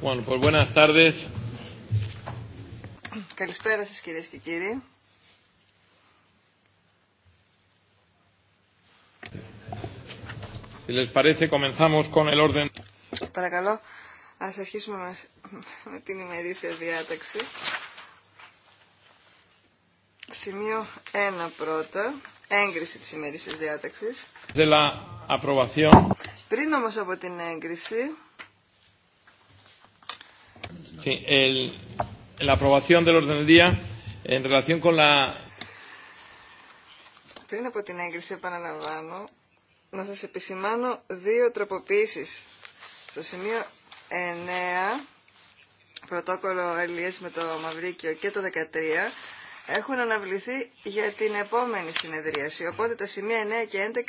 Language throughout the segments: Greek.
Bueno, pues buenas tardes. Καλησπέρα σας κυρίες και κύριοι. Si les parece, comenzamos con el orden. Παρακαλώ, ας αρχίσουμε με, την ημερήσια διάταξη. Σημείο 1 πρώτα, έγκριση της διάταξης. De πριν όμως από την έγκριση. relación con la... Πριν από την έγκριση επαναλαμβάνω να σας επισημάνω δύο τροποποίησεις. Στο σημείο 9, πρωτόκολλο Ελίες με το Μαυρίκιο και το 13, έχουν αναβληθεί για την επόμενη συνεδρίαση. Οπότε τα σημεία 9 και 11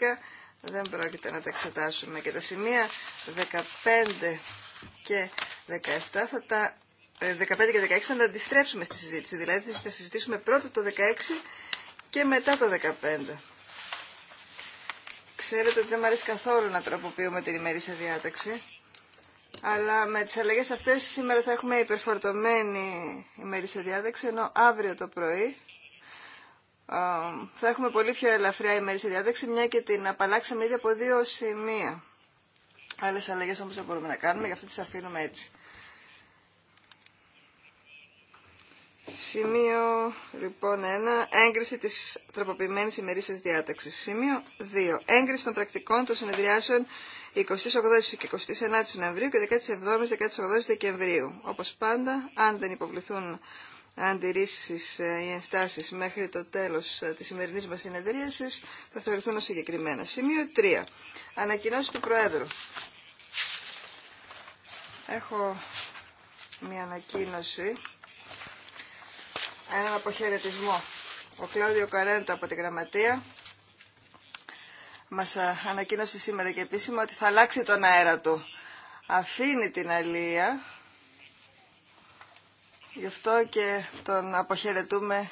δεν πρόκειται να τα εξετάσουμε. Και τα σημεία 15 και 17 θα τα 15 ε, και 16 θα τα αντιστρέψουμε στη συζήτηση. Δηλαδή θα συζητήσουμε πρώτα το 16 και μετά το 15. Ξέρετε ότι δεν μου αρέσει καθόλου να τροποποιούμε την ημερήσια διάταξη. Αλλά με τις αλλαγές αυτές σήμερα θα έχουμε υπερφορτωμένη ημερήσια διάταξη, ενώ αύριο το πρωί θα έχουμε πολύ πιο ελαφριά ημερήσια διάταξη, μια και την απαλλάξαμε ήδη από δύο σημεία. Άλλε αλλαγέ όμω δεν μπορούμε να κάνουμε, γι' αυτό τι αφήνουμε έτσι. Σημείο λοιπόν 1. Έγκριση τη τροποποιημένη ημερήσια διάταξη. Σημείο 2. Έγκριση των πρακτικών των συνεδριάσεων 28 και 29 Νοεμβρίου και 17-18 Δεκεμβρίου. Όπω πάντα, αν δεν υποβληθούν αντιρρήσεις ε, ή ενστάσεις μέχρι το τέλος ε, της σημερινής μας συνεδρίασης θα θεωρηθούν ως συγκεκριμένα. Σημείο 3. Ανακοινώσει του Προέδρου. Έχω μια ανακοίνωση, έναν αποχαιρετισμό. Ο Κλώδιο Καρέντα από τη Γραμματεία μας ε, ανακοίνωσε σήμερα και επίσημα ότι θα αλλάξει τον αέρα του. Αφήνει την αλία Γι' αυτό και τον αποχαιρετούμε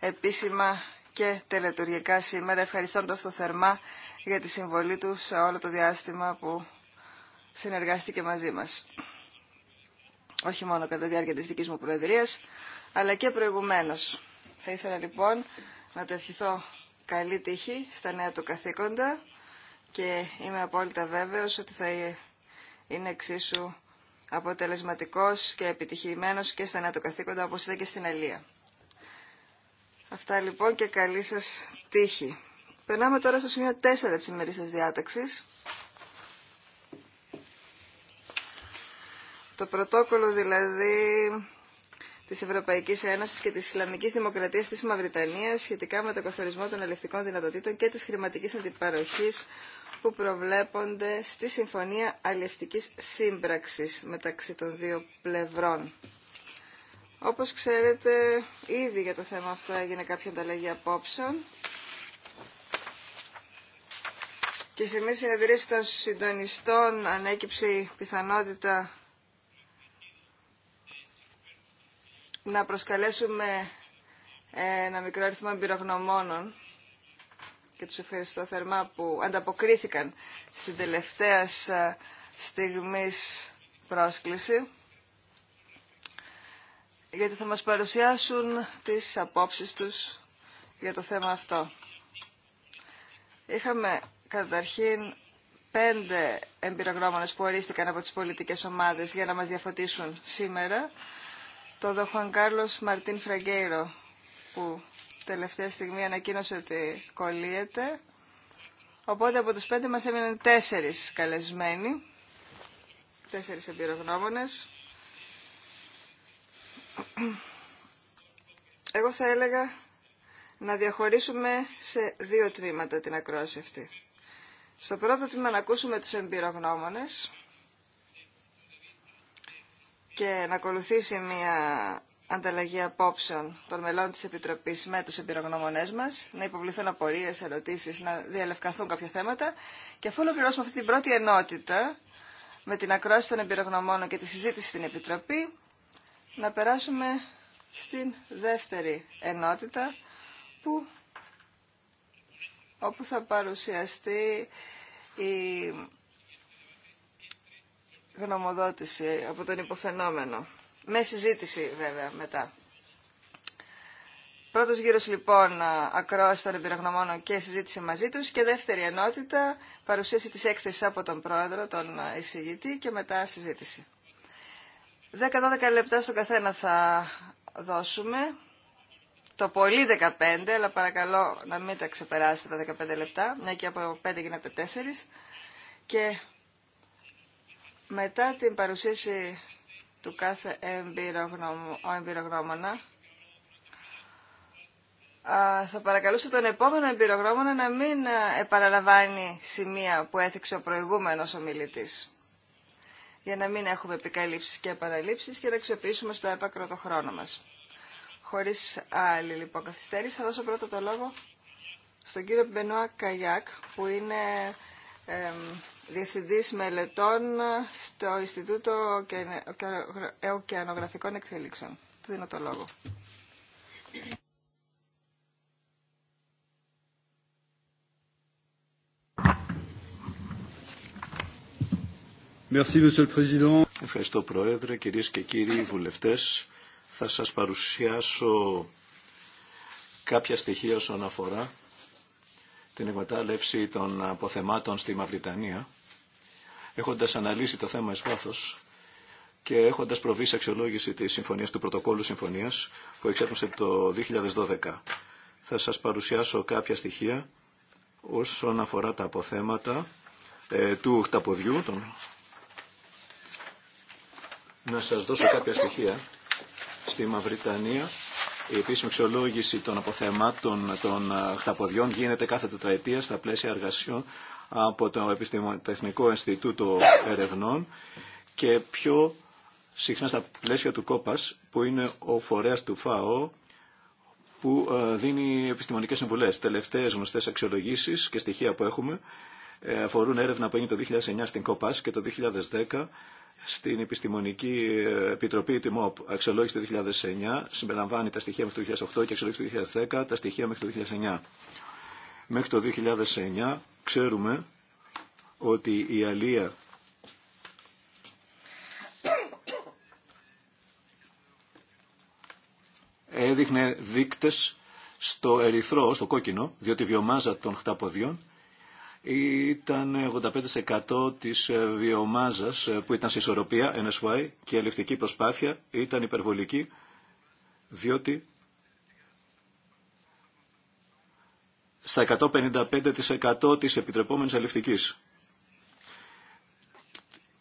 επίσημα και τελετουργικά σήμερα, ευχαριστώντας το θερμά για τη συμβολή του σε όλο το διάστημα που συνεργάστηκε μαζί μας. Όχι μόνο κατά τη διάρκεια της δικής μου προεδρίας, αλλά και προηγουμένως. Θα ήθελα λοιπόν να το ευχηθώ καλή τύχη στα νέα του καθήκοντα και είμαι απόλυτα βέβαιος ότι θα είναι εξίσου αποτελεσματικός και επιτυχημένος και στα καθήκοντα όπως είδα και στην Αλία. Αυτά λοιπόν και καλή σας τύχη. Περνάμε τώρα στο σημείο 4 της ημερής σας διάταξης. Το πρωτόκολλο δηλαδή της Ευρωπαϊκής Ένωσης και της Ισλαμικής Δημοκρατίας της Μαυριτανίας σχετικά με το καθορισμό των ελευτικών δυνατοτήτων και της χρηματικής αντιπαροχής που προβλέπονται στη Συμφωνία Αλληλευτικής Σύμπραξης μεταξύ των δύο πλευρών. Όπως ξέρετε, ήδη για το θέμα αυτό έγινε κάποια ανταλλαγή απόψεων και σε μια συνεδρίση των συντονιστών ανέκυψε η πιθανότητα να προσκαλέσουμε ένα μικρό αριθμό εμπειρογνωμόνων και τους ευχαριστώ θερμά που ανταποκρίθηκαν στην τελευταία στιγμή πρόσκληση γιατί θα μας παρουσιάσουν τις απόψεις τους για το θέμα αυτό. Είχαμε καταρχήν πέντε εμπειρογνώμονες που ορίστηκαν από τις πολιτικές ομάδες για να μας διαφωτίσουν σήμερα. Το Δοχον Κάρλος Μαρτίν Φραγκέιρο που τελευταία στιγμή ανακοίνωσε ότι κολλείεται. Οπότε από τους πέντε μας έμειναν τέσσερις καλεσμένοι, τέσσερις εμπειρογνώμονες. Εγώ θα έλεγα να διαχωρίσουμε σε δύο τμήματα την ακρόαση αυτή. Στο πρώτο τμήμα να ακούσουμε τους εμπειρογνώμονες και να ακολουθήσει μια ανταλλαγή απόψεων των μελών της Επιτροπής με τους εμπειρογνώμονές μας, να υποβληθούν απορίες, ερωτήσεις, να διαλευκαθούν κάποια θέματα και αφού ολοκληρώσουμε αυτή την πρώτη ενότητα με την ακρόαση των εμπειρογνωμόνων και τη συζήτηση στην Επιτροπή, να περάσουμε στην δεύτερη ενότητα που, όπου θα παρουσιαστεί η γνωμοδότηση από τον υποφαινόμενο με συζήτηση βέβαια μετά. Πρώτος γύρος λοιπόν ακρόαση των εμπειρογνωμόνων και συζήτηση μαζί τους και δεύτερη ενότητα παρουσίαση της έκθεσης από τον πρόεδρο, τον εισηγητή και μετά συζήτηση. 10-12 λεπτά στον καθένα θα δώσουμε, το πολύ 15, αλλά παρακαλώ να μην τα ξεπεράσετε τα 15 λεπτά, μια και από 5 γίνατε 4 και μετά την παρουσίαση του κάθε εμπειρογνώμονα. Θα παρακαλούσα τον επόμενο εμπειρογνώμονα να μην επαναλαμβάνει σημεία που έθιξε ο προηγούμενος ομιλητής για να μην έχουμε επικαλύψεις και επαναλήψεις και να αξιοποιήσουμε στο έπακρο το χρόνο μας. Χωρίς άλλη λοιπόν καθυστέρηση θα δώσω πρώτα το λόγο στον κύριο Μπενουά Καγιάκ που είναι διευθυντής μελετών στο Ινστιτούτο Οκεανογραφικών Εξελίξεων. Του δίνω το λόγο. Ευχαριστώ Πρόεδρε, κυρίες και κύριοι βουλευτές. Θα σας παρουσιάσω κάποια στοιχεία όσον αφορά την εκμετάλλευση των αποθεμάτων στη Μαυριτανία έχοντας αναλύσει το θέμα εις βάθος και έχοντας προβεί σε αξιολόγηση της συμφωνίας, του πρωτοκόλου συμφωνίας που εξέπνωσε το 2012. Θα σας παρουσιάσω κάποια στοιχεία όσον αφορά τα αποθέματα ε, του χταποδιού. Να σας δώσω κάποια στοιχεία. Στη Μαυριτανία η επίσημη αξιολόγηση των αποθεμάτων των ε, χταποδιών γίνεται κάθε τετραετία στα πλαίσια εργασιών από το Εθνικό Ινστιτούτο Ερευνών και πιο συχνά στα πλαίσια του ΚΟΠΑΣ που είναι ο φορέας του ΦΑΟ που ε, δίνει επιστημονικές συμβουλές. Τελευταίες γνωστές αξιολογήσεις και στοιχεία που έχουμε ε, αφορούν έρευνα που έγινε το 2009 στην ΚΟΠΑΣ και το 2010 στην Επιστημονική ε, Επιτροπή του ΜΟΠ. Αξιολόγηση του 2009 συμπεριλαμβάνει τα στοιχεία μέχρι το 2008 και αξιολόγηση του 2010 τα στοιχεία μέχρι το 2009. Μέχρι το 2009 Ξέρουμε ότι η Αλία έδειχνε δείκτες στο ερυθρό, στο κόκκινο, διότι η βιομάζα των χταποδιών ήταν 85% της ε, βιομάζας ε, που ήταν σε ισορροπία, NSY, και η ελευτική προσπάθεια ήταν υπερβολική, διότι στα 155% της επιτρεπόμενης αληφτικής.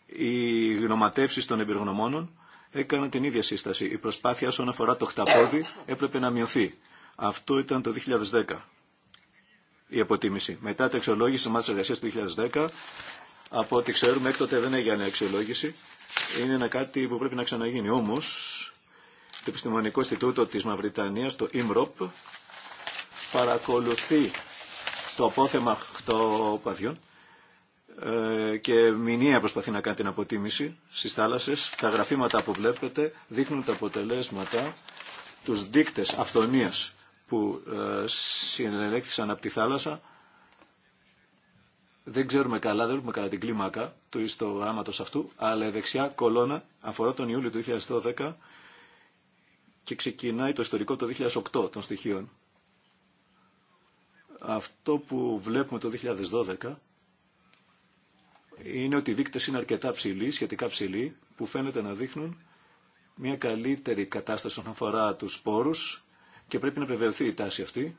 Οι γνωματεύσεις των εμπειρογνωμόνων έκαναν την ίδια σύσταση. Η προσπάθεια όσον αφορά το χταπόδι έπρεπε να μειωθεί. Αυτό ήταν το 2010 η αποτίμηση. Μετά την αξιολόγηση της ομάδας εργασίας του 2010, από ό,τι ξέρουμε έκτοτε δεν έγινε αξιολόγηση, είναι ένα κάτι που πρέπει να ξαναγίνει. Όμως, το Επιστημονικό Ινστιτούτο της Μαυριτανίας, το IMROP, παρακολουθεί το απόθεμα χτωπαδιών ε, και μηνύα προσπαθεί να κάνει την αποτίμηση στις θάλασσες. Τα γραφήματα που βλέπετε δείχνουν τα αποτελέσματα, τους δείκτες αυθονίας που ε, συνελέχθησαν από τη θάλασσα. Δεν ξέρουμε καλά, δεν βλέπουμε καλά την κλίμακα του ιστογράμματος αυτού, αλλά η δεξιά κολόνα αφορά τον Ιούλιο του 2012 και ξεκινάει το ιστορικό το 2008 των στοιχείων. Αυτό που βλέπουμε το 2012 είναι ότι οι δείκτες είναι αρκετά ψηλοί, σχετικά ψηλοί, που φαίνεται να δείχνουν μια καλύτερη κατάσταση όσον αφορά τους σπόρους και πρέπει να επιβεβαιωθεί η τάση αυτή,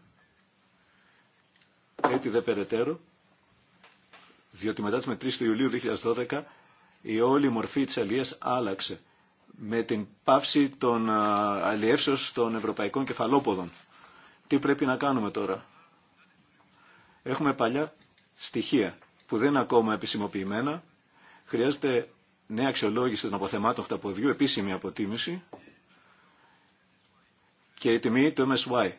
έτσι δεν περαιτέρω, διότι μετά τις μετρήσεις του Ιουλίου 2012 η όλη μορφή της αλληλείας άλλαξε με την πάυση των αλλιεύσεως των ευρωπαϊκών κεφαλόποδων. Τι πρέπει να κάνουμε τώρα. Έχουμε παλιά στοιχεία που δεν είναι ακόμα επισημοποιημένα. Χρειάζεται νέα αξιολόγηση των αποθεμάτων χταποδιού, επίσημη αποτίμηση και η τιμή του MSY.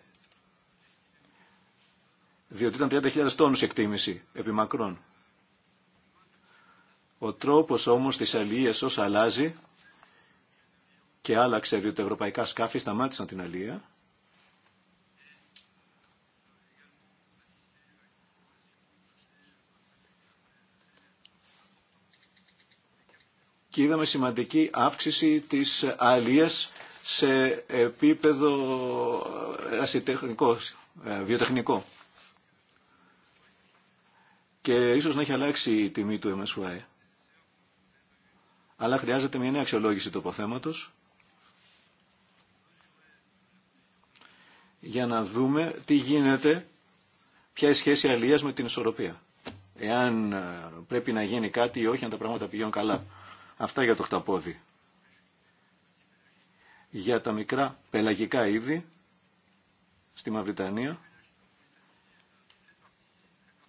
Διότι ήταν 30.000 τόνους εκτίμηση επί μακρόν. Ο τρόπος όμως της αλληλείας όσο αλλάζει και άλλαξε διότι τα ευρωπαϊκά σκάφη σταμάτησαν την αλληλεία και είδαμε σημαντική αύξηση της αλίας σε επίπεδο ε, ε, βιοτεχνικό. Και ίσως να έχει αλλάξει η τιμή του MSY. Αλλά χρειάζεται μια νέα αξιολόγηση του αποθέματος για να δούμε τι γίνεται, ποια είναι η σχέση αλίας με την ισορροπία. Εάν ε, πρέπει να γίνει κάτι ή όχι, αν τα πράγματα πηγαίνουν καλά. Αυτά για το χταπόδι. Για τα μικρά πελαγικά είδη στη Μαυριτανία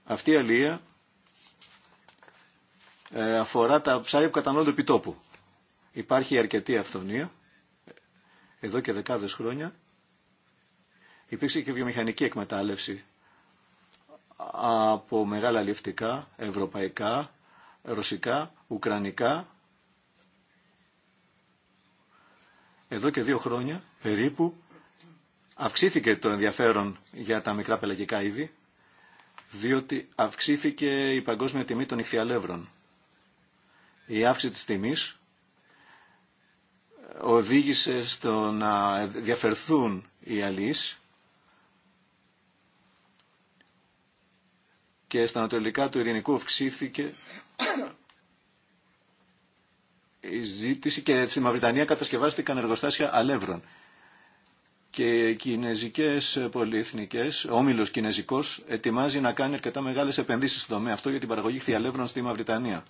αυτή η αλία ε, αφορά τα ψάρια που κατανοούνται επί τόπου. Υπάρχει αρκετή αυθονία εδώ και δεκάδες χρόνια. Υπήρξε και βιομηχανική εκμετάλλευση από μεγάλα λευτικά ευρωπαϊκά, ρωσικά, ουκρανικά Εδώ και δύο χρόνια περίπου αυξήθηκε το ενδιαφέρον για τα μικρά πελαγικά είδη, διότι αυξήθηκε η παγκόσμια τιμή των ηχθιαλεύρων. Η αύξηση της τιμής οδήγησε στο να διαφερθούν οι αλείς και στα ανατολικά του ειρηνικού αυξήθηκε η ζήτηση και στη Μαυριτανία κατασκευάστηκαν εργοστάσια αλεύρων. Και κινεζικέ πολυεθνικέ, ο όμιλος κινέζικος, ετοιμάζει να κάνει αρκετά μεγάλες επενδύσεις στον τομέα αυτό για την παραγωγή χθιαλεύρων στη Μαυριτανία.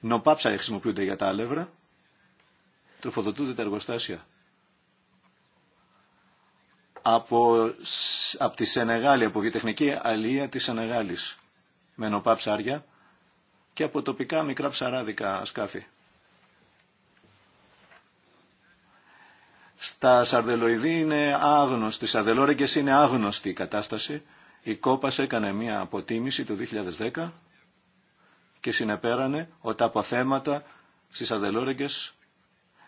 Νοπάψα χρησιμοποιούνται για τα αλεύρα, τροφοδοτούνται τα εργοστάσια από, από τη Σενεγάλη, από βιοτεχνική αλία της Σενεγάλης με νοπά ψάρια και από τοπικά μικρά ψαράδικα σκάφη. Στα σαρδελοειδή είναι άγνωστη, σαρδελόρεγγες είναι άγνωστη η κατάσταση. Η Κόπας έκανε μία αποτίμηση το 2010 και συνεπέρανε ότι από θέματα στις σαρδελόρεγγες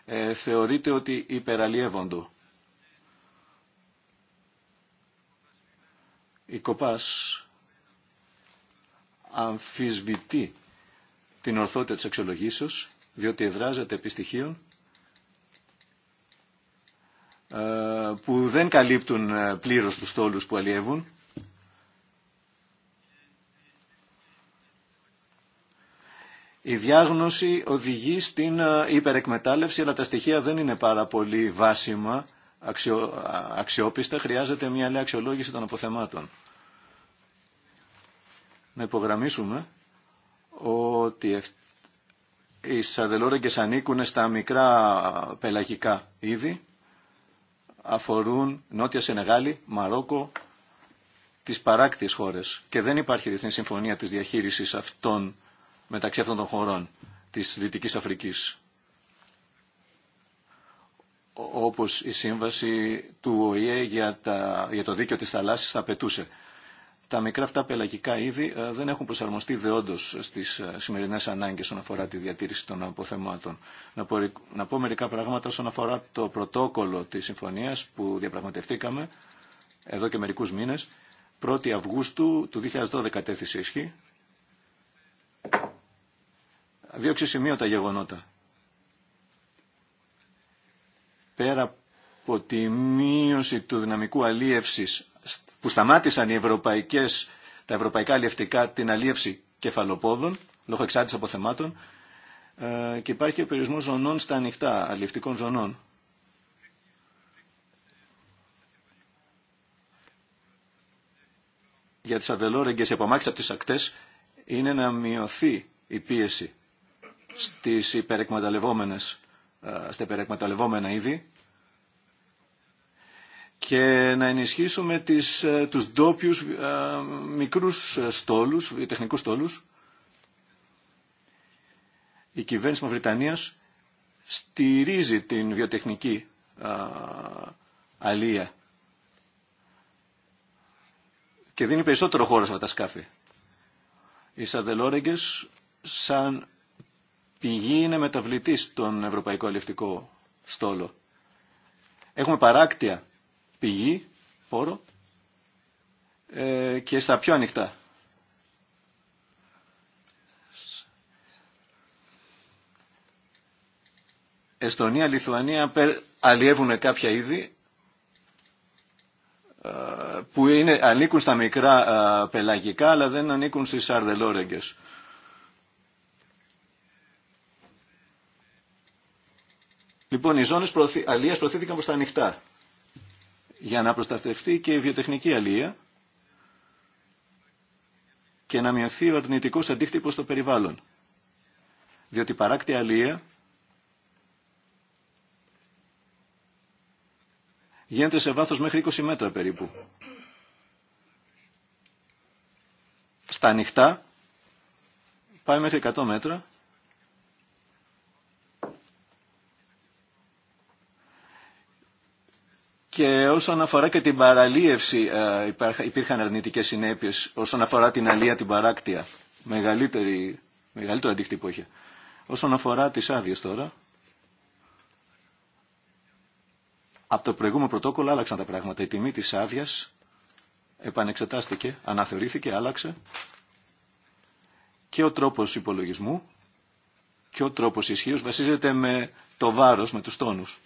ε, θεωρείται ότι υπεραλλιεύονται. η ΚΟΠΑΣ αμφισβητεί την ορθότητα της αξιολογήσεως, διότι εδράζεται επί στοιχείων ε, που δεν καλύπτουν ε, πλήρως τους στόλους που αλλιεύουν. Η διάγνωση οδηγεί στην ε, υπερεκμετάλλευση, αλλά τα στοιχεία δεν είναι πάρα πολύ βάσιμα αξιο, αξιόπιστα, χρειάζεται μια άλλη αξιολόγηση των αποθεμάτων. Να υπογραμμίσουμε ότι οι σαδελόρεγγες ανήκουν στα μικρά πελαγικά είδη, αφορούν Νότια Σενεγάλη, Μαρόκο, τις παράκτιες χώρες και δεν υπάρχει διεθνή συμφωνία της διαχείρισης αυτών μεταξύ αυτών των χωρών της Δυτικής Αφρικής όπως η σύμβαση του ΟΗΕ για, τα, για το δίκαιο της θαλάσσης θα απαιτούσε. Τα μικρά αυτά πελαγικά είδη ε, δεν έχουν προσαρμοστεί δεόντως στις ε, σημερινές ανάγκες όσον αφορά τη διατήρηση των αποθεμάτων. Να πω, να πω μερικά πράγματα όσον αφορά το πρωτόκολλο της συμφωνίας που διαπραγματευτήκαμε εδώ και μερικούς μήνες. 1η Αυγούστου του 2012 τέθησε ισχύ. σημείο τα γεγονότα πέρα από τη μείωση του δυναμικού αλίευσης που σταμάτησαν οι ευρωπαϊκές, τα ευρωπαϊκά αλλιευτικά την αλίευση κεφαλοπόδων λόγω εξάρτησης αποθεμάτων ε, και υπάρχει ο περιορισμός ζωνών στα ανοιχτά, αλλιευτικών ζωνών. Για τις αδελόρεγγες απομάκρυνση από τις ακτές είναι να μειωθεί η πίεση στις υπερεκμεταλλευόμενες ε, στα υπερεκμεταλλευόμενα είδη και να ενισχύσουμε τις, ε, τους ντόπιου ε, μικρούς στόλους, τεχνικούς στόλους. Η κυβέρνηση της Βρετανίας στηρίζει την βιοτεχνική αλία και δίνει περισσότερο χώρο σε αυτά τα σκάφη. Οι Σαδελόρεγγες σαν πηγή είναι μεταβλητή στον Ευρωπαϊκό Αλληλευτικό Στόλο. Έχουμε παράκτια πηγή, πόρο, ε, και στα πιο ανοιχτά. Εστονία, Λιθουανία αλλιεύουν κάποια είδη ε, που είναι, ανήκουν στα μικρά ε, πελαγικά αλλά δεν ανήκουν στις αρδελόρεγγες. Λοιπόν, οι ζώνες προωθη... αλίας προωθήθηκαν προς τα ανοιχτά για να προστατευτεί και η βιοτεχνική αλία και να μειωθεί ο αρνητικό αντίκτυπος στο περιβάλλον. Διότι παράκτη αλία γίνεται σε βάθος μέχρι 20 μέτρα περίπου. Στα ανοιχτά πάει μέχρι 100 μέτρα Και όσον αφορά και την παραλίευση ε, υπήρχαν αρνητικές συνέπειες όσον αφορά την αλία την παράκτεια. Μεγαλύτερη, μεγαλύτερο αντίκτυπο είχε. Όσον αφορά τις άδειε τώρα, από το προηγούμενο πρωτόκολλο άλλαξαν τα πράγματα. Η τιμή της άδεια επανεξετάστηκε, αναθεωρήθηκε, άλλαξε και ο τρόπος υπολογισμού και ο τρόπος ισχύω βασίζεται με το βάρος, με τους τόνους.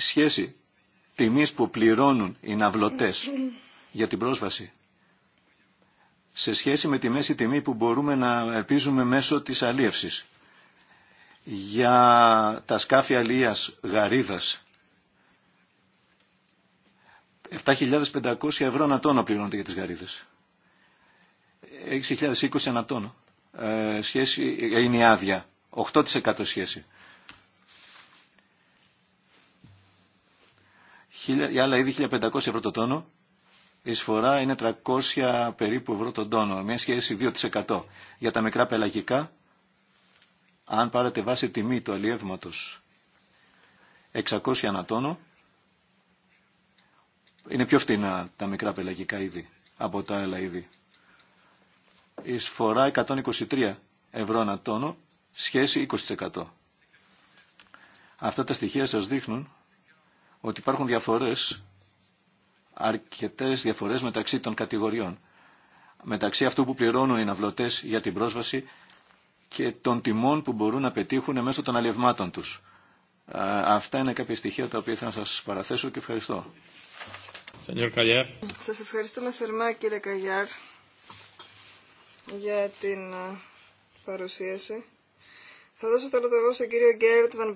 σχέση τιμής που πληρώνουν οι ναυλωτές για την πρόσβαση σε σχέση με τη μέση τιμή που μπορούμε να ελπίζουμε μέσω της αλίευσης. Για τα σκάφη αλίας γαρίδας 7.500 ευρώ ένα τόνο πληρώνεται για τις γαρίδες. 6.020 ένα τόνο. Ε, σχέση, ε, είναι η άδεια. 8% σχέση. Η άλλα είδη 1500 ευρώ το τόνο, η εισφορά είναι 300 περίπου ευρώ τον τόνο, μια σχέση 2%. Για τα μικρά πελαγικά, αν πάρετε βάση τιμή του αλλιεύματος 600 τόνο είναι πιο φτηνά τα μικρά πελαγικά είδη από τα άλλα είδη. Η εισφορά 123 ευρώ τόνο σχέση 20%. Αυτά τα στοιχεία σας δείχνουν ότι υπάρχουν διαφορές, αρκετές διαφορές μεταξύ των κατηγοριών. Μεταξύ αυτού που πληρώνουν οι ναυλωτές για την πρόσβαση και των τιμών που μπορούν να πετύχουν μέσω των αλευμάτων τους. Ε, αυτά είναι κάποια στοιχεία τα οποία θα να σας παραθέσω και ευχαριστώ. Σας ευχαριστούμε θερμά κύριε Καγιάρ για την ε, παρουσίαση. Θα δώσω τώρα το λόγο στον κύριο Γκέρτ Βαν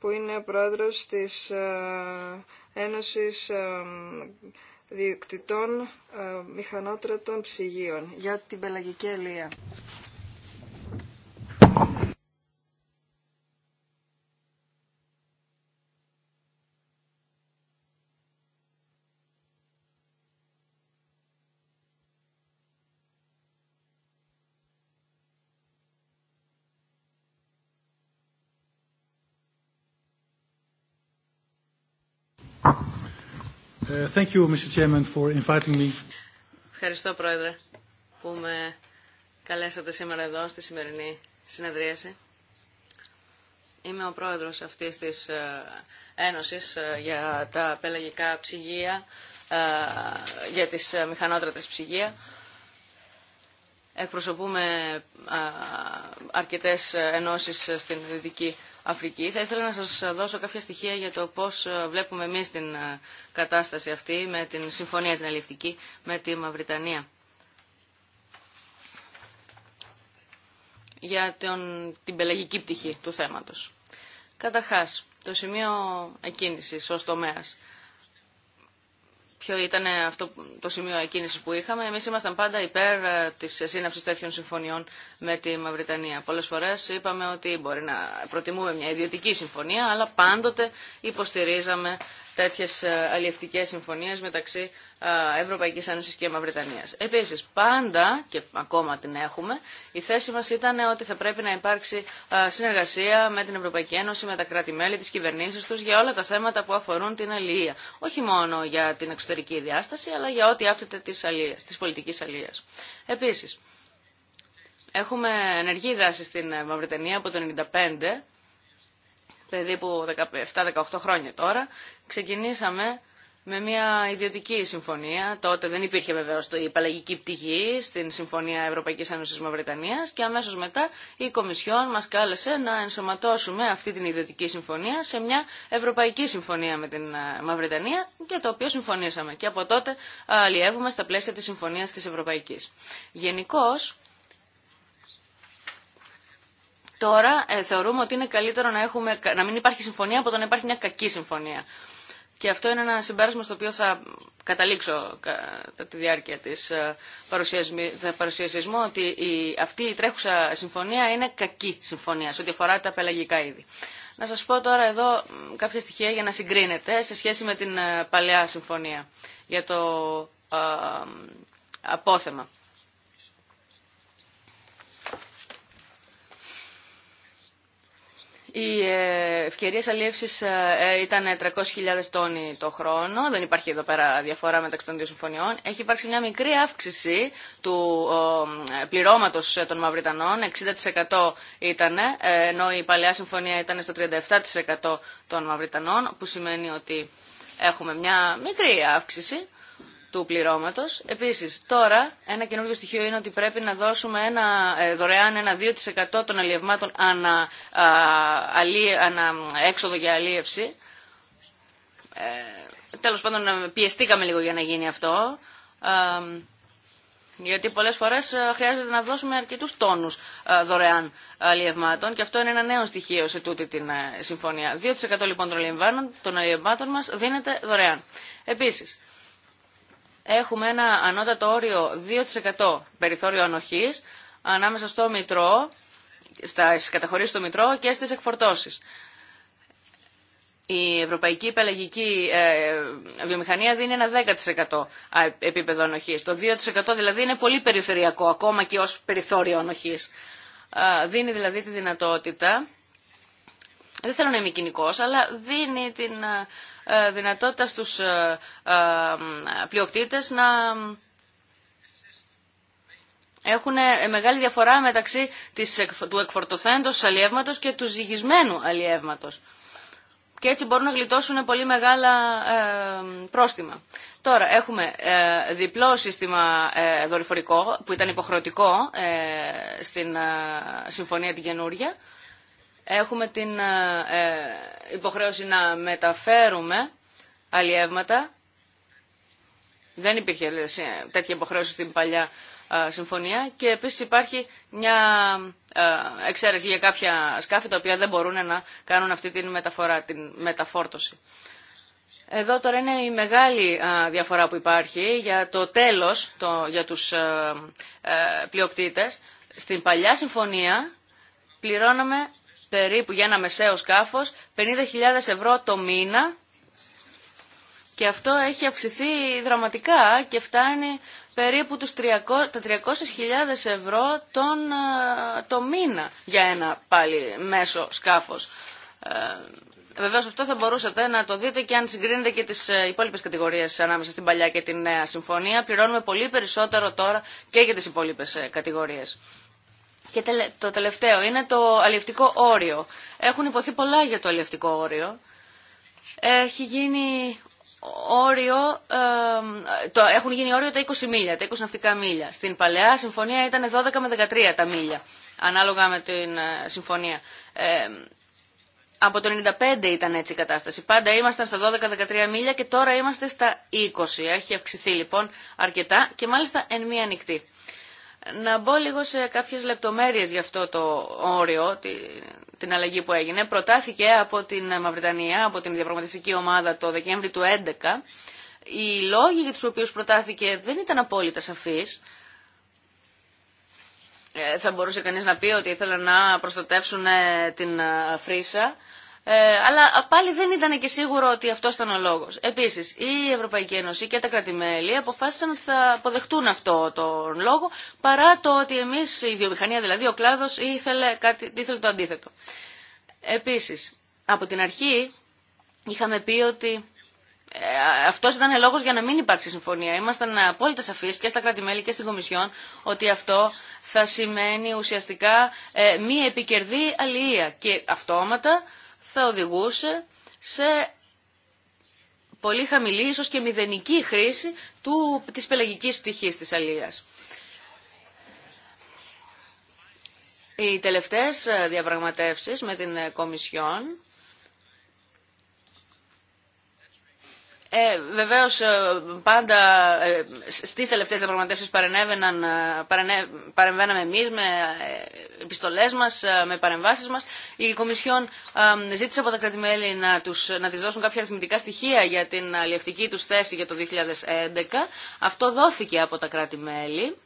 που είναι πρόεδρος της ε, Ένωσης ε, Διοκτητών ε, Μηχανότρατων Ψυγείων για την Πελαγική Ελία. Ε, Ευχαριστώ, Πρόεδρε, που με καλέσατε σήμερα εδώ στη σημερινή συνεδρίαση. Είμαι ο πρόεδρος αυτής της ε, Ένωσης ε, για τα πελαγικά ψυγεία, για τις μηχανότρατες ψυγεία. Εκπροσωπούμε αρκετές ενώσεις στην Δυτική Αφρική. Θα ήθελα να σας δώσω κάποια στοιχεία για το πώς ε, βλέπουμε εμείς την ε, κατάσταση αυτή με την συμφωνία την αλληλευτική με τη Μαυριτανία. Για τον, την πελαγική πτυχή του θέματος. Καταρχάς, το σημείο εκκίνησης ως τομέας ποιο ήταν αυτό, το σημείο εκκίνησης που είχαμε. Εμείς ήμασταν πάντα υπέρ ε, της σύναψης τέτοιων συμφωνιών με τη Μαυριτανία. Πολλές φορές είπαμε ότι μπορεί να προτιμούμε μια ιδιωτική συμφωνία, αλλά πάντοτε υποστηρίζαμε Τέτοιε αλλιευτικέ συμφωνίε μεταξύ ε, Ευρωπαϊκή Ένωση και Μαυρετανία. Επίση, πάντα, και ακόμα την έχουμε, η θέση μα ήταν ότι θα πρέπει να υπάρξει ε, συνεργασία με την Ευρωπαϊκή Ένωση, με τα κράτη-μέλη, τι κυβερνήσει του για όλα τα θέματα που αφορούν την αλληλεία. Όχι μόνο για την εξωτερική διάσταση, αλλά για ό,τι άπτεται τη πολιτική αλληλεία. Επίση, έχουμε ενεργή δράση στην Μαυρετανία από το 1995, περίπου 17-18 χρόνια τώρα, ξεκινήσαμε με μια ιδιωτική συμφωνία. Τότε δεν υπήρχε βεβαίω η απαλλαγική πτυχή στην Συμφωνία Ευρωπαϊκή Ένωση Βρετανία και αμέσω μετά η Κομισιόν μα κάλεσε να ενσωματώσουμε αυτή την ιδιωτική συμφωνία σε μια Ευρωπαϊκή Συμφωνία με την ε, Μαυρετανία και το οποίο συμφωνήσαμε. Και από τότε αλλιεύουμε στα πλαίσια τη Συμφωνία τη Ευρωπαϊκή. Γενικώ, Τώρα ε, θεωρούμε ότι είναι καλύτερο να, έχουμε, να μην υπάρχει συμφωνία από το να υπάρχει μια κακή συμφωνία. Και αυτό είναι ένα συμπέρασμα στο οποίο θα καταλήξω κατά τη διάρκεια της ε, παρουσίασης ότι η, αυτή η τρέχουσα συμφωνία είναι κακή συμφωνία σε ό,τι αφορά τα πελαγικά είδη. Να σας πω τώρα εδώ κάποια στοιχεία για να συγκρίνετε σε σχέση με την ε, παλαιά συμφωνία για το απόθεμα. Οι ε, ευκαιρίε αλλήλευση ε, ε, ήταν 300.000 τόνοι το χρόνο. Δεν υπάρχει εδώ πέρα διαφορά μεταξύ των δύο συμφωνιών. Έχει υπάρξει μια μικρή αύξηση του πληρώματο των Μαυριτανών. 60% ήταν, ενώ η παλαιά συμφωνία ήταν στο 37% των Μαυριτανών, που σημαίνει ότι έχουμε μια μικρή αύξηση του πληρώματος. Επίσης, τώρα ένα καινούργιο στοιχείο είναι ότι πρέπει να δώσουμε ένα, ε, δωρεάν ένα 2% των αλλιευμάτων ανα, ανα έξοδο για αλίευση. Ε, τέλος πάντων, ε, πιεστήκαμε λίγο για να γίνει αυτό. Ε, γιατί πολλέ φορέ χρειάζεται να δώσουμε αρκετού τόνου δωρεάν αλλιευμάτων και αυτό είναι ένα νέο στοιχείο σε τούτη την συμφωνία. 2% λοιπόν των αλλιευμάτων μα δίνεται δωρεάν. Επίση, έχουμε ένα ανώτατο όριο 2% περιθώριο ανοχής ανάμεσα στο μητρό, στις καταχωρήσεις στο μητρό και στις εκφορτώσεις. Η ευρωπαϊκή πελαγική ε, βιομηχανία δίνει ένα 10% επίπεδο ανοχής. Το 2% δηλαδή είναι πολύ περιθωριακό ακόμα και ως περιθώριο ανοχής. Δίνει δηλαδή τη δυνατότητα δεν θέλω να είμαι κοινικός, αλλά δίνει την ε, ε, δυνατότητα στους ε, πλειοκτήτες να έχουν μεγάλη διαφορά μεταξύ του εκφορτωθέντος αλλιεύματος και του ζυγισμένου αλλιεύματος. Και έτσι μπορούν να γλιτώσουν πολύ μεγάλα πρόστιμα. Τώρα έχουμε διπλό σύστημα δορυφορικό που ήταν υποχρεωτικό στην συμφωνία την καινούργια Έχουμε την ε, ε, υποχρέωση να μεταφέρουμε αλλιεύματα. Δεν υπήρχε ε, τέτοια υποχρέωση στην παλιά συμφωνία και επίσης υπάρχει μια εξαίρεση για κάποια σκάφη τα οποία δεν μπορούν να κάνουν αυτή την μεταφορά, την μεταφόρτωση. Εδώ τώρα είναι η μεγάλη διαφορά που υπάρχει για το τέλος για τους πλειοκτήτες. Στην παλιά συμφωνία πληρώναμε περίπου για ένα μεσαίο σκάφος 50.000 ευρώ το μήνα και αυτό έχει αυξηθεί δραματικά και φτάνει περίπου τους 300, τα 300.000 ευρώ τον, το μήνα για ένα πάλι μέσο σκάφος. Ε, Βεβαίω αυτό θα μπορούσατε να το δείτε και αν συγκρίνετε και τις ε, υπόλοιπες κατηγορίες ανάμεσα στην παλιά και την νέα συμφωνία. Πληρώνουμε πολύ περισσότερο τώρα και για τις υπόλοιπες ε, κατηγορίες. Και το τελευταίο είναι το αλληλευτικό όριο. Έχουν υποθεί πολλά για το αλληλευτικό όριο. Έχει γίνει όριο, ε, το, έχουν γίνει όριο τα 20 μίλια, τα 20 ναυτικά μίλια. Στην παλαιά συμφωνία ήταν 12 με 13 τα μίλια, ανάλογα με την ε, συμφωνία. Ε, από το 1995 ήταν έτσι η κατάσταση. Πάντα ήμασταν στα 12-13 μίλια και τώρα είμαστε στα 20. Έχει αυξηθεί λοιπόν αρκετά και μάλιστα εν μία νυχτή. Να μπω λίγο σε κάποιες λεπτομέρειες για αυτό το όριο, την αλλαγή που έγινε. Προτάθηκε από την Μαυριτανία, από την διαπραγματευτική ομάδα το Δεκέμβρη του 2011. Οι λόγοι για τους οποίους προτάθηκε δεν ήταν απόλυτα σαφείς. Ε, θα μπορούσε κανείς να πει ότι ήθελαν να προστατεύσουν ε, την ε, φρίσα ε, αλλά πάλι δεν ήταν και σίγουρο ότι αυτό ήταν ο λόγο. Επίση, η Ευρωπαϊκή Ένωση και τα κρατημέλη αποφάσισαν ότι θα αποδεχτούν αυτό τον λόγο, παρά το ότι εμεί, η βιομηχανία δηλαδή, ο κλάδο, ήθελε, ήθελε το αντίθετο. Επίση, από την αρχή είχαμε πει ότι ε, αυτό ήταν λόγο για να μην υπάρξει συμφωνία. Ήμασταν απόλυτα σαφεί και στα κρατημέλη και στην Κομισιόν ότι αυτό θα σημαίνει ουσιαστικά ε, μη επικερδή αλληλεία και αυτόματα θα οδηγούσε σε πολύ χαμηλή, ίσως και μηδενική χρήση του, της πελαγικής πτυχής της αλίας. Οι τελευταίες διαπραγματεύσεις με την Κομισιόν Ε, Βεβαίω, ε, πάντα ε, στι τελευταίε διαπραγματεύσει ε, παρεμβαίναμε εμεί με επιστολέ μα, με παρεμβάσει μα. Η Κομισιόν ζήτησε από τα κρατημέλη να, να τι δώσουν κάποια αριθμητικά στοιχεία για την αλληλευτική του θέση για το 2011. Αυτό δόθηκε από τα κράτη-μέλη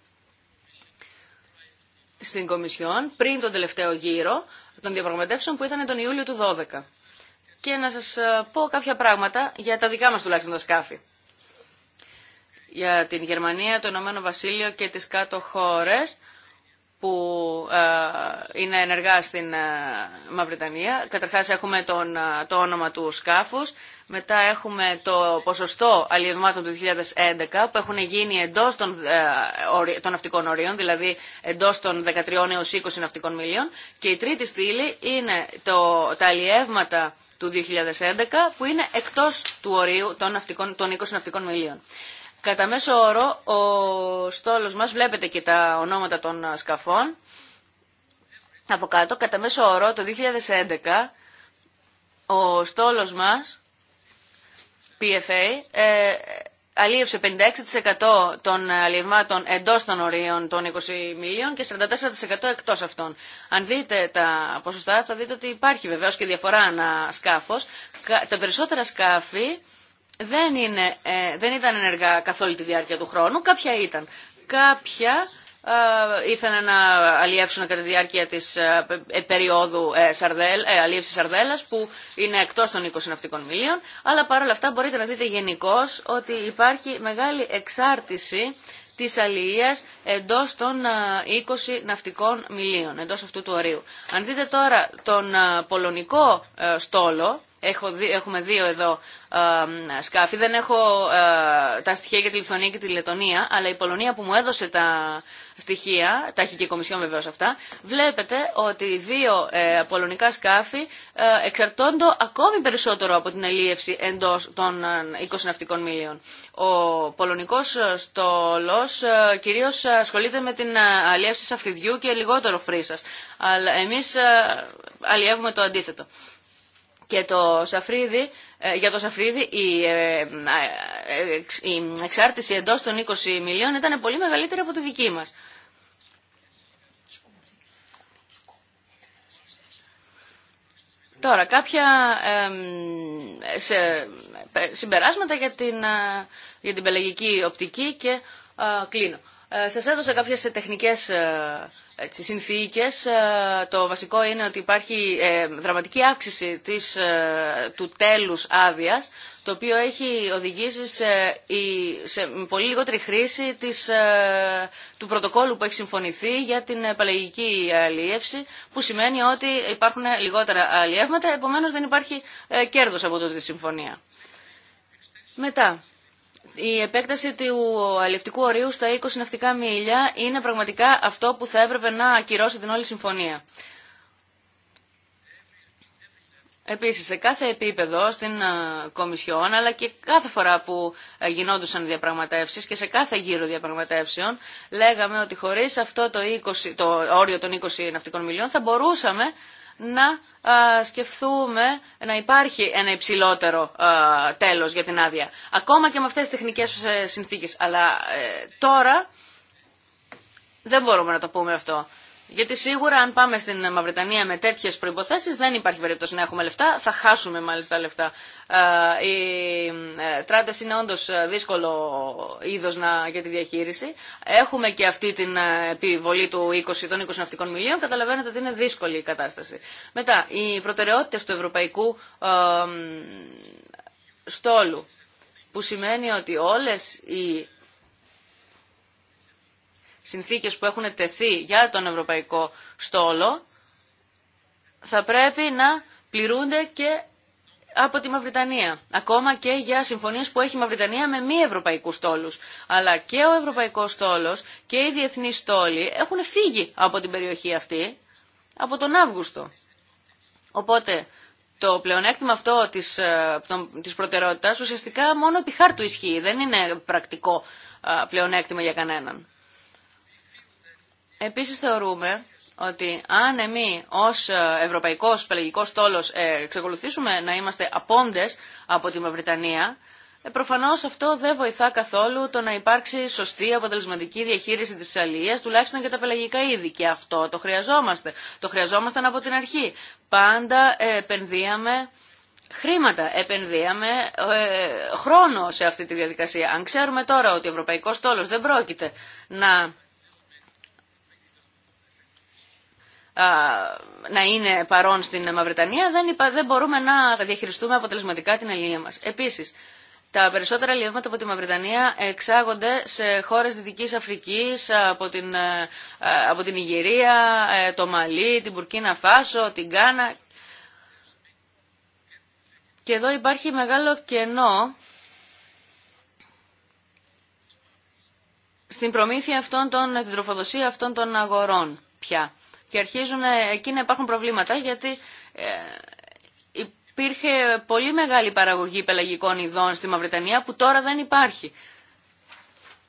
στην Κομισιόν πριν τον τελευταίο γύρο των διαπραγματεύσεων που ήταν τον Ιούλιο του 2012 και να σας ε, πω κάποια πράγματα για τα δικά μας τουλάχιστον τα σκάφη. Για την Γερμανία, το Ηνωμένο Βασίλειο και τις κάτω χώρες που ε, είναι ενεργά στην ε, Μαυριτανία. Καταρχάς έχουμε τον, το όνομα του σκάφους, μετά έχουμε το ποσοστό αλλιευμάτων του 2011 που έχουν γίνει εντός των, των ναυτικών ορίων, δηλαδή εντός των 13 έως 20 ναυτικών μιλίων και η τρίτη στήλη είναι τα αλλιεύματα του 2011 που είναι εκτός του ορίου των, ναυτικών, των 20 ναυτικών μιλίων. Κατά μέσο όρο ο στόλος μας, βλέπετε και τα ονόματα των σκαφών από κάτω, κατά μέσο όρο το 2011 ο στόλος μας, PFA, ε, αλίευσε 56% των αλλιευμάτων εντός των ορίων των 20 μιλίων και 44% εκτός αυτών. Αν δείτε τα ποσοστά θα δείτε ότι υπάρχει βεβαίως και διαφορά ένα σκάφος. Τα περισσότερα σκάφη δεν, είναι, ε, δεν ήταν ενεργά καθ' όλη τη διάρκεια του χρόνου, κάποια ήταν. Κάποια ε, ήθελαν να αλλιεύσουν κατά τη διάρκεια της ε, ε, περίοδου σαρδέλ, αλλιεύσης σαρδέλας που είναι εκτός των 20 ναυτικών μιλίων αλλά παρόλα αυτά μπορείτε να δείτε γενικώ ότι υπάρχει μεγάλη εξάρτηση της αλληλείας εντός των 20 ναυτικών μιλίων, εντός αυτού του ορίου. Αν δείτε τώρα τον πολωνικό στόλο, Έχουμε δύο εδώ σκάφη. Δεν έχω ε, τα στοιχεία για τη Λιθωνία και τη Λετωνία, αλλά η Πολωνία που μου έδωσε τα στοιχεία, τα έχει και η Κομισιόν βεβαίω αυτά, βλέπετε ότι δύο ε, πολωνικά σκάφη ε, εξαρτώνται ακόμη περισσότερο από την ελίευση εντό των 20 ναυτικών μίλιων. Ο πολωνικό στόλο κυρίω ασχολείται με την αλίευση σαφριδιού και λιγότερο φρύσα. Αλλά εμεί αλλιεύουμε το αντίθετο και το σαφρίδι, ε, για το σαφρίδι η, ε, ε, εξάρτηση εντός των 20 μιλίων ήταν πολύ μεγαλύτερη από τη δική μας. Τώρα, κάποια συμπεράσματα για την, για την πελαγική οπτική και κλείνω. Σας έδωσα κάποιες τεχνικές τις συνθήκες ε, το βασικό είναι ότι υπάρχει ε, δραματική αύξηση της, ε, του τέλους άδειας, το οποίο έχει οδηγήσει σε, πολύ λιγότερη χρήση της, του πρωτοκόλου που έχει συμφωνηθεί για την παλαιγική αλλιεύση που σημαίνει ότι υπάρχουν λιγότερα αλλιεύματα επομένως δεν υπάρχει κέρδος από τότε τη συμφωνία. Μετά, η επέκταση του αλληλευτικού ορίου στα 20 ναυτικά μίλια είναι πραγματικά αυτό που θα έπρεπε να ακυρώσει την όλη συμφωνία. Επίσης, σε κάθε επίπεδο στην ε, Κομισιόν, αλλά και κάθε φορά που ε, γινόντουσαν διαπραγματεύσεις και σε κάθε γύρο διαπραγματεύσεων, λέγαμε ότι χωρίς αυτό το, 20, το όριο των 20 ναυτικών μιλιών θα μπορούσαμε να σκεφτούμε να υπάρχει ένα υψηλότερο τέλος για την άδεια. Ακόμα και με αυτές τις τεχνικές ε, συνθήκες. Αλλά ε, τώρα δεν μπορούμε να το πούμε αυτό. Γιατί σίγουρα αν πάμε στην Μαυρετανία με τέτοιες προϋποθέσεις δεν υπάρχει περίπτωση να έχουμε λεφτά, θα χάσουμε μάλιστα λεφτά. Οι ε, τράτες είναι όντως ε, δύσκολο είδος να, για τη διαχείριση. Έχουμε και αυτή την ε, επιβολή του 20, των 20 ναυτικών μιλίων, καταλαβαίνετε ότι είναι δύσκολη η κατάσταση. Μετά, οι προτεραιότητες του ευρωπαϊκού στόλου, που σημαίνει ότι όλες οι συνθήκες που έχουν τεθεί για τον Ευρωπαϊκό Στόλο θα πρέπει να πληρούνται και από τη Μαυριτανία. Ακόμα και για συμφωνίες που έχει η Μαυριτανία με μη ευρωπαϊκούς στόλους. Αλλά και ο ευρωπαϊκός στόλος και οι διεθνείς στόλοι έχουν φύγει από την περιοχή αυτή από τον Αύγουστο. Οπότε το πλεονέκτημα αυτό της, ε, της προτεραιότητας ουσιαστικά μόνο επί χάρτου ισχύει. Δεν είναι πρακτικό ε, πλεονέκτημα για κανέναν. Επίσης θεωρούμε ότι αν εμείς ως ε, ευρωπαϊκός πελαγικός ε, εξακολουθήσουμε να είμαστε απόντες από τη Μαυριτανία, ε, προφανώς αυτό δεν βοηθά καθόλου το να υπάρξει σωστή αποτελεσματική διαχείριση της αλληλείας, τουλάχιστον για τα πελαγικά είδη. Και αυτό το χρειαζόμαστε. Το χρειαζόμασταν από την αρχή. Πάντα επενδύαμε χρήματα, επενδύαμε ε, χρόνο σε αυτή τη διαδικασία. Αν ξέρουμε τώρα ότι ο Ευρωπαϊκός τόλο δεν πρόκειται να να είναι παρόν στην Μαυρετανία, δεν, δεν μπορούμε να διαχειριστούμε αποτελεσματικά την αλληλεία μας. Επίσης, τα περισσότερα αλληλεύματα από τη Μαυριτανία εξάγονται σε χώρες Δυτικής Αφρικής, από την, ε, από Ιγυρία, ε, το Μαλί, την Μπουρκίνα Φάσο, την Κάνα. Και εδώ υπάρχει μεγάλο κενό στην προμήθεια αυτών των, την τροφοδοσία αυτών των αγορών πια. Και αρχίζουν ε, εκεί να υπάρχουν προβλήματα γιατί ε, υπήρχε πολύ μεγάλη παραγωγή πελαγικών ειδών στη Μαυριτανία που τώρα δεν υπάρχει.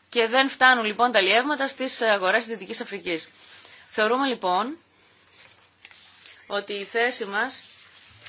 Και δεν φτάνουν λοιπόν τα λιεύματα στις αγορές της Δυτικής Αφρικής. Θεωρούμε λοιπόν ότι η θέση μας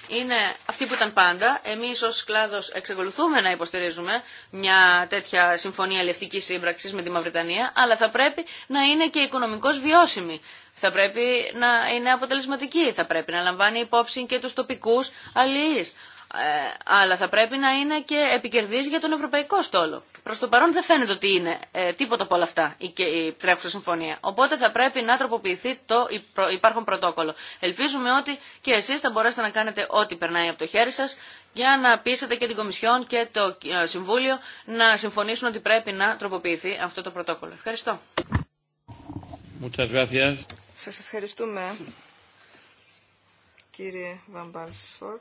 είναι αυτή που ήταν πάντα. Εμείς ως κλάδος εξακολουθούμε να υποστηρίζουμε μια τέτοια συμφωνία λευτικής σύμπραξης με τη Μαυριτανία, αλλά θα πρέπει να είναι και οικονομικώς βιώσιμη θα πρέπει να είναι αποτελεσματική, θα πρέπει να λαμβάνει υπόψη και τους τοπικούς αλληλείς. Ε, αλλά θα πρέπει να είναι και επικερδής για τον ευρωπαϊκό στόλο. Προς το παρόν δεν φαίνεται ότι είναι ε, τίποτα από όλα αυτά η, η τρέχουσα συμφωνία. Οπότε θα πρέπει να τροποποιηθεί το υπάρχον πρωτόκολλο. Ελπίζουμε ότι και εσείς θα μπορέσετε να κάνετε ό,τι περνάει από το χέρι σας για να πείσετε και την Κομισιόν και το ε, Συμβούλιο να συμφωνήσουν ότι πρέπει να τροποποιηθεί αυτό το πρωτόκολλο. Ευχαριστώ. Muchas gracias. Σας ευχαριστούμε, κύριε Βαμπάλσφορτ.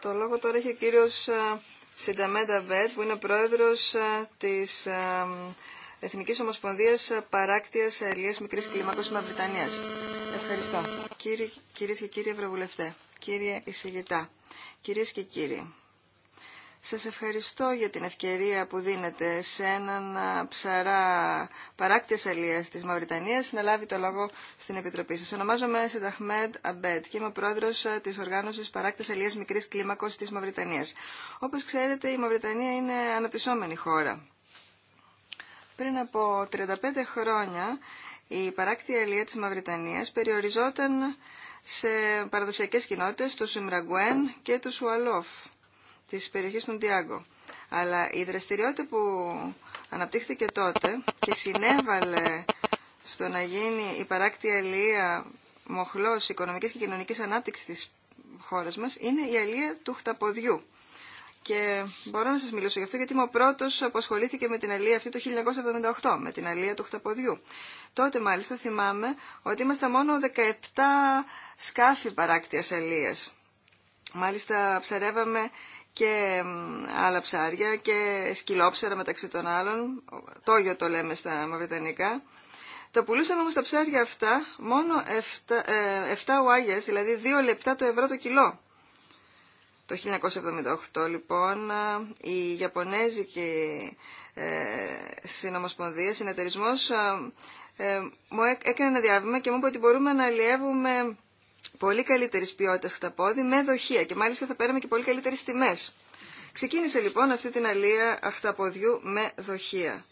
Το λόγο τώρα έχει ο κύριος ε, Σινταμέντα Βέτ, που είναι πρόεδρος ε, της ε, Εθνικής Ομοσπονδίας Παράκτειας Αιλίας Μικρής Κλιμάκος Μαυριτανίας. Ευχαριστώ. Κύριε, κυρίες και κύριοι Ευρωβουλευτέ, κύριε Ισηγητά, κυρίες και κύριοι, σας ευχαριστώ για την ευκαιρία που δίνετε σε έναν ψαρά παράκτης αλίας της Μαυριτανίας να λάβει το λόγο στην Επιτροπή σας. Ονομάζομαι Σενταχμέντ Αμπέτ και είμαι πρόεδρος της οργάνωσης παράκτης αλίας μικρής κλίμακος της Μαυριτανίας. Όπως ξέρετε η Μαυριτανία είναι αναπτυσσόμενη χώρα. Πριν από 35 χρόνια η παράκτη αλία της Μαυριτανίας περιοριζόταν σε παραδοσιακές κοινότητες, του Σιμραγκουέν και του Σουαλόφ της περιοχής του Ντιάγκο. Αλλά η δραστηριότητα που αναπτύχθηκε τότε και συνέβαλε στο να γίνει η παράκτη αλία μοχλός οικονομικής και κοινωνικής ανάπτυξης της χώρας μας είναι η αλία του χταποδιού. Και μπορώ να σας μιλήσω γι' αυτό γιατί είμαι ο πρώτος που ασχολήθηκε με την αλία αυτή το 1978, με την αλία του χταποδιού. Τότε μάλιστα θυμάμαι ότι είμαστε μόνο 17 σκάφη παράκτιας αλίας. Μάλιστα ψαρεύαμε και άλλα ψάρια και σκυλόψερα μεταξύ των άλλων. Τόγιο το λέμε στα μαυριτανικά. Τα πουλούσαμε όμως τα ψάρια αυτά μόνο 7, ε, ουάγιας, δηλαδή 2 λεπτά το ευρώ το κιλό. Το 1978 λοιπόν ε, η Ιαπωνέζικη ε, Συνομοσπονδία, συνεταιρισμός, ε, ε μου έκανε ένα διάβημα και μου είπε ότι μπορούμε να αλλιεύουμε πολύ καλύτερης ποιότητας χταπόδι με δοχεία και μάλιστα θα παίρναμε και πολύ καλύτερες τιμές. Ξεκίνησε λοιπόν αυτή την αλία αχταποδιού με δοχεία.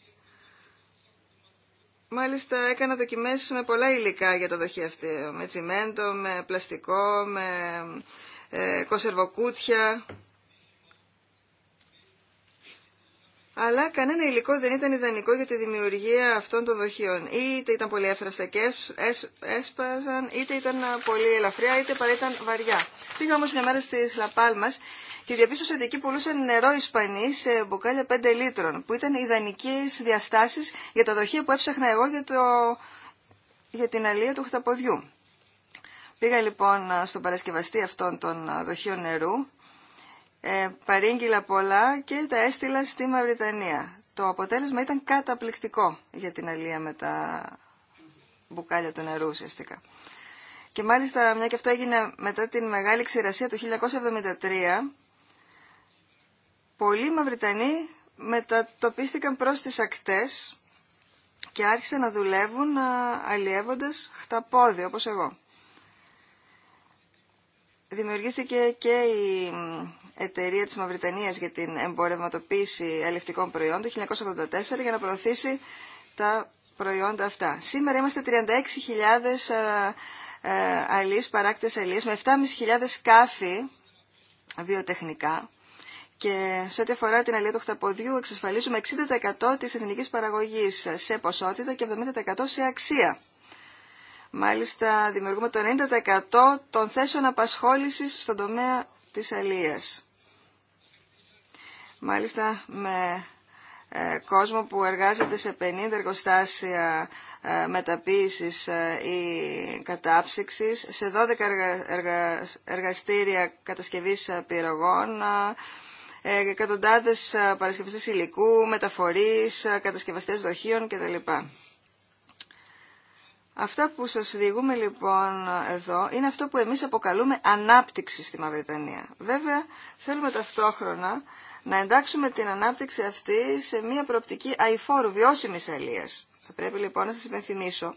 Μάλιστα έκανα δοκιμές με πολλά υλικά για τα δοχεία αυτή, με τσιμέντο, με πλαστικό, με ε, αλλά κανένα υλικό δεν ήταν ιδανικό για τη δημιουργία αυτών των δοχείων. Είτε ήταν πολύ έφραστα και έσπαζαν, είτε ήταν πολύ ελαφριά, είτε παρά ήταν βαριά. Πήγα όμω μια μέρα στη Λαπάλμα και διαπίστωσα ότι εκεί πουλούσαν νερό Ισπανί σε μπουκάλια 5 λίτρων, που ήταν ιδανικέ διαστάσει για τα δοχεία που έψαχνα εγώ για, το... για την αλία του χταποδιού. Πήγα λοιπόν ε, στον παρασκευαστή αυτών των ε, δοχείων νερού ε, παρήγγειλα πολλά και τα έστειλα στη Μαυριτανία. Το αποτέλεσμα ήταν καταπληκτικό για την αλία με τα μπουκάλια του νερού ουσιαστικά. Και μάλιστα μια και αυτό έγινε μετά την μεγάλη ξηρασία του 1973, πολλοί Μαυριτανοί μετατοπίστηκαν προς τις ακτές και άρχισαν να δουλεύουν αλλιεύοντας χταπόδι όπως εγώ δημιουργήθηκε και η εταιρεία της Μαυριτανίας για την εμπορευματοποίηση αλληλευτικών προϊόντων το 1984 για να προωθήσει τα προϊόντα αυτά. Σήμερα είμαστε 36.000 ε, ε, αλίες, παράκτες αλίες, με 7.500 σκάφη βιοτεχνικά και σε ό,τι αφορά την αλία του χταποδιού εξασφαλίζουμε 60% της εθνικής παραγωγής σε ποσότητα και 70% σε αξία. Μάλιστα δημιουργούμε το 90% των θέσεων απασχόλησης στον τομέα της αλίας. Μάλιστα με ε, κόσμο που εργάζεται σε 50 εργοστάσια ε, μεταποίησης ε, ή κατάψυξης, σε 12 εργα... εργαστήρια κατασκευής πυρογών, εκατοντάδες παρασκευαστές υλικού, μεταφορείς, κατασκευαστές δοχείων κτλ. Αυτά που σας διηγούμε λοιπόν εδώ είναι αυτό που εμείς αποκαλούμε ανάπτυξη στη Μαυριτανία. Βέβαια θέλουμε ταυτόχρονα να εντάξουμε την ανάπτυξη αυτή σε μια προοπτική αηφόρου βιώσιμη αλίας. Θα πρέπει λοιπόν να σας υπενθυμίσω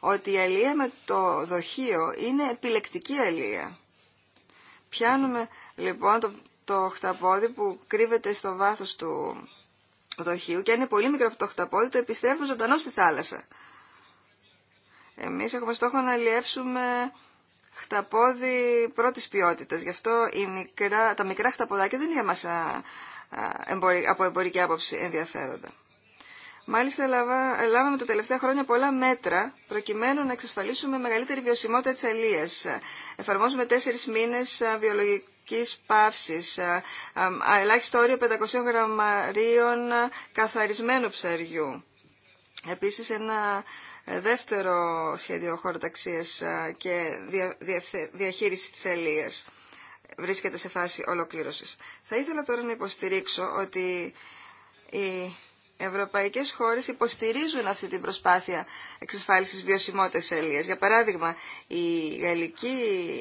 ότι η αλία με το δοχείο είναι επιλεκτική αλία. Πιάνουμε λοιπόν το, το χταπόδι που κρύβεται στο βάθος του δοχείου και αν είναι πολύ μικρό αυτό το χταπόδι το επιστρέφουμε ζωντανό στη θάλασσα. Εμείς έχουμε στόχο να αλλιεύσουμε χταπόδι πρώτης ποιότητας. Γι' αυτό μικρά, τα μικρά χταποδάκια δεν είναι για μας από εμπορική άποψη ενδιαφέροντα. Μάλιστα, λάβαμε τα τελευταία χρόνια πολλά μέτρα προκειμένου να εξασφαλίσουμε μεγαλύτερη βιωσιμότητα της αλίας. Εφαρμόζουμε τέσσερις μήνες βιολογικού πάψης παύσης, ελάχιστο όριο 500 γραμμαρίων καθαρισμένου ψαριού. Επίσης ένα δεύτερο σχέδιο χωροταξίας ε, και διαχείριση της αλίας βρίσκεται σε φάση ολοκλήρωσης. Θα ήθελα τώρα να υποστηρίξω ότι η ευρωπαϊκές χώρες υποστηρίζουν αυτή την προσπάθεια εξασφάλιση βιωσιμότητα έλεια. Για παράδειγμα, η γαλλική,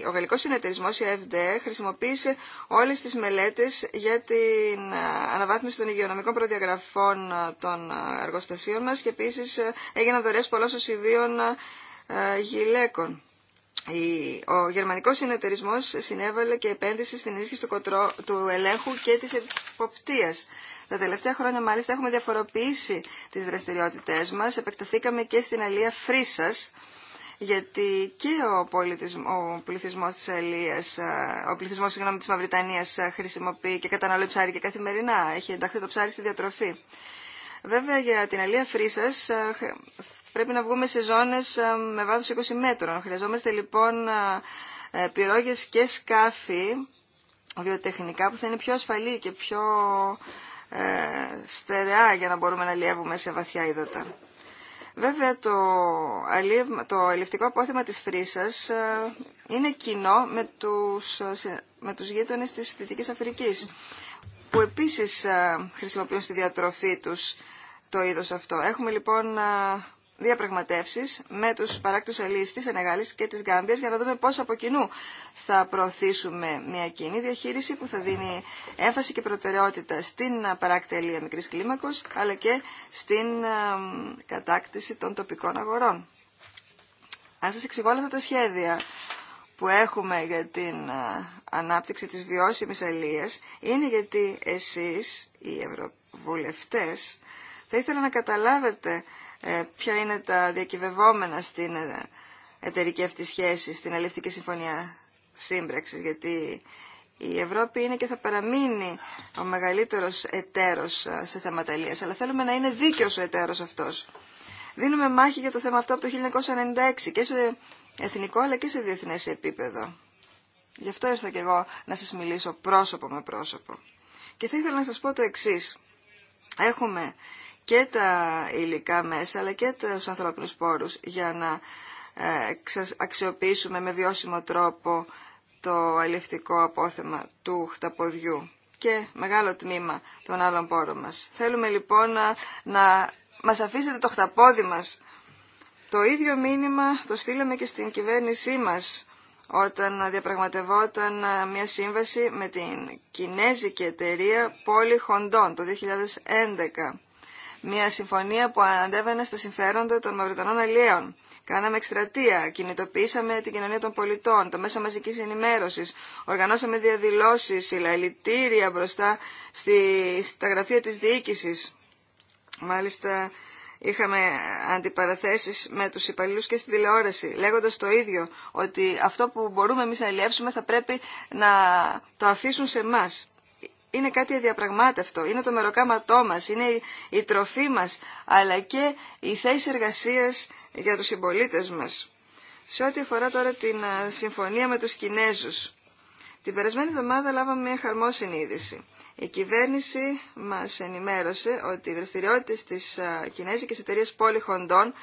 ο Γαλλικό Συνεταιρισμό, η ΕΦΔΕ, χρησιμοποίησε όλες τις μελέτες για την ε, αναβάθμιση των υγειονομικών προδιαγραφών ε, των ε, εργοστασίων μας και επίσης έγιναν δωρεέ πολλών σωσιβίων γυλαίκων ο γερμανικός συνεταιρισμός συνέβαλε και επένδυσε στην ενίσχυση του, ελέγχου και της εποπτείας. Τα τελευταία χρόνια μάλιστα έχουμε διαφοροποιήσει τις δραστηριότητές μας. Επεκταθήκαμε και στην αλία Φρύσας, γιατί και ο, πολιτισμός, ο πληθυσμός της Αλίας, ο πληθυσμός συγγνώμη, της Μαυριτανίας χρησιμοποιεί και καταναλώνει ψάρι και καθημερινά. Έχει ενταχθεί το ψάρι στη διατροφή. Βέβαια για την Αλία Φρύσας πρέπει να βγούμε σε ζώνες ε, με βάθος 20 μέτρων. Χρειαζόμαστε λοιπόν ε, ε, πυρόγες και σκάφη βιοτεχνικά που θα είναι πιο ασφαλή και πιο στερεά για να μπορούμε να λιεύουμε σε βαθιά ύδατα. Βέβαια το, το ελευτικό απόθεμα της Φρύσας είναι κοινό με τους, με τους γείτονες της Δυτικής Αφρικής που επίσης χρησιμοποιούν στη διατροφή τους το είδος αυτό. Έχουμε λοιπόν διαπραγματεύσεις με τους παράκτους αλληλείς της Ενεγάλης και της Γκάμπιας για να δούμε πώς από κοινού θα προωθήσουμε μια κοινή διαχείριση που θα δίνει έμφαση και προτεραιότητα στην παράκτη αλληλεία μικρής κλίμακος αλλά και στην κατάκτηση των τοπικών αγορών. Αν σας εξηγώ όλα αυτά τα σχέδια που έχουμε για την ε, ανάπτυξη της βιώσιμης αλληλείας είναι γιατί εσείς οι ευρωβουλευτές θα ήθελα να καταλάβετε ε, ποια είναι τα διακυβευόμενα στην ε, εταιρική αυτή σχέση, στην αλληλευτική συμφωνία σύμπραξης, γιατί η Ευρώπη είναι και θα παραμείνει ο μεγαλύτερος εταίρος ε, σε θέματα αλληλείας, αλλά θέλουμε να είναι δίκαιος ο εταίρος αυτός. Δίνουμε μάχη για το θέμα αυτό από το 1996 και σε εθνικό αλλά και σε διεθνές επίπεδο. Γι' αυτό ήρθα και εγώ να σας μιλήσω πρόσωπο με πρόσωπο. Και θα ήθελα να σας πω το εξής. Έχουμε και τα υλικά μέσα αλλά και τους ανθρώπινους πόρους για να ε, αξιοποιήσουμε με βιώσιμο τρόπο το αλληλευτικό απόθεμα του χταποδιού και μεγάλο τμήμα των άλλων πόρων μας. Θέλουμε λοιπόν να, ε, να μας αφήσετε το χταπόδι μας. Το ίδιο μήνυμα το στείλαμε και στην κυβέρνησή μας όταν διαπραγματευόταν ε, μια σύμβαση με την Κινέζικη εταιρεία Πόλη Χοντών το 2011 μια συμφωνία που αντέβαινε στα συμφέροντα των Μαυριτανών αλλιέων. Κάναμε εκστρατεία, κινητοποιήσαμε την κοινωνία των πολιτών, τα μέσα μαζική ενημέρωσης, οργανώσαμε διαδηλώσει, συλλαλητήρια μπροστά στη, στα γραφεία της διοίκηση. Μάλιστα είχαμε αντιπαραθέσεις με τους υπαλλήλους και στη τηλεόραση, λέγοντας το ίδιο, ότι αυτό που μπορούμε εμεί να αλλιεύσουμε θα πρέπει να το αφήσουν σε εμά είναι κάτι αδιαπραγμάτευτο, είναι το μεροκάματό μας, είναι η τροφή μας, αλλά και η θέση εργασίας για τους συμπολίτε μας. Σε ό,τι αφορά τώρα την ε, συμφωνία με τους Κινέζους, την περασμένη εβδομάδα λάβαμε μια χαρμόσυνη είδηση. Η κυβέρνηση μας ενημέρωσε ότι οι δραστηριότητες της ε, Κινέζικης εταιρείας Χοντών...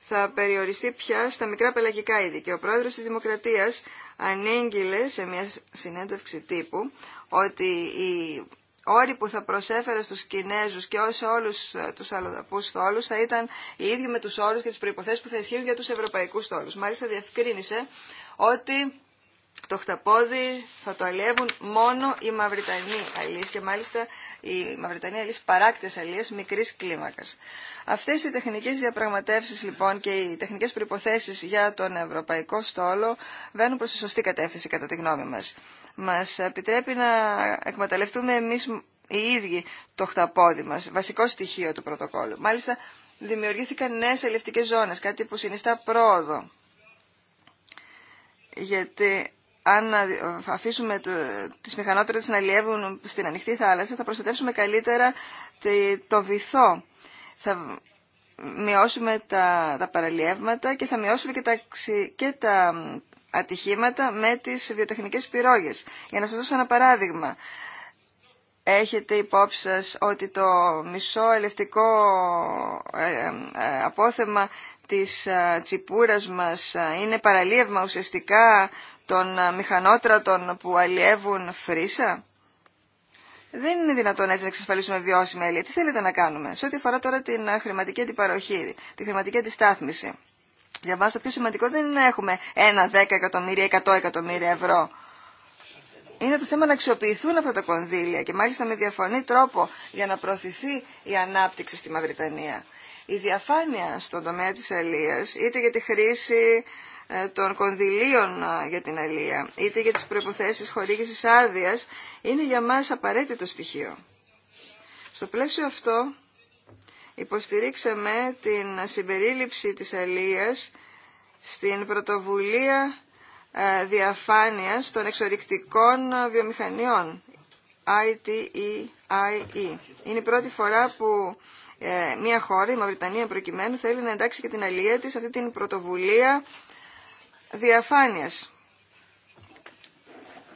θα περιοριστεί πια στα μικρά πελαγικά είδη και ο πρόεδρος της Δημοκρατίας ανήγγειλε σε μια συνέντευξη τύπου ότι οι όροι που θα προσέφερε στους Κινέζους και σε όλους ε, τους αλλοδαπούς στόλους θα ήταν οι ίδιοι με τους όρους και τις προϋποθέσεις που θα ισχύουν για τους ευρωπαϊκούς στόλους. Μάλιστα διευκρίνησε ότι το χταπόδι θα το αλλιεύουν μόνο οι Μαυριτανοί αλλιείς και μάλιστα οι Μαυριτανοί αλλιείς παράκτες αλίες μικρής κλίμακας. Αυτές οι τεχνικές διαπραγματεύσεις λοιπόν και οι τεχνικές προϋποθέσεις για τον ευρωπαϊκό στόλο βαίνουν προς τη σωστή κατεύθυνση κατά τη γνώμη μας μας επιτρέπει να εκμεταλλευτούμε εμείς οι ίδιοι το χταπόδι μας, βασικό στοιχείο του πρωτοκόλλου. Μάλιστα, δημιουργήθηκαν νέες ελευτικές ζώνες, κάτι που συνιστά πρόοδο. Γιατί αν αφήσουμε τις μηχανότητες να λιεύουν στην ανοιχτή θάλασσα, θα προστατεύσουμε καλύτερα το βυθό. Θα μειώσουμε τα, τα παραλιεύματα και θα μειώσουμε και τα, και τα ατυχήματα με τις βιοτεχνικές πυρόγες. Για να σας δώσω ένα παράδειγμα. Έχετε υπόψη σας ότι το μισό ελευτικό ε, ε, απόθεμα της ε, τσιπούρας μας είναι παραλίευμα ουσιαστικά των μηχανότρατων που αλλιεύουν φρύσα. Δεν είναι δυνατόν έτσι να εξασφαλίσουμε βιώσιμη αλληλεία. Τι θέλετε να κάνουμε. Σε ό,τι αφορά τώρα την χρηματική αντιπαροχή, τη χρηματική αντιστάθμιση. Για το πιο σημαντικό δεν είναι να έχουμε ένα δέκα εκατομμύρια, εκατό εκατομμύρια ευρώ. Είναι το θέμα να αξιοποιηθούν αυτά τα κονδύλια και μάλιστα με διαφωνή τρόπο για να προωθηθεί η ανάπτυξη στη Μαυριτανία. Η διαφάνεια στον τομέα της αλίας, είτε για τη χρήση ε, των κονδυλίων ε, για την αλία, είτε για τις προϋποθέσεις χορήγησης άδειας είναι για μας απαραίτητο στοιχείο. Στο πλαίσιο αυτό υποστηρίξαμε την συμπερίληψη της αλίας στην πρωτοβουλία ε, διαφάνειας των εξορυκτικών βιομηχανιών, ITEIE. E. Είναι η πρώτη φορά που ε, μια χώρα, η Μαυριτανία προκειμένου, θέλει να εντάξει και την αλία της αυτή την πρωτοβουλία διαφάνειας.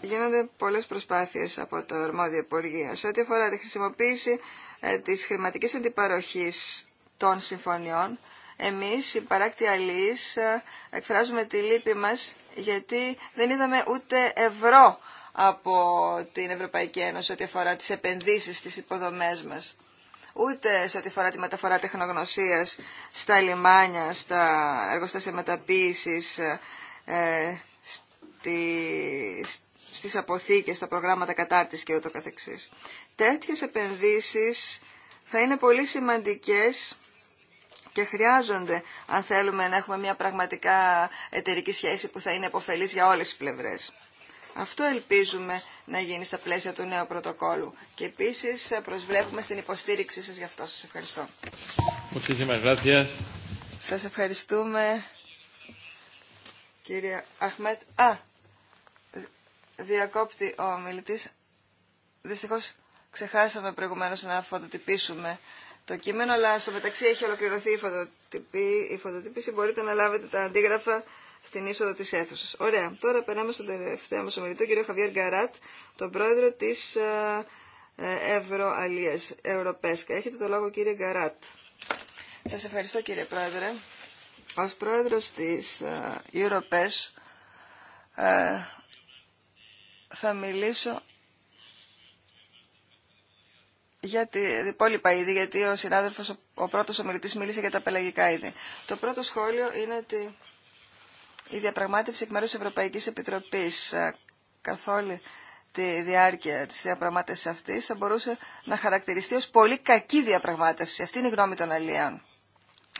Γίνονται πολλές προσπάθειες από το αρμόδιο υπουργείο. Σε ό,τι αφορά τη χρησιμοποίηση ε, της χρηματικής αντιπαροχής των συμφωνιών, εμείς οι παράκτη αλείς ε, εκφράζουμε τη λύπη μας γιατί δεν είδαμε ούτε ευρώ από την Ευρωπαϊκή Ένωση ό,τι αφορά τις επενδύσεις στις υποδομές μας. Ούτε σε ό,τι αφορά τη μεταφορά τεχνογνωσίας στα λιμάνια, στα εργοστάσια μεταποίησης, ε, ε στη, στις αποθήκες, στα προγράμματα κατάρτισης και ούτω καθεξής τέτοιες επενδύσεις θα είναι πολύ σημαντικές και χρειάζονται αν θέλουμε να έχουμε μια πραγματικά εταιρική σχέση που θα είναι επωφελής για όλες τις πλευρές. Αυτό ελπίζουμε να γίνει στα πλαίσια του νέου πρωτοκόλου. Και επίσης ε, προσβλέπουμε στην υποστήριξή σας γι' αυτό. Σας ευχαριστώ. Σας ευχαριστούμε κύριε Αχμέτ. Α, ε, διακόπτη ο μιλητής. Δυστυχώς Ξεχάσαμε προηγουμένως να φωτοτυπήσουμε το κείμενο, αλλά στο μεταξύ έχει ολοκληρωθεί η, φωτοτυπή, η φωτοτυπήση. Μπορείτε να λάβετε τα αντίγραφα στην είσοδο της αίθουσα. Ωραία. Τώρα περνάμε στον τελευταίο μας ομιλητή, κύριο Χαβιέρ Γκαράτ, τον πρόεδρο της ε, ε, Ευρωαλίας, Ευρωπέσκα. Έχετε το λόγο κύριε Γκαράτ. Σας ευχαριστώ κύριε πρόεδρε. Ως πρόεδρος της Ευρωπές ε, θα μιλήσω για την υπόλοιπα είδη, γιατί ο συνάδελφος, ο, ο πρώτος ομιλητής μίλησε για τα πελαγικά είδη. Το πρώτο σχόλιο είναι ότι η διαπραγμάτευση εκ μέρους της Ευρωπαϊκής Επιτροπής ε, καθ' όλη τη διάρκεια της διαπραγμάτευσης αυτής θα μπορούσε να χαρακτηριστεί ως πολύ κακή διαπραγμάτευση. Αυτή είναι η γνώμη των αλλιέων.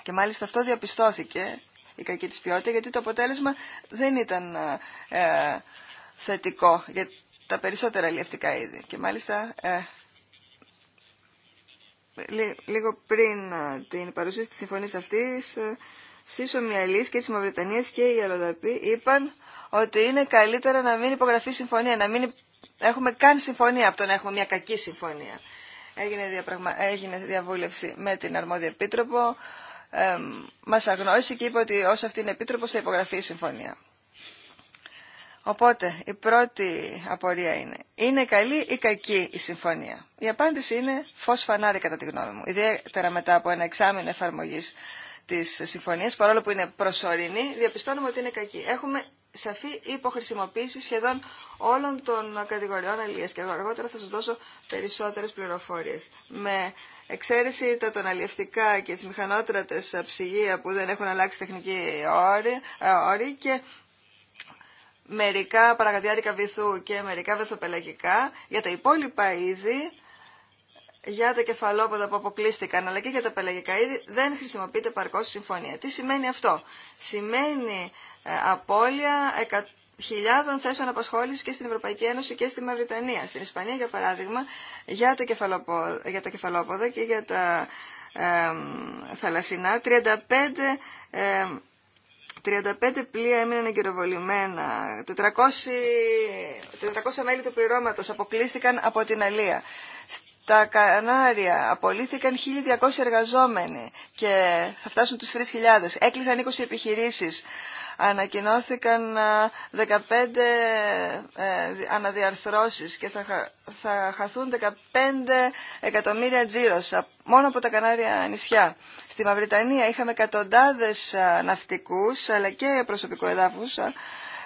Και μάλιστα αυτό διαπιστώθηκε η κακή της ποιότητα γιατί το αποτέλεσμα δεν ήταν ε, ε θετικό για τα περισσότερα αλλιευτικά είδη. Και μάλιστα ε, λίγο πριν ε, την παρουσίαση της συμφωνίας αυτής, ε, Σίσο Μιαλής και της Μαυριτανίας και η Αλοδαπή είπαν ότι είναι καλύτερα να μην υπογραφεί συμφωνία, να μην έχουμε καν συμφωνία από το να έχουμε μια κακή συμφωνία. Έγινε, διαπραγμα... Έγινε διαβούλευση με την αρμόδια επίτροπο, ε, μας αγνώρισε και είπε ότι όσο αυτή είναι επίτροπος θα υπογραφεί η συμφωνία. Οπότε η πρώτη απορία είναι, είναι καλή ή κακή η συμφωνία. Η απάντηση είναι φως φανάρι κατά τη γνώμη μου. Ιδιαίτερα μετά από ένα εξάμεινο εφαρμογής της συμφωνίας, παρόλο που είναι προσωρινή, διαπιστώνουμε ότι είναι κακή. Έχουμε σαφή υποχρησιμοποίηση σχεδόν όλων των κατηγοριών αλληλείας και αργότερα θα σας δώσω περισσότερες πληροφορίες. Με εξαίρεση τα των αλληλευτικά και τις μηχανότρατες ψυγεία που δεν έχουν αλλάξει τεχνική όρη, ε, και μερικά παραγατιάρικα βυθού και μερικά βεθοπελαγικά, για τα υπόλοιπα είδη, για τα κεφαλόποδα που αποκλείστηκαν, αλλά και για τα πελαγικά είδη, δεν χρησιμοποιείται παρκώς συμφωνία. Τι σημαίνει αυτό. Σημαίνει ε, απώλεια εκα... χιλιάδων θέσεων απασχόλησης και στην Ευρωπαϊκή Ένωση και στη Μαυριτανία. Στην Ισπανία, για παράδειγμα, για τα, κεφαλοπο... για τα κεφαλόποδα και για τα ε, θαλασσινά, 35 ε, 35 πλοία έμειναν εγκυροβολημένα, 400, 400 μέλη του πληρώματος αποκλείστηκαν από την Αλία. Στα Κανάρια απολύθηκαν 1.200 εργαζόμενοι και θα φτάσουν τους 3.000. Έκλεισαν 20 επιχειρήσεις ανακοινώθηκαν 15 ε, αναδιαρθρώσεις και θα χαθούν 15 εκατομμύρια τζίρος μόνο από τα Κανάρια νησιά. Στη Μαυριτανία είχαμε εκατοντάδες ναυτικούς αλλά και προσωπικού εδάφους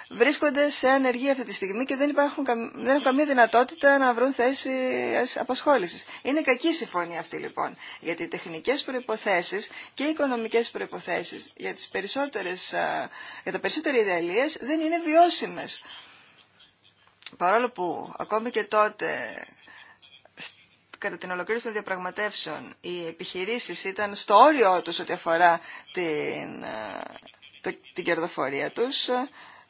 βρίσκονται σε ανεργία αυτή τη στιγμή και δεν, υπάρχουν, δεν έχουν καμία δυνατότητα να βρουν θέση απασχόλησης. Είναι κακή συμφωνία αυτή λοιπόν, γιατί οι τεχνικές προϋποθέσεις και οι οικονομικές προϋποθέσεις για, τις περισσότερες, για τα περισσότερα ιδεαλίες δεν είναι βιώσιμες. Παρόλο που ακόμη και τότε κατά την ολοκλήρωση των διαπραγματεύσεων οι επιχειρήσεις ήταν στο όριό τους ό,τι αφορά την, την κερδοφορία τους,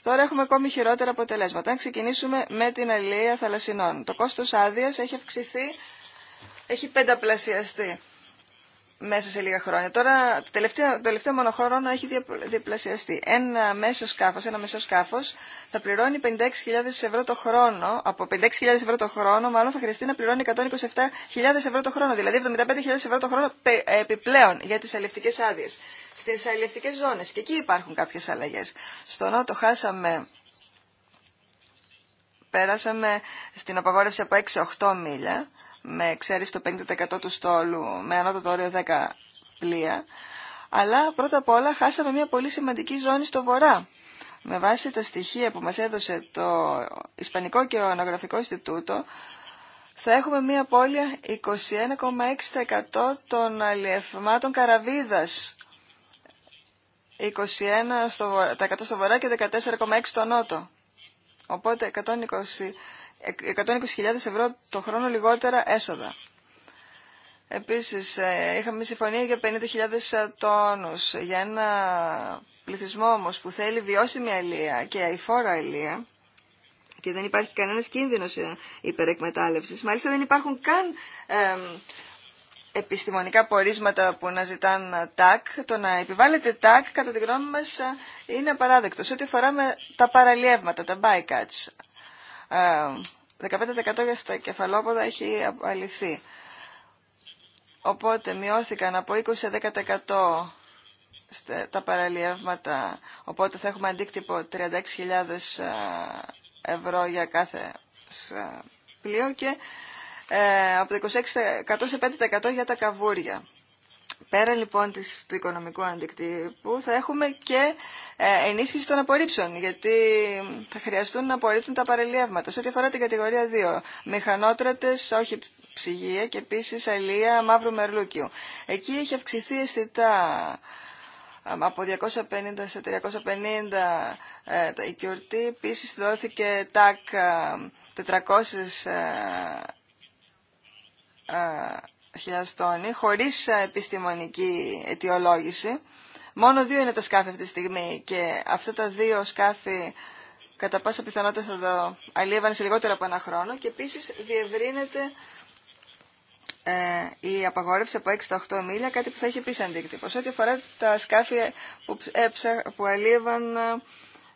Τώρα έχουμε ακόμη χειρότερα αποτελέσματα. Αν ξεκινήσουμε με την αλληλεία θαλασσινών, το κόστος άδειας έχει αυξηθεί, έχει πενταπλασιαστεί μέσα σε λίγα χρόνια. Τώρα, το τελευταίο, τελευταίο μόνο χρόνο έχει διπλασιαστεί. Ένα μέσο σκαφο ένα μεσό σκαφο θα πληρώνει 56.000 ευρώ το χρόνο, από 56.000 ευρώ το χρόνο μάλλον θα χρειαστεί να πληρώνει 127.000 ευρώ το χρόνο, δηλαδή 75.000 ευρώ το χρόνο ε, επιπλέον για τι αλληλευτικέ άδειε. Στι αλληλευτικέ ζώνε και εκεί υπάρχουν κάποιε αλλαγέ. Στο Νότο χάσαμε Πέρασαμε στην απαγόρευση από 6-8 μίλια με εξαίρεση το 50% του στόλου με ανώτατο όριο 10 πλοία. Αλλά πρώτα απ' όλα χάσαμε μια πολύ σημαντική ζώνη στο βορρά. Με βάση τα στοιχεία που μας έδωσε το Ισπανικό και ο Αναγραφικό Ινστιτούτο, θα έχουμε μια απώλεια 21,6% των αλλιευμάτων καραβίδας. 21% στο βορρά, στο βορρά και 14,6% στο νότο. Οπότε 120 120.000 ευρώ το χρόνο λιγότερα έσοδα. Επίσης, ε, είχαμε συμφωνία για 50.000 ε, τόνους, για ένα πληθυσμό όμω που θέλει βιώσιμη αλεία και αηφόρα αλεία και δεν υπάρχει κανένας κίνδυνος ε, υπερεκμετάλλευσης. Μάλιστα δεν υπάρχουν καν ε, επιστημονικά πορίσματα που να ζητάν τάκ. Το να επιβάλλεται τάκ, κατά τη γνώμη μας, είναι απαράδεκτο. Σε ό,τι αφορά τα παραλιεύματα, τα bycatch. 15% ε, για στα κεφαλόποδα έχει απαλληθεί. Οπότε μειώθηκαν από 20% σε 10% τα παραλιεύματα, οπότε θα έχουμε αντίκτυπο 36.000 ε, ευρώ για κάθε ε, πλοίο και από 26% σε 5% για τα καβούρια. Πέρα λοιπόν της, του οικονομικού αντικτύπου θα έχουμε και ε, ενίσχυση των απορρίψεων γιατί θα χρειαστούν να απορρίπτουν τα παρελίευματα. Σε ό,τι αφορά την κατηγορία 2, μηχανότρατες, όχι ψυγεία και επίσης αλία μαύρου μερλούκιου. Εκεί έχει αυξηθεί αισθητά ε, από 250 σε 350 ε, η κιορτή. Επίσης δόθηκε τάκ 400 ε, Χωρί χωρίς ε, επιστημονική αιτιολόγηση. Μόνο δύο είναι τα σκάφη αυτή τη στιγμή και αυτά τα δύο σκάφη κατά πάσα πιθανότητα θα το αλλιεύαν σε λιγότερο από ένα χρόνο και επίσης διευρύνεται ε, η απαγόρευση από 6 στα 8 μίλια, κάτι που θα έχει επίσης αντίκτυπο. Σε ό,τι αφορά τα σκάφη που, που αλλιεύαν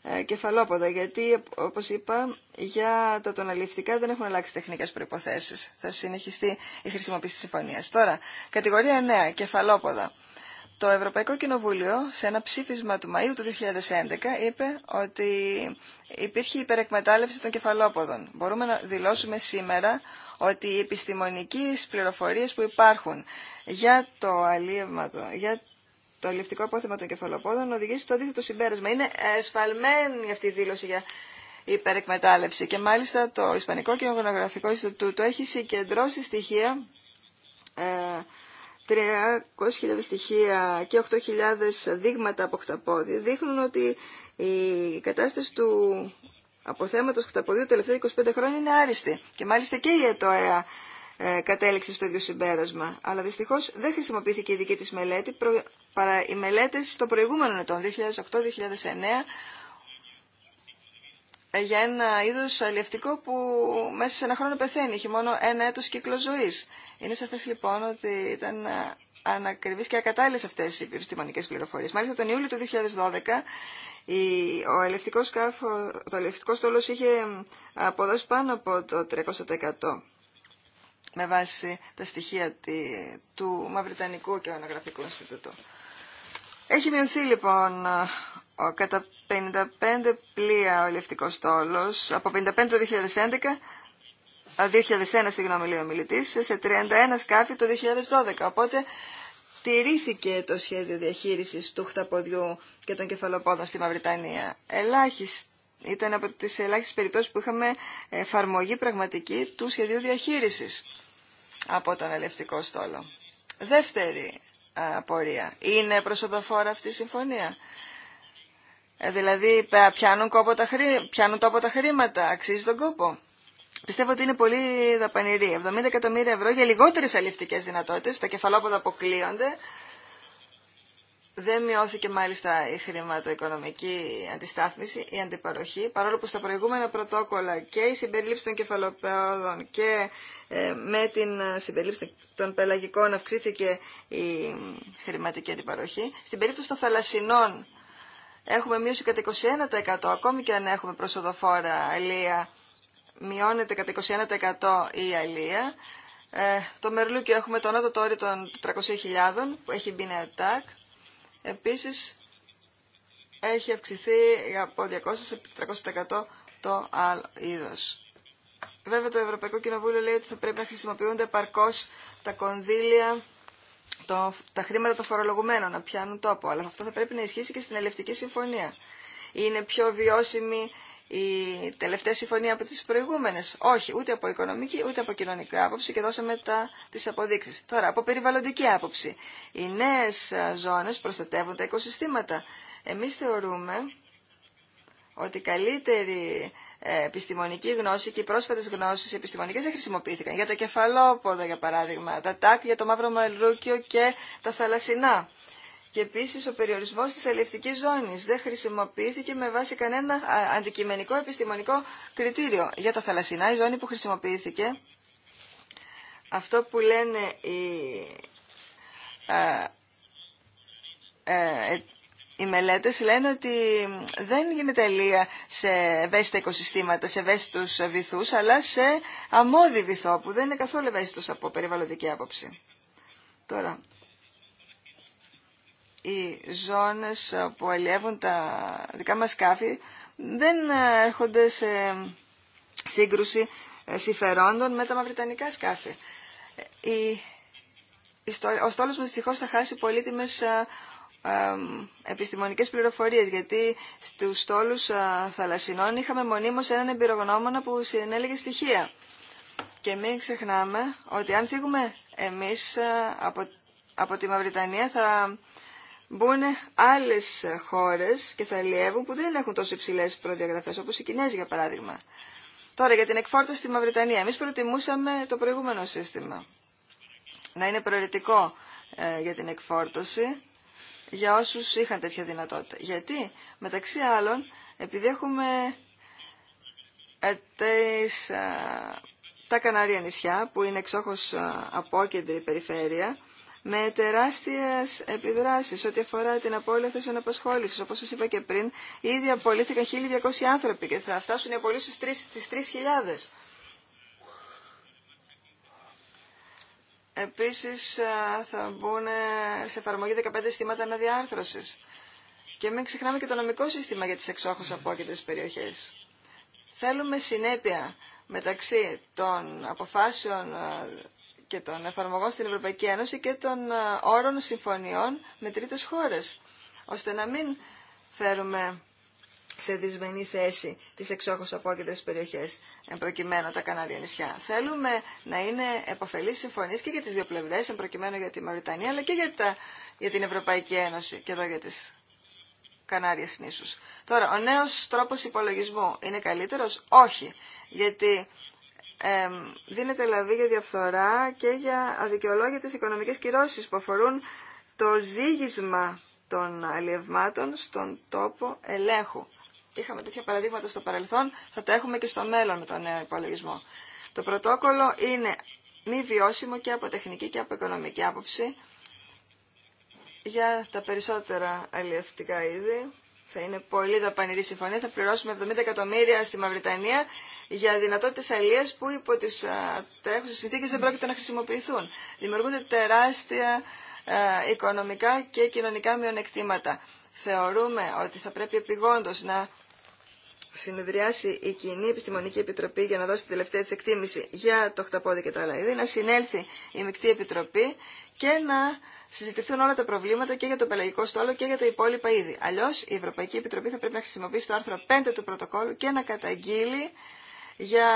ε, κεφαλόποδα, γιατί, όπως είπα, για τα τοναληφτικά δεν έχουν αλλάξει τεχνικές προϋποθέσεις. Θα συνεχιστεί η χρησιμοποίηση της συμφωνίας. Τώρα, κατηγορία 9, κεφαλόποδα. Το Ευρωπαϊκό Κοινοβούλιο σε ένα ψήφισμα του Μαΐου του 2011 είπε ότι υπήρχε υπερεκμετάλλευση των κεφαλόποδων. Μπορούμε να δηλώσουμε σήμερα ότι οι επιστημονικές πληροφορίες που υπάρχουν για το αλίευμα, για το ληφτικό απόθεμα των κεφαλοπόδων οδηγήσει στο αντίθετο συμπέρασμα. Είναι εσφαλμένη αυτή η δήλωση για υπερεκμετάλλευση και μάλιστα το Ισπανικό Κοινογραφικό Ινστιτούτο έχει συγκεντρώσει στοιχεία 300.000 ε, στοιχεία και 8.000 δείγματα από χταπόδι δείχνουν ότι η κατάσταση του αποθέματος χταποδίου τελευταία 25 χρόνια είναι άριστη και μάλιστα και η ΕΤΟΕΑ ε, κατέληξε στο ίδιο συμπέρασμα αλλά δυστυχώς δεν χρησιμοποιήθηκε η δική της μελέτη παρά οι μελέτες των προηγούμενων ετών, 2008-2009, για ένα είδος αλλιευτικό που μέσα σε ένα χρόνο πεθαίνει, είχε μόνο ένα έτος κύκλο ζωής. Είναι σαφές λοιπόν ότι ήταν ανακριβείς και ακατάλληλες αυτές οι επιστημονικές πληροφορίες. Μάλιστα τον Ιούλιο του 2012 ο σκάφο, το αλληλευτικό στόλος είχε αποδώσει πάνω από το 300% με βάση τα στοιχεία του Μαυριτανικού και Ονογραφικού Ινστιτούτου. Έχει μειωθεί λοιπόν ο, κατά 55 πλοία ο ελευτικός στόλο, από 55 το 2011, 2001 συγγνώμη λέει ο σε 31 σκάφη το 2012. Οπότε τηρήθηκε το σχέδιο διαχείρισης του χταποδιού και των κεφαλοπόδων στη Μαυριτανία. Ελάχιστη ήταν από τις ελάχιστες περιπτώσεις που είχαμε εφαρμογή πραγματική του σχεδίου διαχείρισης από τον ελευτικό στόλο. Δεύτερη ε, απορία. Είναι προσοδοφόρα αυτή η συμφωνία. Ε, δηλαδή πιάνουν, κόπο τα χρή... τόπο τα χρήματα, αξίζει τον κόπο. Πιστεύω ότι είναι πολύ δαπανηρή. 70 εκατομμύρια ευρώ για λιγότερες αλληλευτικές δυνατότητες, Τα κεφαλόποδα αποκλείονται. Δεν μειώθηκε μάλιστα η χρηματοοικονομική αντιστάθμιση, η αντιπαροχή, παρόλο που στα προηγούμενα πρωτόκολλα και η συμπερίληψη των κεφαλοπαιόδων και ε, με την συμπερίληψη των πελαγικών αυξήθηκε η χρηματική αντιπαροχή. Στην περίπτωση των θαλασσινών έχουμε μείωση κατά 21%, ακόμη και αν έχουμε προσοδοφόρα αλία, μειώνεται κατά 21% η αλία. Ε, το μερλούκι έχουμε το νότο όριο των 300.000 που έχει μπει νέα τάκ. Επίσης έχει αυξηθεί από 200 σε 300% το άλλο είδος. Βέβαια το Ευρωπαϊκό Κοινοβούλιο λέει ότι θα πρέπει να χρησιμοποιούνται επαρκώ τα κονδύλια, το, τα χρήματα των φορολογουμένων να πιάνουν τόπο. Αλλά αυτό θα πρέπει να ισχύσει και στην Ελευτική Συμφωνία. Είναι πιο βιώσιμη η τελευταία συμφωνία από τι προηγούμενε. Όχι, ούτε από οικονομική, ούτε από κοινωνική άποψη και δώσαμε τι αποδείξει. Τώρα, από περιβαλλοντική άποψη. Οι νέε ζώνε προστατεύουν τα οικοσυστήματα. Εμεί θεωρούμε ότι καλύτερη ε, επιστημονική γνώση και οι πρόσφατες γνώσεις επιστημονικές δεν χρησιμοποιήθηκαν. Για τα κεφαλόποδα, για παράδειγμα, τα τάκ για το μαύρο μαλλούκιο και τα θαλασσινά. Και επίση ο περιορισμό τη αλληλευτική ζώνη δεν χρησιμοποιήθηκε με βάση κανένα αντικειμενικό επιστημονικό κριτήριο. Για τα θαλασσινά, η ζώνη που χρησιμοποιήθηκε, αυτό που λένε οι ε, ε, οι μελέτες λένε ότι δεν γίνεται ελεία σε ευαίσθητα οικοσυστήματα, σε ευαίσθητους βυθούς, αλλά σε αμμόδι βυθό που δεν είναι καθόλου ευαίσθητος από περιβαλλοντική άποψη. Τώρα, οι ζώνες που αλλιεύουν τα δικά μας σκάφη δεν έρχονται σε σύγκρουση ε, συμφερόντων με τα μαυριτανικά σκάφη. Ε, ο στόλος μας δυστυχώς θα χάσει πολύτιμες ε, επιστημονικές πληροφορίες γιατί στους στόλους θαλασσινών είχαμε μονίμως έναν εμπειρογνώμονα που συνέλεγε στοιχεία. Και μην ξεχνάμε ότι αν φύγουμε εμείς από, από τη Μαυριτανία θα μπουν άλλες χώρες και θα λιεύουν που δεν έχουν τόσο υψηλές προδιαγραφές όπως οι Κινέζοι για παράδειγμα. Τώρα για την εκφόρτωση στη Μαυριτανία. Εμείς προτιμούσαμε το προηγούμενο σύστημα. Να είναι προαιρετικό ε, για την εκφόρτωση για όσους είχαν τέτοια δυνατότητα. Γιατί, μεταξύ άλλων, επειδή έχουμε ε, ε, τα Κανάρια νησιά, που είναι εξόχως ε, απόκεντρη περιφέρεια, με τεράστιες επιδράσεις ό,τι αφορά την απώλεια θέση απασχόλησης. Όπως σας είπα και πριν, ήδη απολύθηκαν 1.200 άνθρωποι και θα φτάσουν οι απολύσεις στις 3.000. Επίσης θα μπουν σε εφαρμογή 15 συστήματα αναδιάρθρωσης. Και μην ξεχνάμε και το νομικό σύστημα για τις εξόχως τις περιοχές. Θέλουμε συνέπεια μεταξύ των αποφάσεων και των εφαρμογών στην Ευρωπαϊκή Ένωση και των όρων συμφωνιών με τρίτες χώρες, ώστε να μην φέρουμε σε δυσμενή θέση τις εξόχως απόκεντρες περιοχές, εμπροκειμένου τα Κανάρια νησιά. Θέλουμε να είναι επαφελής συμφωνίες και για τις δύο πλευρές, εμπροκειμένου για τη Μαουριτανία, αλλά και για, για την Ευρωπαϊκή Ένωση και εδώ για τις Κανάριες νήσους. Τώρα, ο νέος τρόπος υπολογισμού είναι καλύτερος? Όχι, γιατί ε, δίνεται λαβή για διαφθορά και για αδικαιολόγητες οικονομικές κυρώσεις που αφορούν το ζήγισμα των αλλιευμάτων στον τόπο ελέγχου είχαμε τέτοια παραδείγματα στο παρελθόν, θα τα έχουμε και στο μέλλον με τον νέο υπολογισμό. Το πρωτόκολλο είναι μη βιώσιμο και από τεχνική και από οικονομική άποψη για τα περισσότερα αλλιευτικά είδη. Θα είναι πολύ δαπανηρή συμφωνία. Θα πληρώσουμε 70 εκατομμύρια στη Μαυριτανία για δυνατότητε αλλίε που υπό τι τρέχουσε συνθήκε δεν πρόκειται να χρησιμοποιηθούν. Δημιουργούνται τεράστια οικονομικά και κοινωνικά μειονεκτήματα. Θεωρούμε ότι θα πρέπει επιγόντω να συνεδριάσει η Κοινή Επιστημονική Επιτροπή για να δώσει την τελευταία της εκτίμηση για το χταπόδι και τα άλλα είδη, δηλαδή να συνέλθει η Μεικτή Επιτροπή και να συζητηθούν όλα τα προβλήματα και για το πελαγικό στόλο και για τα υπόλοιπα είδη. Αλλιώ, η Ευρωπαϊκή Επιτροπή θα πρέπει να χρησιμοποιήσει το άρθρο 5 του πρωτοκόλου και να καταγγείλει για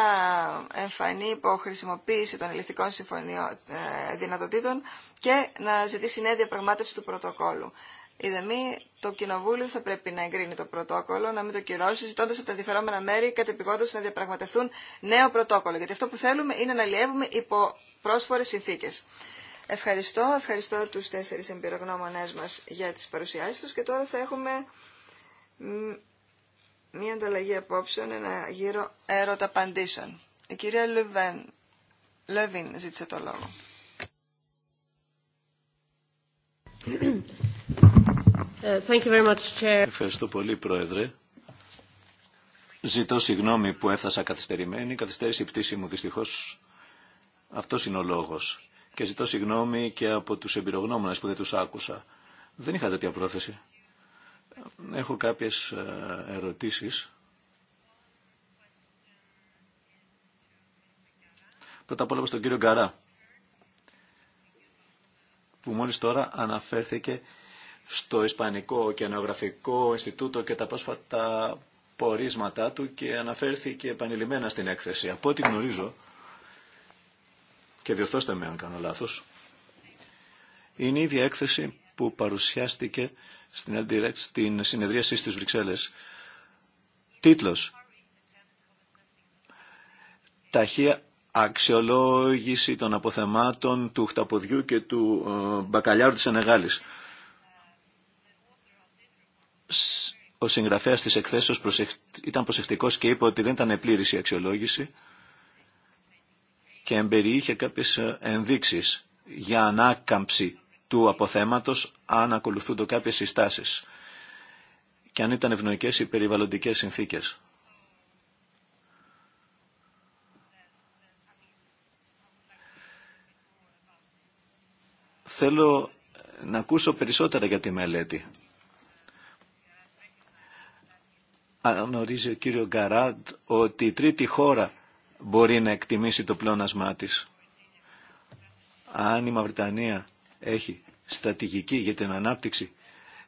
εμφανή υποχρησιμοποίηση των ελληνικών συμφωνιών ε, δυνατοτήτων και να ζητήσει νέα διαπραγμάτευση του πρωτοκόλου. ΔΕΜΗ, το Κοινοβούλιο θα πρέπει να εγκρίνει το πρωτόκολλο, να μην το κυρώσει, ζητώντα από τα ενδιαφερόμενα μέρη κατεπηγόντω να διαπραγματευτούν νέο πρωτόκολλο. Γιατί αυτό που θέλουμε είναι να λιεύουμε υπό πρόσφορε συνθήκε. Ευχαριστώ, ευχαριστώ του τέσσερι εμπειρογνώμονέ μα για τι παρουσιάσει του και τώρα θα έχουμε μία ανταλλαγή απόψεων, ένα γύρο έρωτα απαντήσεων. Η κυρία Λεβίν ζήτησε το λόγο. Ε, Ευχαριστώ πολύ, Πρόεδρε. Ζητώ συγγνώμη που έφτασα καθυστερημένη. Καθυστέρησε η πτήση μου, δυστυχώς. Αυτός είναι ο λόγος. Και ζητώ συγγνώμη και από τους εμπειρογνώμονε που δεν τους άκουσα. Δεν είχα τέτοια πρόθεση. Έχω κάποιες ε, ερωτήσεις. Πρώτα απ' όλα τον κύριο Γκαρά που μόλις τώρα αναφέρθηκε στο Ισπανικό και Οκεανογραφικό Ινστιτούτο και τα πρόσφατα πορίσματά του και αναφέρθηκε επανειλημμένα στην έκθεση. Από ό,τι γνωρίζω, και διορθώστε με αν κάνω λάθος, είναι η ίδια έκθεση που παρουσιάστηκε στην, στην συνεδρίαση στις Βρυξέλλες. Τίτλος «Ταχεία αξιολόγηση των αποθεμάτων του χταποδιού και του ε, μπακαλιάρου της Ενεγάλης. Ο συγγραφέας της εκθέσεως ήταν προσεκτικός και είπε ότι δεν ήταν πλήρης η αξιολόγηση και εμπεριείχε κάποιες ε, ενδείξεις για ανάκαμψη του αποθέματος αν ακολουθούνται κάποιες συστάσεις και αν ήταν ευνοϊκές οι περιβαλλοντικές συνθήκες. Θέλω να ακούσω περισσότερα για τη μελέτη. Ανορίζει ο κύριο Γκαράντ ότι η τρίτη χώρα μπορεί να εκτιμήσει το πλεόνασμά της. Αν η Μαυριτανία έχει στρατηγική για την ανάπτυξη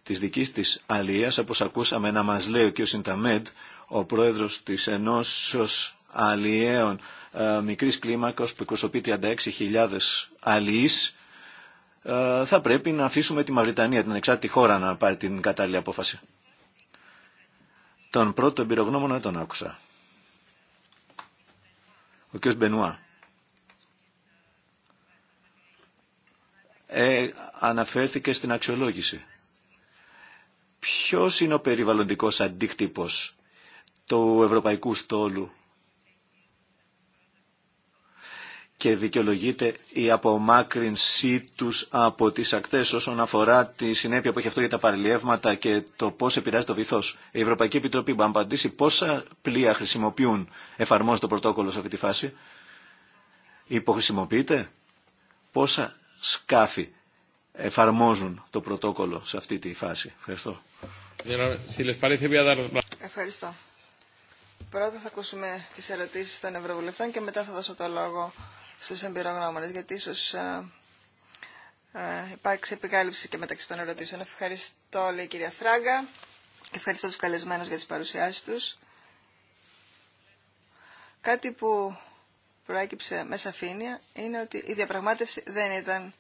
της δικής της αλίας, όπως ακούσαμε να μας λέει ο κ. Σινταμέντ, ο πρόεδρος της Ενώσεως Αλιέων ε, Μικρής Κλίμακος που εκπροσωπεί 36.000 αλλήλει. Ε, θα πρέπει να αφήσουμε τη Μαυριτανία, την εξάρτητη χώρα, να πάρει την κατάλληλη απόφαση. Τον πρώτο εμπειρογνώμονα δεν τον άκουσα. Ο κ. Μπενουά. Ε, αναφέρθηκε στην αξιολόγηση. Ποιος είναι ο περιβαλλοντικός αντίκτυπος του ευρωπαϊκού στόλου και δικαιολογείται η απομάκρυνσή τους από τις ακτές όσον αφορά τη συνέπεια που έχει αυτό για τα παρελιεύματα και το πώς επηρεάζει το βυθός. Η Ευρωπαϊκή Επιτροπή μπορεί να απαντήσει πόσα πλοία χρησιμοποιούν εφαρμόζει το πρωτόκολλο σε αυτή τη φάση. Υποχρησιμοποιείται πόσα σκάφη εφαρμόζουν το πρωτόκολλο σε αυτή τη φάση. Ευχαριστώ. Ευχαριστώ. Πρώτα θα ακούσουμε τις ερωτήσεις των Ευρωβουλευτών και μετά θα δώσω το λόγο στους εμπειρογνώμονες, γιατί ίσως ε, ε, υπάρξει επικάλυψη και μεταξύ των ερωτήσεων. Ευχαριστώ, λέει η κυρία Φράγκα. Ευχαριστώ τους καλεσμένους για τις παρουσιάσεις τους. Κάτι που προέκυψε με σαφήνεια είναι ότι η διαπραγμάτευση δεν ήταν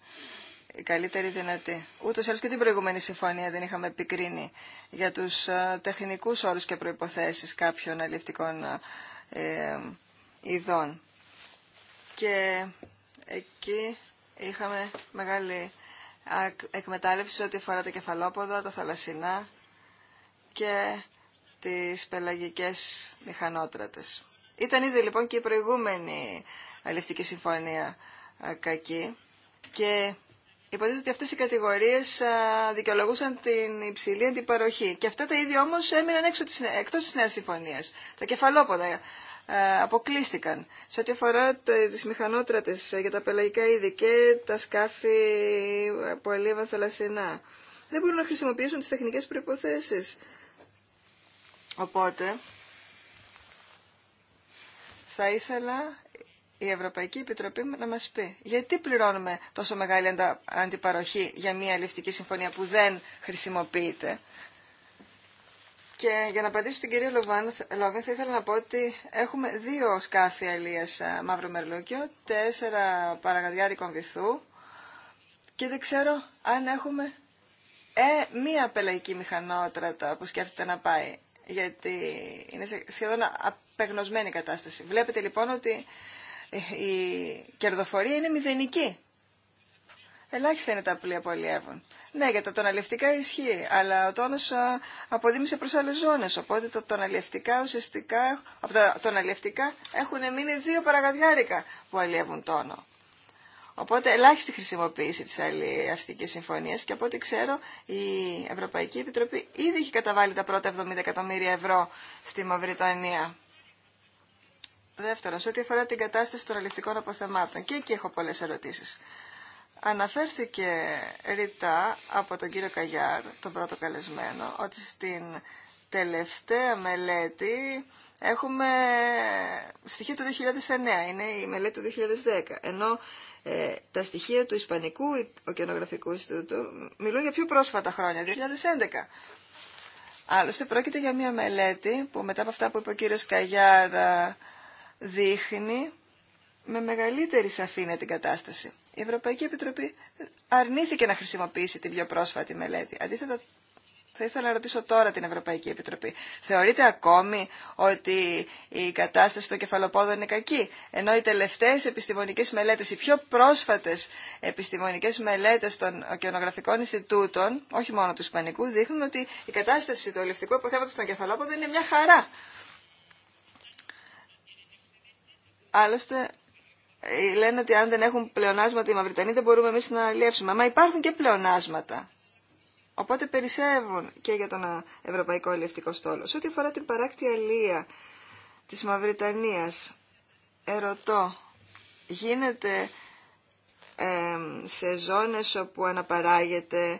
η καλύτερη δυνατή. Ούτω ή και την προηγούμενη συμφωνία δεν είχαμε επικρίνει για του ε, τεχνικού όρου και προποθέσει κάποιων αλληλευτικών ειδών και εκεί είχαμε μεγάλη εκμετάλλευση ό,τι αφορά τα κεφαλόποδα, τα θαλασσινά και τις πελαγικές μηχανότρατες. Ήταν ήδη λοιπόν και η προηγούμενη αλληλευτική συμφωνία κακή και υποτίθεται ότι αυτές οι κατηγορίες δικαιολογούσαν την υψηλή αντιπαροχή και αυτά τα ίδια όμως έμειναν έξω της, εκτός της νέας συμφωνίας. Τα κεφαλόποδα, ε, αποκλείστηκαν. Σε ό,τι αφορά τις μηχανότρατες ε, για τα πελαγικά είδη και τα σκάφη ε, που ελίβα θαλασσινά, δεν μπορούν να χρησιμοποιήσουν τις τεχνικές προϋποθέσεις. Οπότε, θα ήθελα η Ευρωπαϊκή Επιτροπή να μας πει γιατί πληρώνουμε τόσο μεγάλη αντιπαροχή για μια ληφτική συμφωνία που δεν χρησιμοποιείται. Και για να απαντήσω στην κυρία Λοβέν, θα ήθελα να πω ότι έχουμε δύο σκάφη αλίας μαύρο μερλούκιο, τέσσερα παραγαδιάρικων βυθού και δεν ξέρω αν έχουμε ε, μία πελαϊκή μηχανότρατα που σκέφτεται να πάει, γιατί είναι σχεδόν απεγνωσμένη η κατάσταση. Βλέπετε λοιπόν ότι η κερδοφορία είναι μηδενική Ελάχιστα είναι τα πλοία που αλλιεύουν. Ναι, για τα τοναλευτικά ισχύει, αλλά ο τόνο αποδίμησε προ άλλε ζώνε. οπότε τα τοναλευτικά ουσιαστικά, από τα έχουν μείνει δύο παραγαδιάρικα που αλλιεύουν τόνο. Οπότε ελάχιστη χρησιμοποίηση τη αλλιευτική συμφωνία και από ό,τι ξέρω η Ευρωπαϊκή Επιτροπή ήδη έχει καταβάλει τα πρώτα 70 εκατομμύρια ευρώ στη Μαυριτανία. Δεύτερον, σε ό,τι αφορά την κατάσταση των αλλιευτικών αποθεμάτων. Και εκεί έχω πολλέ ερωτήσει. Αναφέρθηκε ρητά από τον κύριο Καγιάρ, τον πρώτο καλεσμένο, ότι στην τελευταία μελέτη έχουμε στοιχεία του 2009, είναι η μελέτη του 2010, ενώ ε, τα στοιχεία του Ισπανικού Οκεανογραφικού Ινστιτούτου μιλούν για πιο πρόσφατα χρόνια, 2011. Άλλωστε πρόκειται για μια μελέτη που μετά από αυτά που είπε ο κύριος Καγιάρ ε, δείχνει με μεγαλύτερη σαφήνεια την κατάσταση η Ευρωπαϊκή Επιτροπή αρνήθηκε να χρησιμοποιήσει την πιο πρόσφατη μελέτη. Αντίθετα, θα ήθελα να ρωτήσω τώρα την Ευρωπαϊκή Επιτροπή. Θεωρείτε ακόμη ότι η κατάσταση των κεφαλοπόδων είναι κακή, ενώ οι τελευταίες επιστημονικές μελέτες, οι πιο πρόσφατες επιστημονικές μελέτες των ωκεανογραφικών Ινστιτούτων, όχι μόνο του Ισπανικού, δείχνουν ότι η κατάσταση του ελευτικού αποθέματο των κεφαλόποδων είναι μια χαρά. Ε, λένε ότι αν δεν έχουν πλεονάσματα οι Μαυριτανοί δεν μπορούμε εμείς να αλλιεύσουμε. Μα υπάρχουν και πλεονάσματα. Οπότε περισσεύουν και για τον Ευρωπαϊκό Αλλιευτικό Στόλο. Σε ό,τι αφορά την παράκτη αλία της Μαυριτανίας, ερωτώ, γίνεται σε ζώνες όπου αναπαράγεται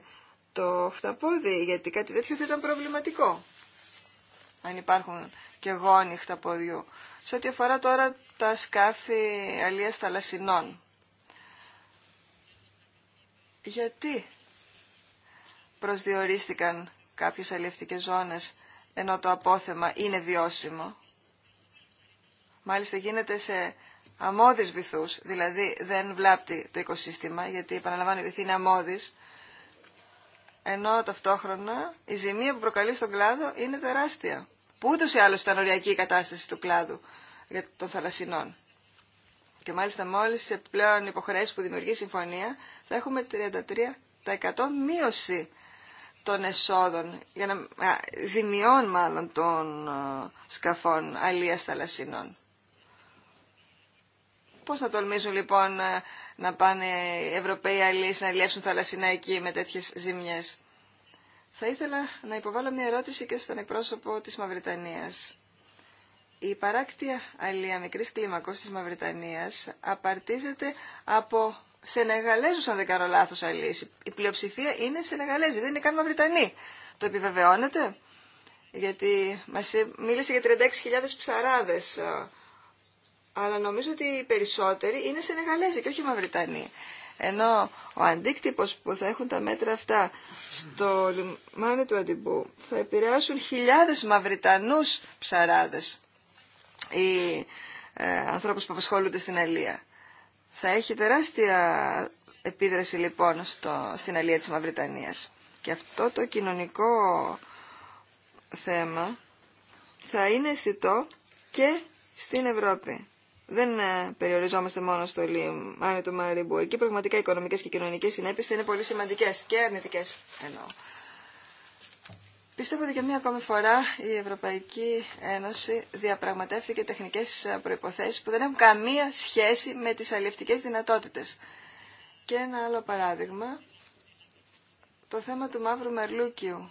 το χταπόδι, γιατί κάτι τέτοιο θα ήταν προβληματικό, αν υπάρχουν και γόνοι χταποδιού. Σε ό,τι αφορά τώρα τα σκάφη αλίας θαλασσινών. Γιατί προσδιορίστηκαν κάποιες αλλιευτικές ζώνες ενώ το απόθεμα είναι βιώσιμο. Μάλιστα γίνεται σε αμμώδεις βυθούς, δηλαδή δεν βλάπτει το οικοσύστημα, γιατί επαναλαμβάνω η βυθή είναι το ενώ ταυτόχρονα η ζημία που προκαλεί στον κλάδο είναι τεράστια που ούτως ή άλλως ήταν οριακή η κατάσταση του κλάδου των θαλασσινών. Και μάλιστα μόλις σε πλέον υποχρέσεις που δημιουργεί η συμφωνία θα έχουμε 33% μείωση των εσόδων, για να, ζημιών μάλλον των σκαφών αλίας θαλασσινών. Πώς θα τολμήσουν λοιπόν ε, να πάνε οι Ευρωπαίοι αλίες να αλλιεύσουν θαλασσινά εκεί με τέτοιες ζημιές. Θα ήθελα να υποβάλω μια ερώτηση και στον εκπρόσωπο της Μαυριτανίας. Η παράκτια αλία μικρής κλίμακος της Μαυριτανίας απαρτίζεται από Σενεγαλέζους, αν δεν κάνω λάθος αλίες. Η πλειοψηφία είναι Σενεγαλέζοι, δεν είναι καν Μαυριτανοί. Το επιβεβαιώνετε, γιατί μας μίλησε για 36.000 ψαράδες ε, αλλά νομίζω ότι οι περισσότεροι είναι Σενεγαλέζοι και όχι Μαυριτανοί. Ενώ ο αντίκτυπος που θα έχουν τα μέτρα αυτά στο λιμάνι του Αντιμπού θα επηρεάσουν χιλιάδες μαυριτανούς ψαράδες ή ε, ανθρώπους που απασχολούνται στην Αλία. Θα έχει τεράστια επίδραση λοιπόν στο, στην Αλία της Μαυριτανίας. Και αυτό το κοινωνικό θέμα θα είναι αισθητό και στην Ευρώπη δεν ε, περιοριζόμαστε μόνο στο λιμάνι του Μαριμπού. Εκεί πραγματικά οι οικονομικές και κοινωνικές συνέπειες είναι πολύ σημαντικές και αρνητικές εννοώ. Πιστεύω ότι και μία ακόμη φορά η Ευρωπαϊκή Ένωση διαπραγματεύτηκε τεχνικές ε, προϋποθέσεις που δεν έχουν καμία σχέση με τις αλληλευτικές δυνατότητες. Και ένα άλλο παράδειγμα, το θέμα του Μαύρου Μερλούκιου.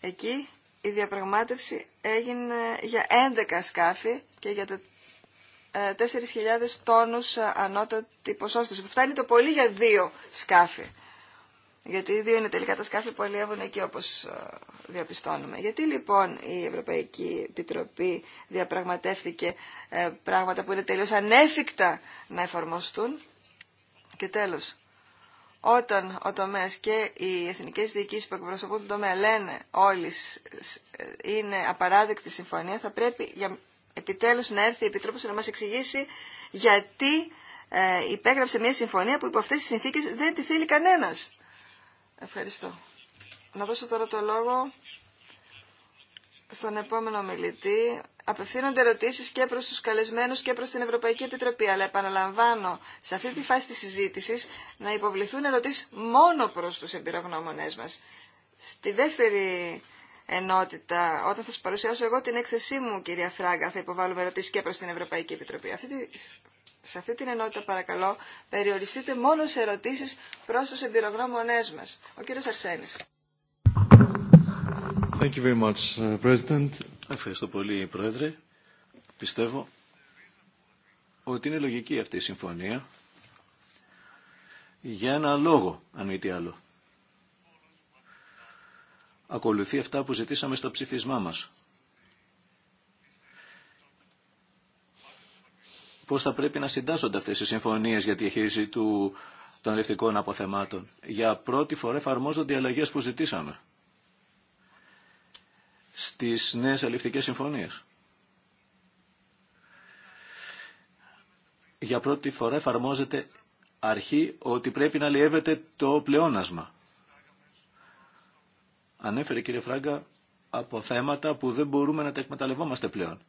Εκεί η διαπραγμάτευση έγινε για 11 σκάφη και για τα 4.000 τόνους ε, ανώτατη ποσόστοση, που φτάνει το πολύ για δύο σκάφη. Γιατί δύο είναι τελικά τα σκάφη που αλλιεύουν εκεί όπως ε, διαπιστώνουμε. Γιατί λοιπόν η Ευρωπαϊκή Επιτροπή διαπραγματεύτηκε ε, πράγματα που είναι τελείως ανέφικτα να εφαρμοστούν. Και τέλος, όταν ο τομέας και οι εθνικές διοικήσεις που εκπροσωπούν τον τομέα λένε όλες είναι απαράδεκτη συμφωνία, θα πρέπει για επιτέλους να έρθει η Επιτροπή να μας εξηγήσει γιατί ε, υπέγραψε μια συμφωνία που υπό αυτές τις συνθήκες δεν τη θέλει κανένας. Ευχαριστώ. Να δώσω τώρα το λόγο στον επόμενο μιλητή. Απευθύνονται ερωτήσεις και προς τους καλεσμένους και προς την Ευρωπαϊκή Επιτροπή, αλλά επαναλαμβάνω σε αυτή τη φάση της συζήτησης να υποβληθούν ερωτήσεις μόνο προς τους εμπειρογνώμονές μας. Στη δεύτερη ενότητα. Όταν θα σα παρουσιάσω εγώ την έκθεσή μου, κυρία Φράγκα, θα υποβάλουμε ερωτήσει και προ την Ευρωπαϊκή Επιτροπή. Αυτή σε αυτή την ενότητα, παρακαλώ, περιοριστείτε μόνο σε ερωτήσει προ του εμπειρογνώμονέ μα. Ο κύριο Αρσένη. Uh, Ευχαριστώ πολύ, Πρόεδρε. Πιστεύω ότι είναι λογική αυτή η συμφωνία για ένα λόγο, αν μη τι άλλο ακολουθεί αυτά που ζητήσαμε στο ψηφισμά μας. Πώς θα πρέπει να συντάσσονται αυτές οι συμφωνίες για τη χείριση του, των ελευτικών αποθεμάτων. Για πρώτη φορά εφαρμόζονται οι αλλαγές που ζητήσαμε στις νέες αλληλευτικές συμφωνίες. Για πρώτη φορά εφαρμόζεται αρχή ότι πρέπει να λιεύεται το πλεόνασμα ανέφερε κύριε Φράγκα από θέματα που δεν μπορούμε να τα εκμεταλλευόμαστε πλέον.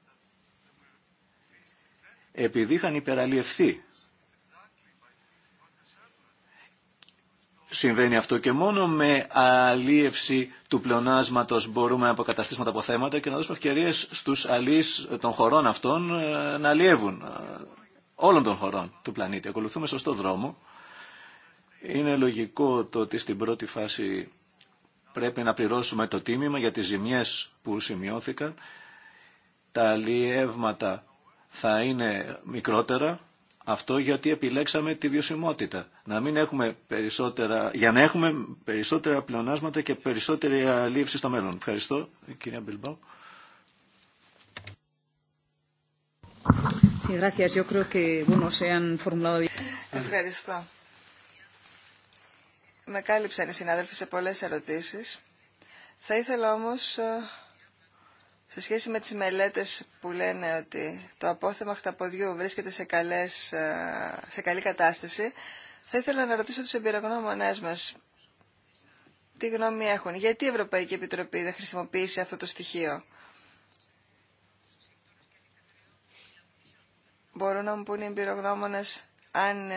Επειδή είχαν υπεραλλιευθεί. Συμβαίνει αυτό και μόνο με αλίευση του πλεονάσματος μπορούμε να αποκαταστήσουμε τα αποθέματα και να δώσουμε ευκαιρίες στους αλείς των χωρών αυτών ε, να αλλιεύουν ε, όλων των χωρών του πλανήτη. Ακολουθούμε σωστό δρόμο. Είναι λογικό το ότι στην πρώτη φάση πρέπει να πληρώσουμε το τίμημα για τις ζημιές που σημειώθηκαν. Τα αλλιεύματα θα είναι μικρότερα. Αυτό γιατί επιλέξαμε τη βιωσιμότητα. Να μην έχουμε περισσότερα, για να έχουμε περισσότερα πλεονάσματα και περισσότερη αλήψη στο μέλλον. Ευχαριστώ, κυρία Μπιλμπάου. Ευχαριστώ. Με κάλυψαν οι συνάδελφοι σε πολλές ερωτήσεις. Θα ήθελα όμως, ε, σε σχέση με τις μελέτες που λένε ότι το απόθεμα χταποδιού βρίσκεται σε, καλές, ε, σε καλή κατάσταση, θα ήθελα να ρωτήσω τους εμπειρογνώμονές μας τι γνώμη έχουν. Γιατί η Ευρωπαϊκή Επιτροπή δεν χρησιμοποιήσει αυτό το στοιχείο. Μπορούν να μου πούνε οι εμπειρογνώμονες αν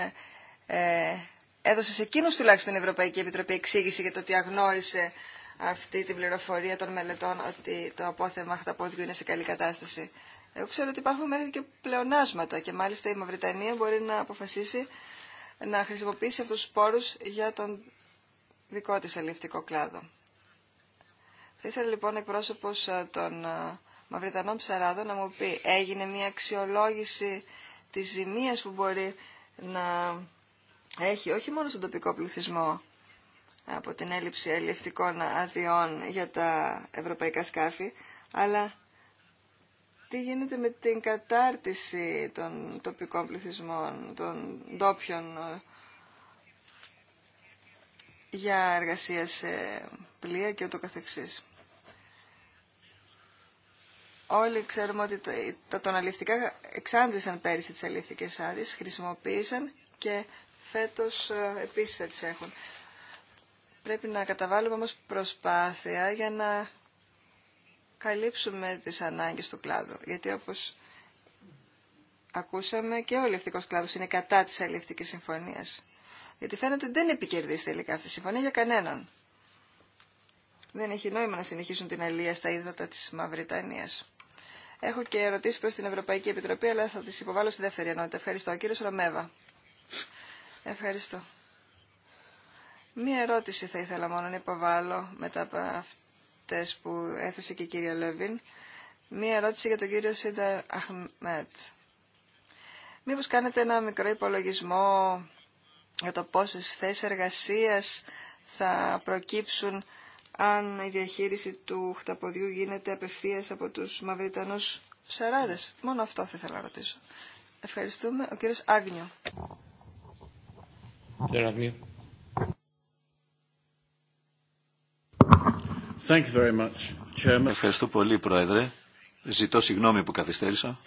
ε, έδωσε σε εκείνους τουλάχιστον η Ευρωπαϊκή Επιτροπή εξήγηση για το ότι αγνόησε αυτή την πληροφορία των μελετών ότι το απόθεμα χταπόδιου είναι σε καλή κατάσταση. Εγώ ξέρω ότι υπάρχουν μέχρι και πλεονάσματα και μάλιστα η Μαυριτανία μπορεί να αποφασίσει να χρησιμοποιήσει αυτούς τους πόρους για τον δικό της αλληλευτικό κλάδο. Θα ήθελα λοιπόν εκπρόσωπος ε, των ε, Μαυριτανών ψαράδων να μου πει έγινε μια αξιολόγηση της ζημίας που μπορεί να έχει όχι μόνο στον τοπικό πληθυσμό από την έλλειψη αλληλευτικών αδειών για τα ευρωπαϊκά σκάφη, αλλά τι γίνεται με την κατάρτιση των τοπικών πληθυσμών, των ντόπιων ε, για εργασία σε πλοία και ούτω καθεξής. Όλοι ξέρουμε ότι τα αλληλευτικά εξάντλησαν πέρυσι τις αλληλευτικές άδειες, χρησιμοποίησαν και φέτος ε, επίσης θα έχουν. Πρέπει να καταβάλουμε όμως προσπάθεια για να καλύψουμε τις ανάγκες του κλάδου. Γιατί όπως ακούσαμε και ο ελευτικός κλάδος είναι κατά της ελευτικής συμφωνίας. Γιατί φαίνεται ότι δεν επικερδίζει τελικά αυτή η συμφωνία για κανέναν. Δεν έχει νόημα να συνεχίσουν την αλληλεία στα ύδατα της Μαυριτανίας. Έχω και ερωτήσει προς την Ευρωπαϊκή Επιτροπή, αλλά θα τις υποβάλω στη δεύτερη ενότητα. Ευχαριστώ. Κύριος Ρωμέβα. Ευχαριστώ. Μία ερώτηση θα ήθελα μόνο να υποβάλω μετά από αυτές που έθεσε και η κυρία Λεβίν. Μία ερώτηση για τον κύριο Σίνταρ Αχμέτ. Μήπως κάνετε ένα μικρό υπολογισμό για το πόσες θέσεις εργασίας θα προκύψουν αν η διαχείριση του χταποδιού γίνεται απευθείας από τους μαυριτανούς ψαράδες. Μόνο αυτό θα ήθελα να ρωτήσω. Ευχαριστούμε. Ο κύριος Άγνιο. Ευχαριστώ πολύ, Πρόεδρε. Ζητώ συγγνώμη που καθυστέρησα.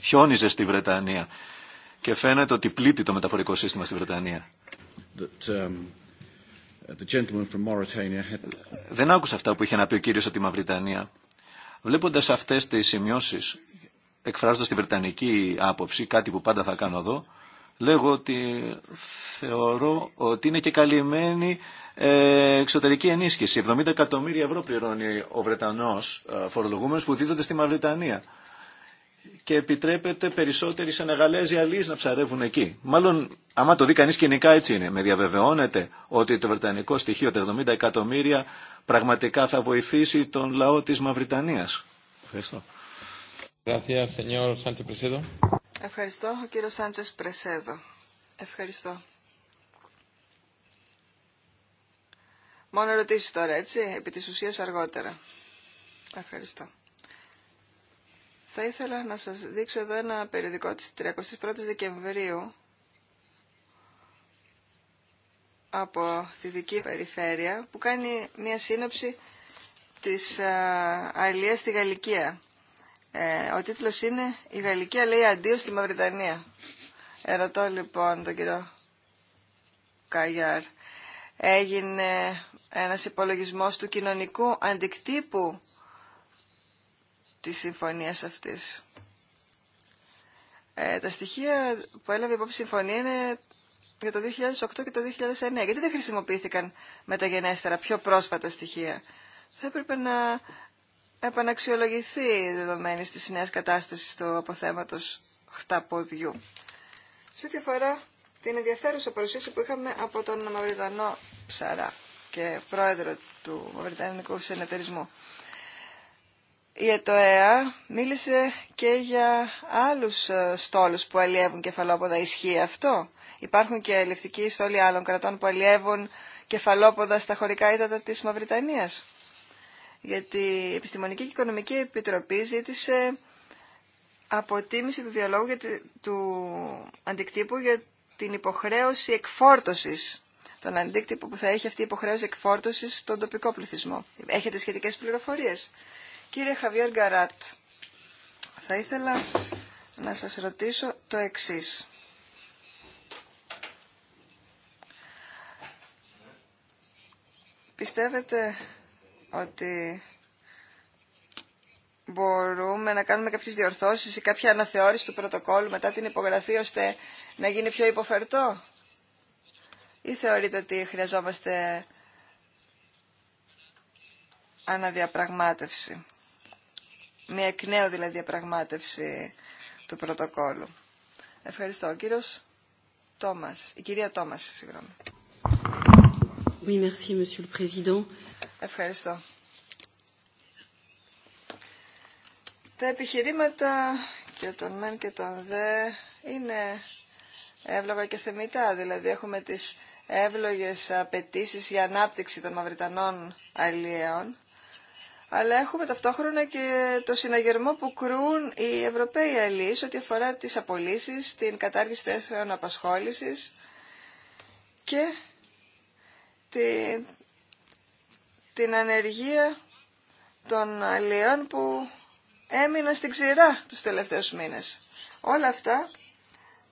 Χιόνιζε στη Βρετανία και φαίνεται ότι πλήττει το μεταφορικό σύστημα στη Βρετανία. Um, Δεν άκουσα αυτά που είχε να πει ο κύριος από τη Μαυριτανία. Βλέποντας αυτές τις σημειώσεις, εκφράζοντας τη βρετανική άποψη, κάτι που πάντα θα κάνω εδώ, Λέγω ότι θεωρώ ότι είναι και καλυμμένη ε, εξωτερική ενίσχυση. 70 εκατομμύρια ευρώ πληρώνει ο Βρετανός ε, φορολογούμενος που δίδονται στη Μαυριτανία και επιτρέπεται περισσότεροι σε Νεγαλέζοι αλείς να ψαρεύουν εκεί. Μάλλον, άμα το δει κανεί κοινικά έτσι είναι. Με διαβεβαιώνεται ότι το βρετανικό στοιχείο, τα 70 εκατομμύρια, πραγματικά θα βοηθήσει τον λαό της Μαυριτανίας. Ευχαριστώ. Gracias, señor Ευχαριστώ, ο κύριος Σάντζες Πρεσέδο. Ευχαριστώ. Μόνο ερωτήσεις τώρα, έτσι, επί της ουσίας αργότερα. Ευχαριστώ. Θα ήθελα να σας δείξω εδώ ένα περιοδικό της 31ης Δεκεμβρίου από τη δική περιφέρεια που κάνει μια σύνοψη της αλίας στη Γαλλικία. Ε, ο τίτλος είναι «Η Γαλλική λέει αντίο στη Μαυριτανία». Ερωτώ λοιπόν τον κύριο Καγιάρ. Έγινε ένας υπολογισμός του κοινωνικού αντικτύπου της συμφωνίας αυτής. Ε, τα στοιχεία που έλαβε υπόψη συμφωνία είναι για το 2008 και το 2009. Γιατί δεν χρησιμοποιήθηκαν μεταγενέστερα πιο πρόσφατα στοιχεία. Θα έπρεπε να επαναξιολογηθεί δεδομένη της νέας κατάστασης του αποθέματος χταποδιού. Σε ό,τι αφορά την ενδιαφέρουσα παρουσίαση που είχαμε από τον Μαυριτανό Ψαρά και πρόεδρο του Μαυριτανικού Συνεταιρισμού. Η ΕΤΟΕΑ μίλησε και για άλλους ε, στόλους που αλλιεύουν κεφαλόποδα. Ισχύει αυτό. Υπάρχουν και ελευτικοί στόλοι άλλων κρατών που αλλιεύουν κεφαλόποδα στα χωρικά ύδατα της Μαυριτανίας γιατί η Επιστημονική και Οικονομική Επιτροπή ζήτησε αποτίμηση του διαλόγου για του αντικτύπου για την υποχρέωση εκφόρτωσης, τον αντίκτυπο που θα έχει αυτή η υποχρέωση εκφόρτωσης στον τοπικό πληθυσμό. Έχετε σχετικές πληροφορίες. Κύριε Χαβιέρ Γκαράτ, θα ήθελα να σας ρωτήσω το εξής. Πιστεύετε ότι μπορούμε να κάνουμε κάποιες διορθώσεις ή κάποια αναθεώρηση του πρωτοκόλλου μετά την υπογραφή ώστε να γίνει πιο υποφερτό ή θεωρείτε ότι χρειαζόμαστε αναδιαπραγμάτευση μια εκ νέου δηλαδή διαπραγμάτευση του πρωτοκόλλου. Ευχαριστώ. Ο κύριος Τόμας, η κυρία Τόμας, συγγνώμη. Oui, merci, Ευχαριστώ. Τα επιχειρήματα και των μεν και των δε είναι εύλογα και θεμητά. Δηλαδή έχουμε τις εύλογες απαιτήσει για ανάπτυξη των μαυριτανών αλλιέων, αλλά έχουμε ταυτόχρονα και το συναγερμό που κρούν οι Ευρωπαίοι αλληλείς ό,τι αφορά τις απολύσεις, την κατάργηση θέσεων απασχόλησης και την ανεργία των αλλιών που έμειναν στην ξηρά τους τελευταίους μήνες. Όλα αυτά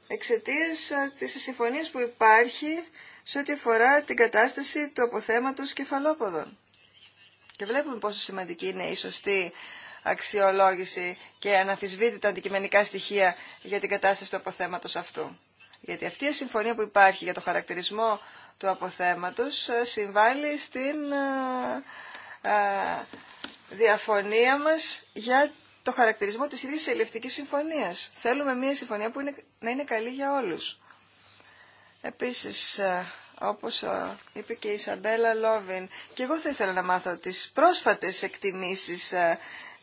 εξαιτίας ε, της συμφωνίας που υπάρχει σε ό,τι αφορά την κατάσταση του αποθέματος κεφαλόποδων. Και βλέπουμε πόσο σημαντική είναι η σωστή αξιολόγηση και αναφυσβήτητα αντικειμενικά στοιχεία για την κατάσταση του αποθέματος αυτού. Γιατί αυτή η συμφωνία που υπάρχει για το χαρακτηρισμό του αποθέματος ε, συμβάλλει στην ε, ε, διαφωνία μας για το χαρακτηρισμό της ίδιας ελευτικής συμφωνίας. Θέλουμε μια συμφωνία που είναι, να είναι καλή για όλους. Επίσης, όπως είπε και η Σαμπέλα Λόβιν, και εγώ θα ήθελα να μάθω τις πρόσφατες εκτιμήσεις,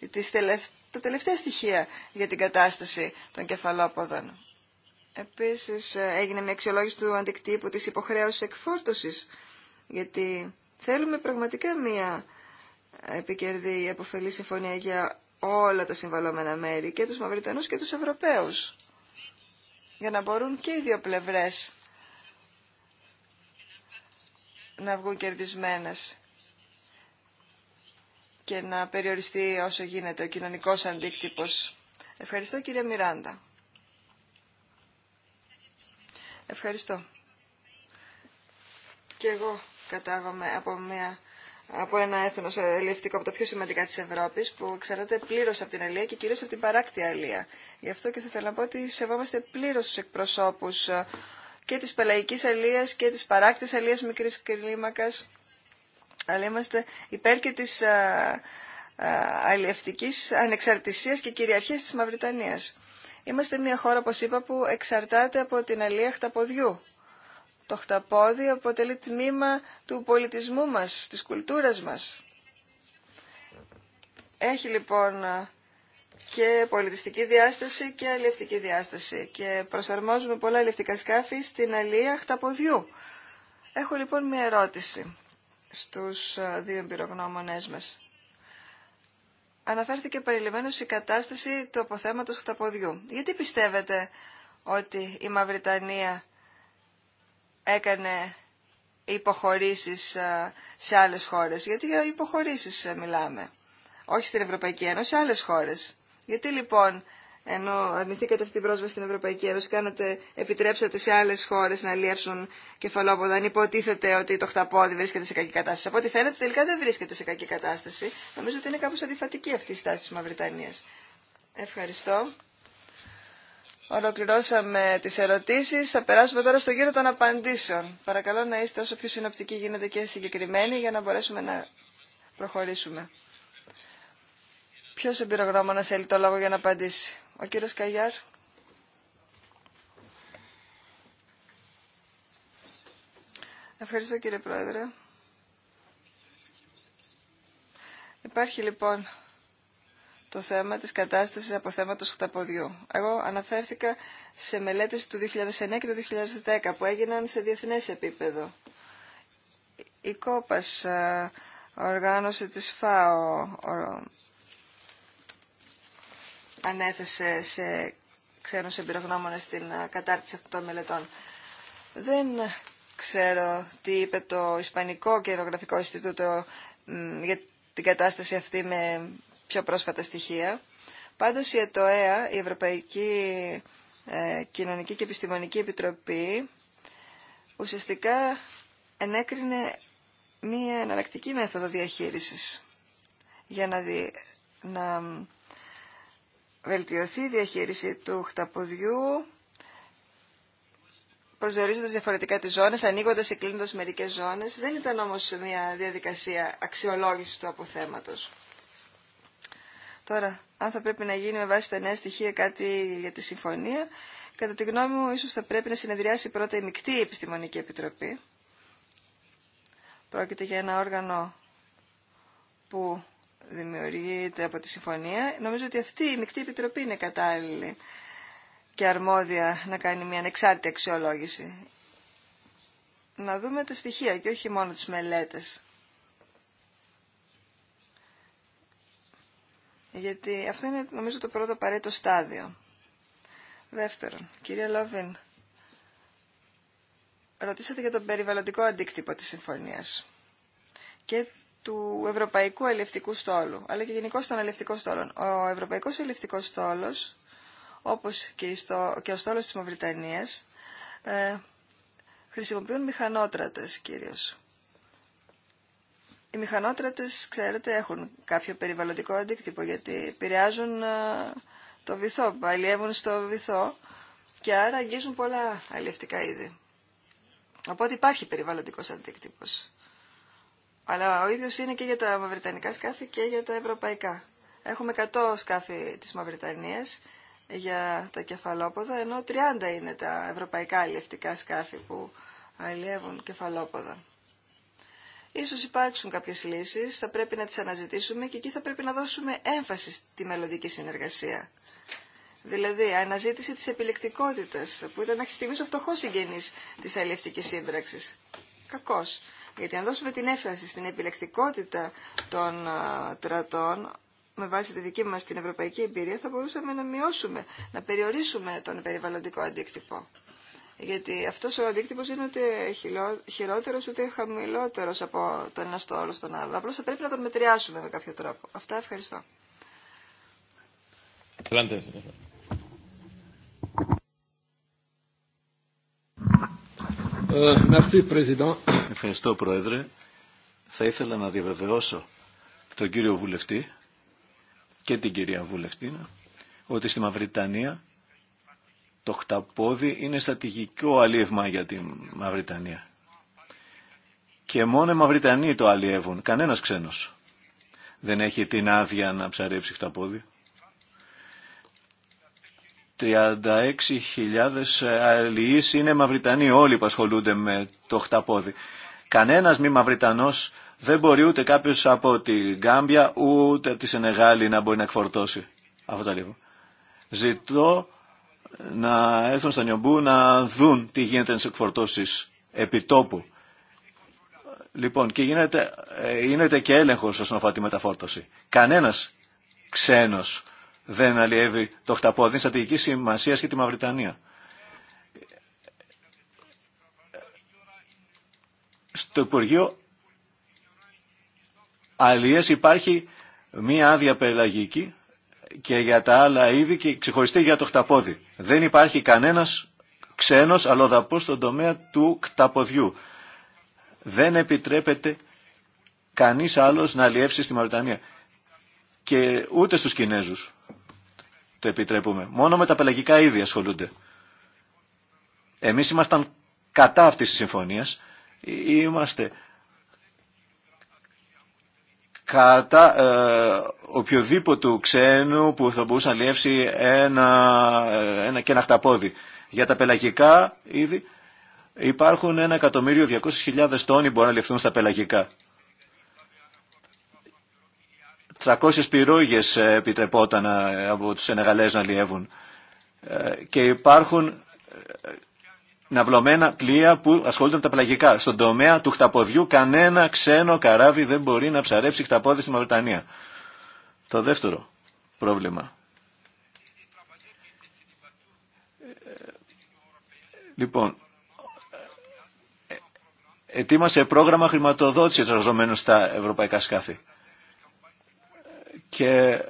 τις τελευ... τα τελευταία στοιχεία για την κατάσταση των κεφαλόποδων. Επίσης ε, έγινε μια αξιολόγηση του αντικτύπου της υποχρέωσης εκφόρτωσης, γιατί θέλουμε πραγματικά μια επικερδή αποφελή συμφωνία για όλα τα συμβαλόμενα μέρη, και τους Μαυριτανούς και τους Ευρωπαίους, για να μπορούν και οι δύο πλευρές να βγουν κερδισμένες και να περιοριστεί όσο γίνεται ο κοινωνικός αντίκτυπος. Ευχαριστώ κύριε Μιράντα. Ευχαριστώ. Και εγώ κατάγομαι από, μια, από ένα έθνος ελευθερικό από τα πιο σημαντικά της Ευρώπης που εξαρτάται πλήρως από την Αλία και κυρίως από την παράκτη Αλία. Γι' αυτό και θα ήθελα να πω ότι σεβόμαστε πλήρως τους εκπροσώπους ε, και της πελαϊκής αλίας και της παράκτης αλίας μικρής κλίμακας αλλά είμαστε υπέρ και της ε, ε, αλληλευτική και κυριαρχίας της Μαυριτανίας. Είμαστε μια χώρα, όπως είπα, που εξαρτάται από την αλία χταποδιού. Το χταπόδι αποτελεί τμήμα του πολιτισμού μας, της κουλτούρας μας. Έχει λοιπόν και πολιτιστική διάσταση και αλληλευτική διάσταση και προσαρμόζουμε πολλά αλληλευτικά σκάφη στην αλία χταποδιού. Έχω λοιπόν μια ερώτηση στους ε, δύο εμπειρογνώμονές μας αναφέρθηκε περιλημμένως η κατάσταση του αποθέματος χταποδιού. Γιατί πιστεύετε ότι η Μαυριτανία έκανε υποχωρήσεις ε, σε άλλες χώρες. Γιατί για υποχωρήσεις ε, μιλάμε. Όχι στην Ευρωπαϊκή Ένωση, σε άλλες χώρες. Γιατί λοιπόν ενώ αρνηθήκατε αυτή την πρόσβαση στην Ευρωπαϊκή Ένωση, κάνατε, επιτρέψατε σε άλλε χώρε να λιεύσουν κεφαλόποδα, αν υποτίθεται ότι το χταπόδι βρίσκεται σε κακή κατάσταση. Από ό,τι φαίνεται, τελικά δεν βρίσκεται σε κακή κατάσταση. Νομίζω ότι είναι κάπω αντιφατική αυτή η στάση τη Μαυριτανία. Ευχαριστώ. Ολοκληρώσαμε τι ερωτήσει. Θα περάσουμε τώρα στο γύρο των απαντήσεων. Παρακαλώ να είστε όσο πιο συνοπτικοί γίνεται και συγκεκριμένοι για να μπορέσουμε να προχωρήσουμε. Ποιο εμπειρογνώμονα θέλει το λόγο για να απαντήσει. Ο κύριος Καγιάρ. Ευχαριστώ κύριε Πρόεδρε. Υπάρχει λοιπόν το θέμα της κατάστασης από θέματος χταποδιού. Εγώ αναφέρθηκα σε μελέτες του 2009 και του 2010 που έγιναν σε διεθνές επίπεδο. Η ΚΟΠΑΣ ε, οργάνωσε της ΦΑΟ ανέθεσε σε ξένους εμπειρογνώμονες στην ε, κατάρτιση αυτών των μελετών. Δεν ξέρω τι είπε το Ισπανικό Καιρογραφικό Ινστιτούτο για την κατάσταση αυτή με πιο πρόσφατα στοιχεία. Πάντως η ΕΤΟΕΑ, η Ευρωπαϊκή ε, Κοινωνική και Επιστημονική Επιτροπή, ουσιαστικά ενέκρινε μία εναλλακτική μέθοδο διαχείρισης για να, να βελτιωθεί η διαχείριση του χταποδιού προσδιορίζοντα διαφορετικά τι ζώνε, ανοίγοντα και κλείνοντα μερικέ ζώνε. Δεν ήταν όμω μια διαδικασία αξιολόγηση του αποθέματο. Τώρα, αν θα πρέπει να γίνει με βάση τα νέα στοιχεία κάτι για τη συμφωνία, κατά τη γνώμη μου ίσως θα πρέπει να συνεδριάσει πρώτα η μεικτή επιστημονική επιτροπή. Πρόκειται για ένα όργανο που δημιουργείται από τη συμφωνία, νομίζω ότι αυτή η μεικτή επιτροπή είναι κατάλληλη και αρμόδια να κάνει μια ανεξάρτητη αξιολόγηση. Να δούμε τα στοιχεία και όχι μόνο τις μελέτες. Γιατί αυτό είναι νομίζω το πρώτο απαραίτητο στάδιο. Δεύτερον, κύριε Λόβιν, ρωτήσατε για τον περιβαλλοντικό αντίκτυπο της συμφωνίας. Και του Ευρωπαϊκού Ελευτικού Στόλου, αλλά και γενικώ των ελευτικών στόλων. Ο Ευρωπαϊκός Ελευτικό Στόλος, όπως και, και ο στόλος της Μαυριτανία, ε, χρησιμοποιούν μηχανότρατες κυρίως. Οι μηχανότρατες, ξέρετε, έχουν κάποιο περιβαλλοντικό αντίκτυπο, γιατί επηρεάζουν ε, το βυθό, Παλιεύουν στο βυθό και άρα αγγίζουν πολλά αλλιευτικά είδη. Οπότε υπάρχει περιβαλλοντικός αντίκτυπος. Αλλά ο ίδιο είναι και για τα μαυριτανικά σκάφη και για τα ευρωπαϊκά. Έχουμε 100 σκάφη της Μαυριτανία για τα κεφαλόποδα, ενώ 30 είναι τα ευρωπαϊκά αλληλευτικά σκάφη που αλληλεύουν κεφαλόποδα. Ίσως υπάρξουν κάποιες λύσεις, θα πρέπει να τις αναζητήσουμε και εκεί θα πρέπει να δώσουμε έμφαση στη μελλοντική συνεργασία. Δηλαδή, αναζήτηση της επιλεκτικότητας, που ήταν μέχρι στιγμής ο φτωχός συγγενής της αλληλευτικής σύμπραξης. Κακός. Γιατί αν δώσουμε την έφταση στην επιλεκτικότητα των τρατών, με βάση τη δική μας την ευρωπαϊκή εμπειρία, θα μπορούσαμε να μειώσουμε, να περιορίσουμε τον περιβαλλοντικό αντίκτυπο. Γιατί αυτός ο αντίκτυπος είναι ούτε χειρότερος ούτε χαμηλότερος από τον ένα στο όλο στον άλλο. Απλώς θα πρέπει να τον μετριάσουμε με κάποιο τρόπο. Αυτά ευχαριστώ. Ε, Ευχαριστώ, Πρόεδρε. Θα ήθελα να διαβεβαιώσω τον κύριο Βουλευτή και την κυρία Βουλευτίνα ότι στη Μαυριτανία το χταπόδι είναι στατηγικό αλίευμα για τη Μαυριτανία. Και μόνο οι Μαυριτανοί το αλλιεύουν, κανένας ξένος. Δεν έχει την άδεια να ψαρέψει χταπόδι. 36.000 ε, αλληλείς είναι Μαυριτανοί όλοι που ασχολούνται με το χταπόδι. Κανένας μη Μαυριτανός δεν μπορεί ούτε κάποιος από τη Γκάμπια ούτε τη Σενεγάλη να μπορεί να εκφορτώσει αυτό το λίγο. Ζητώ να έρθουν στο Νιομπού να δουν τι γίνεται στις εκφορτώσεις επιτόπου. Λοιπόν, και γίνεται, ε, γίνεται και έλεγχος όσον αφορά τη μεταφόρτωση. Κανένας ξένος δεν αλλιεύει το χταπόδι. στρατηγική σημασία και τη Μαυριτανία. Στο Υπουργείο Αλλιές υπάρχει μία άδεια πελαγική και για τα άλλα είδη και ξεχωριστή για το χταπόδι. Δεν υπάρχει κανένας ξένος αλλοδαπός στον τομέα του χταποδιού. Δεν επιτρέπεται κανείς άλλος να αλλιεύσει στη Μαυριτανία και ούτε στους Κινέζους το επιτρέπουμε. Μόνο με τα πελαγικά είδη ασχολούνται. Εμείς ήμασταν κατά αυτής της συμφωνίας. Είμαστε κατά ε, οποιοδήποτε ξένου που θα μπορούσε να λιεύσει ένα, ε, ένα, και ένα χταπόδι. Για τα πελαγικά είδη υπάρχουν ένα 1.200.000 τόνοι που μπορούν να ληφθούν στα πελαγικά. 300 πυρούγες ε, επιτρεπόταν ε, από τους Σενεγαλές να λιεύουν. Ε, και υπάρχουν ναυλωμένα πλοία που ασχολούνται με τα πλαγικά. Στον τομέα του χταποδιού κανένα ξένο καράβι δεν μπορεί να ψαρέψει χταπόδι στη Μαυρτανία. Το δεύτερο πρόβλημα. Λοιπόν, ετοίμασε πρόγραμμα χρηματοδότησης εργαζομένων στα ευρωπαϊκά σκάφη και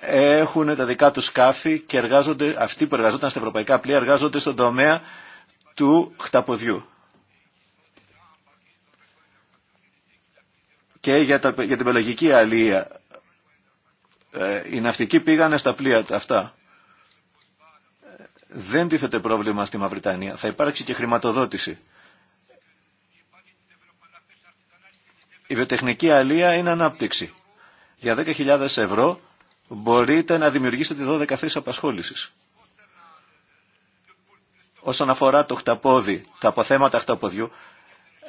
ε, έχουν τα δικά του σκάφη και εργάζονται, αυτοί που εργαζόταν στα ευρωπαϊκά πλοία εργάζονται στον τομέα του χταποδιού. Και για, τα, για την πελογική αλία ε, οι ναυτικοί πήγανε στα πλοία αυτά. Δεν τίθεται πρόβλημα στη Μαυριτανία. Θα υπάρξει και χρηματοδότηση. Η βιοτεχνική αλία είναι ανάπτυξη. Για 10.000 ευρώ μπορείτε να δημιουργήσετε 12 θέσεις απασχόληση. Όσον αφορά το χταπόδι, τα αποθέματα χταποδιού,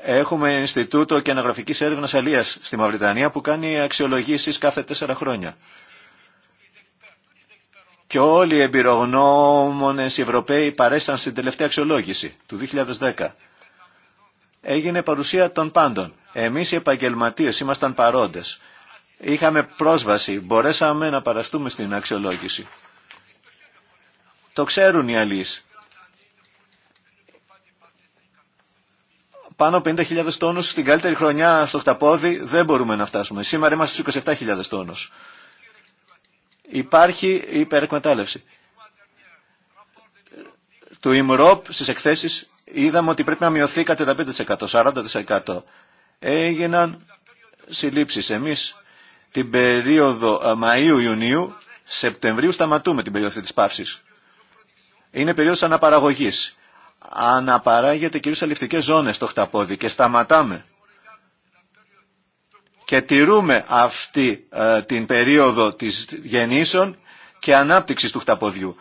έχουμε Ινστιτούτο και Αναγραφικής έρευνα Αλία στη Μαυριτανία που κάνει αξιολογήσει κάθε τέσσερα χρόνια. Και όλοι οι εμπειρογνώμονε οι Ευρωπαίοι παρέσταν στην τελευταία αξιολόγηση του 2010. Έγινε παρουσία των πάντων. Εμεί οι επαγγελματίε ήμασταν παρόντε είχαμε πρόσβαση, μπορέσαμε να παραστούμε στην αξιολόγηση. Το ξέρουν οι αλείς. Πάνω 50.000 τόνους στην καλύτερη χρονιά στο χταπόδι δεν μπορούμε να φτάσουμε. Σήμερα είμαστε στους 27.000 τόνους. Υπάρχει υπερεκμετάλλευση. Του ΙΜΡΟΠ στις εκθέσεις είδαμε ότι πρέπει να μειωθεί κατά 5%, 40%. Έγιναν συλλήψεις. Εμείς την περίοδο ε, Μαΐου-Ιουνίου, Σεπτεμβρίου σταματούμε την περίοδο της πάυσης. Είναι περίοδος αναπαραγωγής. Αναπαράγεται κυρίως αληφτικές ζώνες το χταπόδι και σταματάμε. Και τηρούμε αυτή ε, την περίοδο της γεννήσεων και ανάπτυξης του χταποδιού.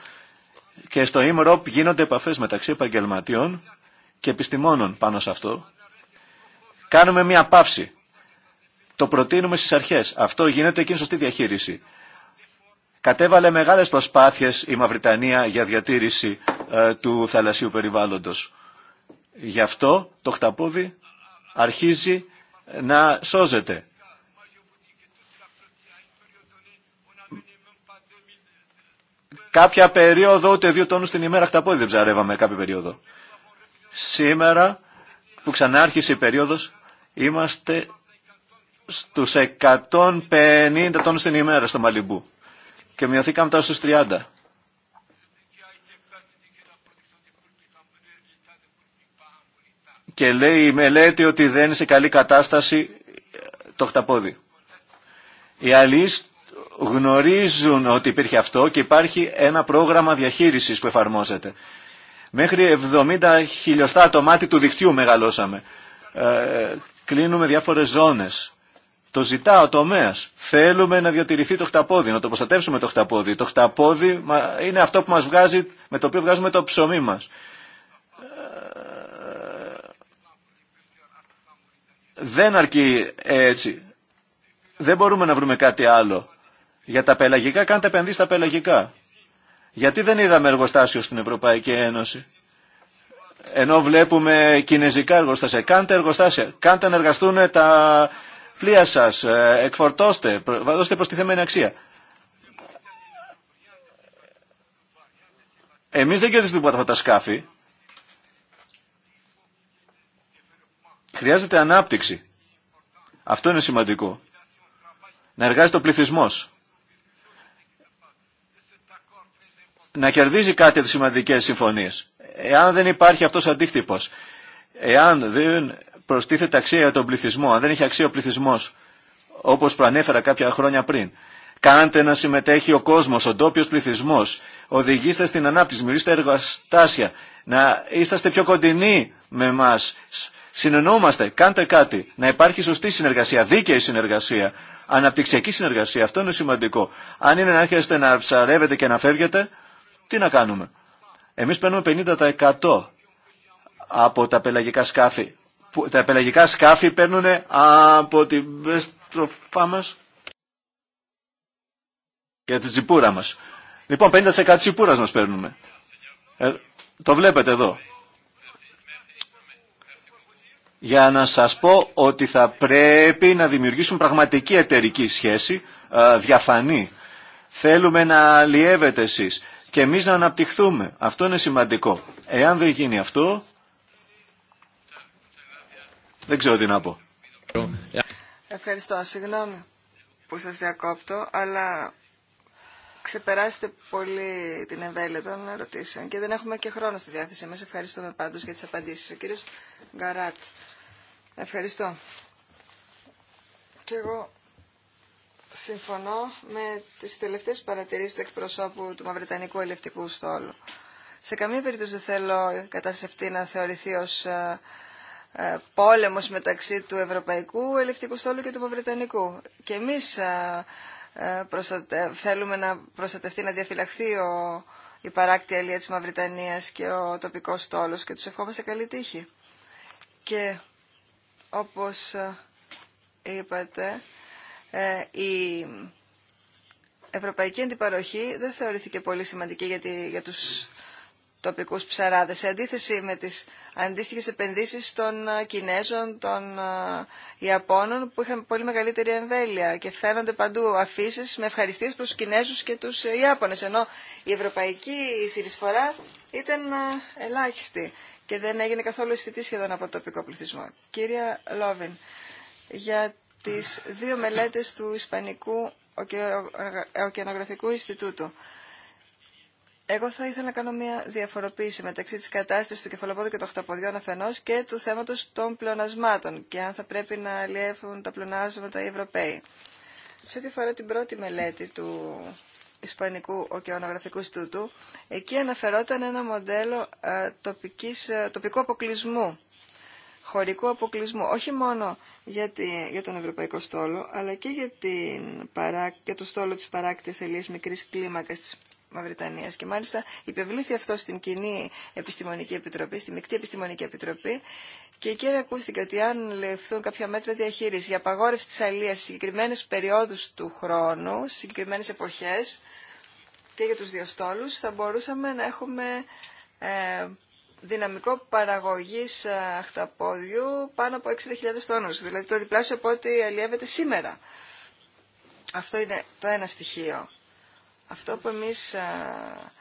Και στο ΙΜΡΟΠ γίνονται επαφές μεταξύ επαγγελματιών και επιστημόνων πάνω σε αυτό. Κάνουμε μια παύση το προτείνουμε στι αρχές. Αυτό γίνεται και είναι σωστή διαχείριση. Κατέβαλε μεγάλες προσπάθειες η Μαυριτανία για διατήρηση ε, του θαλασσίου περιβάλλοντος. Γι' αυτό το χταπόδι αρχίζει να σώζεται. Κάποια περίοδο ούτε δύο τόνους την ημέρα χταπόδι δεν ψαρεύαμε κάποια περίοδο. Σήμερα που ξανάρχισε η περίοδος είμαστε στους 150 τόνους την ημέρα στο Μαλιμπού και μειωθήκαμε τώρα στους 30. Και λέει η μελέτη ότι δεν είναι σε καλή κατάσταση ε, το χταπόδι. Οι αλλοίς γνωρίζουν ότι υπήρχε αυτό και υπάρχει ένα πρόγραμμα διαχείρισης που εφαρμόζεται. Μέχρι 70 χιλιοστά το μάτι του δικτύου μεγαλώσαμε. Ε, κλείνουμε διάφορες ζώνες το ζητά ο τομέα. Θέλουμε να διατηρηθεί το χταπόδι, να το προστατεύσουμε το χταπόδι. Το χταπόδι είναι αυτό που μας βγάζει, με το οποίο βγάζουμε το ψωμί μας. Ε, δεν αρκεί έτσι. Δεν μπορούμε να βρούμε κάτι άλλο. Για τα πελαγικά, κάντε επενδύσει στα πελαγικά. Γιατί δεν είδαμε εργοστάσιο στην Ευρωπαϊκή Ένωση. Ενώ βλέπουμε κινέζικα εργοστάσια. Κάντε εργοστάσια. Κάντε να εργαστούν τα πλοία σα ε, εκφορτώστε, δώστε προστιθέμενη αξία. Εμείς δεν κερδίζουμε τίποτα τα σκάφη. Χρειάζεται ανάπτυξη. Αυτό είναι σημαντικό. Να εργάζεται ο πληθυσμός. Να κερδίζει κάτι από τι σημαντικέ συμφωνίε. Εάν δεν υπάρχει αυτός αντίκτυπος, εάν δεν προστίθεται αξία για τον πληθυσμό. Αν δεν έχει αξία ο πληθυσμό, όπω προανέφερα κάποια χρόνια πριν, κάντε να συμμετέχει ο κόσμο, ο ντόπιο πληθυσμό, οδηγήστε στην ανάπτυξη, μιλήστε εργοστάσια, να είσαστε πιο κοντινοί με εμά. Συνεννοούμαστε, κάντε κάτι. Να υπάρχει σωστή συνεργασία, δίκαιη συνεργασία, αναπτυξιακή συνεργασία. Αυτό είναι σημαντικό. Αν είναι να έρχεστε να ψαρεύετε και να φεύγετε, τι να κάνουμε. Εμεί παίρνουμε 50% από τα πελαγικά σκάφη τα πελαγικά σκάφη παίρνουν από την στροφά μας και την τσιπούρα μας. Λοιπόν, 50% τσιπούρας μας παίρνουμε. Ε, το βλέπετε εδώ. Για να σας πω ότι θα πρέπει να δημιουργήσουμε πραγματική εταιρική σχέση, ε, διαφανή. Θέλουμε να αλλιεύετε εσείς και εμείς να αναπτυχθούμε. Αυτό είναι σημαντικό. Εάν δεν γίνει αυτό, δεν ξέρω τι να πω. Ευχαριστώ. Συγγνώμη που σας διακόπτω, αλλά ξεπεράσετε πολύ την εμβέλεια των ερωτήσεων και δεν έχουμε και χρόνο στη διάθεση μας. Ευχαριστούμε πάντως για τις απαντήσεις. Ο κύριος Γκαράτ. Ευχαριστώ. Και εγώ συμφωνώ με τις τελευταίες παρατηρήσεις του εκπροσώπου του Μαυρετανικού Ελευτικού Στόλου. Σε καμία περίπτωση δεν θέλω η κατάσταση αυτή να θεωρηθεί ως ε, ε, πόλεμος μεταξύ του Ευρωπαϊκού Ελευτικού Στόλου και του Μαυριτανικού. Και εμείς ε, ε, θέλουμε να προστατευτεί, να διαφυλαχθεί η παράκτη αλία της Μαυριτανίας και ο τοπικός στόλος και τους ευχόμαστε καλή τύχη. Και όπως είπατε, η ευρωπαϊκή αντιπαροχή δεν θεωρήθηκε πολύ σημαντική για, για τους τοπικούς ψαράδες, σε αντίθεση με τις αντίστοιχες επενδύσεις των ε, Κινέζων, των ε, Ιαπώνων, που είχαν πολύ μεγαλύτερη εμβέλεια και φαίνονται παντού αφήσει με ευχαριστίες προς τους Κινέζους και τους ε, Ιάπωνες, ενώ η ευρωπαϊκή συρισφορά ήταν ελάχιστη και δεν έγινε καθόλου αισθητή σχεδόν από τοπικό πληθυσμό. Κύρια Λόβιν, για τις δύο μελέτες του Ισπανικού Οκεανογραφικού Ινστιτούτου. Εγώ θα ήθελα να κάνω μια διαφοροποίηση μεταξύ της κατάστασης του κεφαλοπόδου και των χταποδιών αφενός και του θέματος των πλεονασμάτων και αν θα πρέπει να αλλιεύουν τα πλεονάσματα οι Ευρωπαίοι. Σε ό,τι αφορά την πρώτη μελέτη του Ισπανικού Οκεανογραφικού Στούτου, εκεί αναφερόταν ένα μοντέλο ε, τοπικής, ε, τοπικού αποκλεισμού, χωρικού αποκλεισμού, όχι μόνο για, για τον Ευρωπαϊκό Στόλο, αλλά και για, την, για το στόλο της παράκτης ελίας μικρής κλίμακας της Μαυριτανίας και μάλιστα υπευλήθη αυτό στην κοινή επιστημονική επιτροπή, στη μεικτή επιστημονική επιτροπή και εκεί ακούστηκε ότι αν λεφθούν κάποια μέτρα διαχείριση για απαγόρευση της αλίας σε συγκεκριμένες περιόδους του χρόνου, σε συγκεκριμένες εποχές και για τους δύο στόλους θα μπορούσαμε να έχουμε ε, δυναμικό παραγωγής ε, αχταπόδιου πάνω από 60.000 τόνους, δηλαδή το διπλάσιο από ό,τι αλλιεύεται σήμερα. Αυτό είναι το ένα στοιχείο. Αυτό που εμείς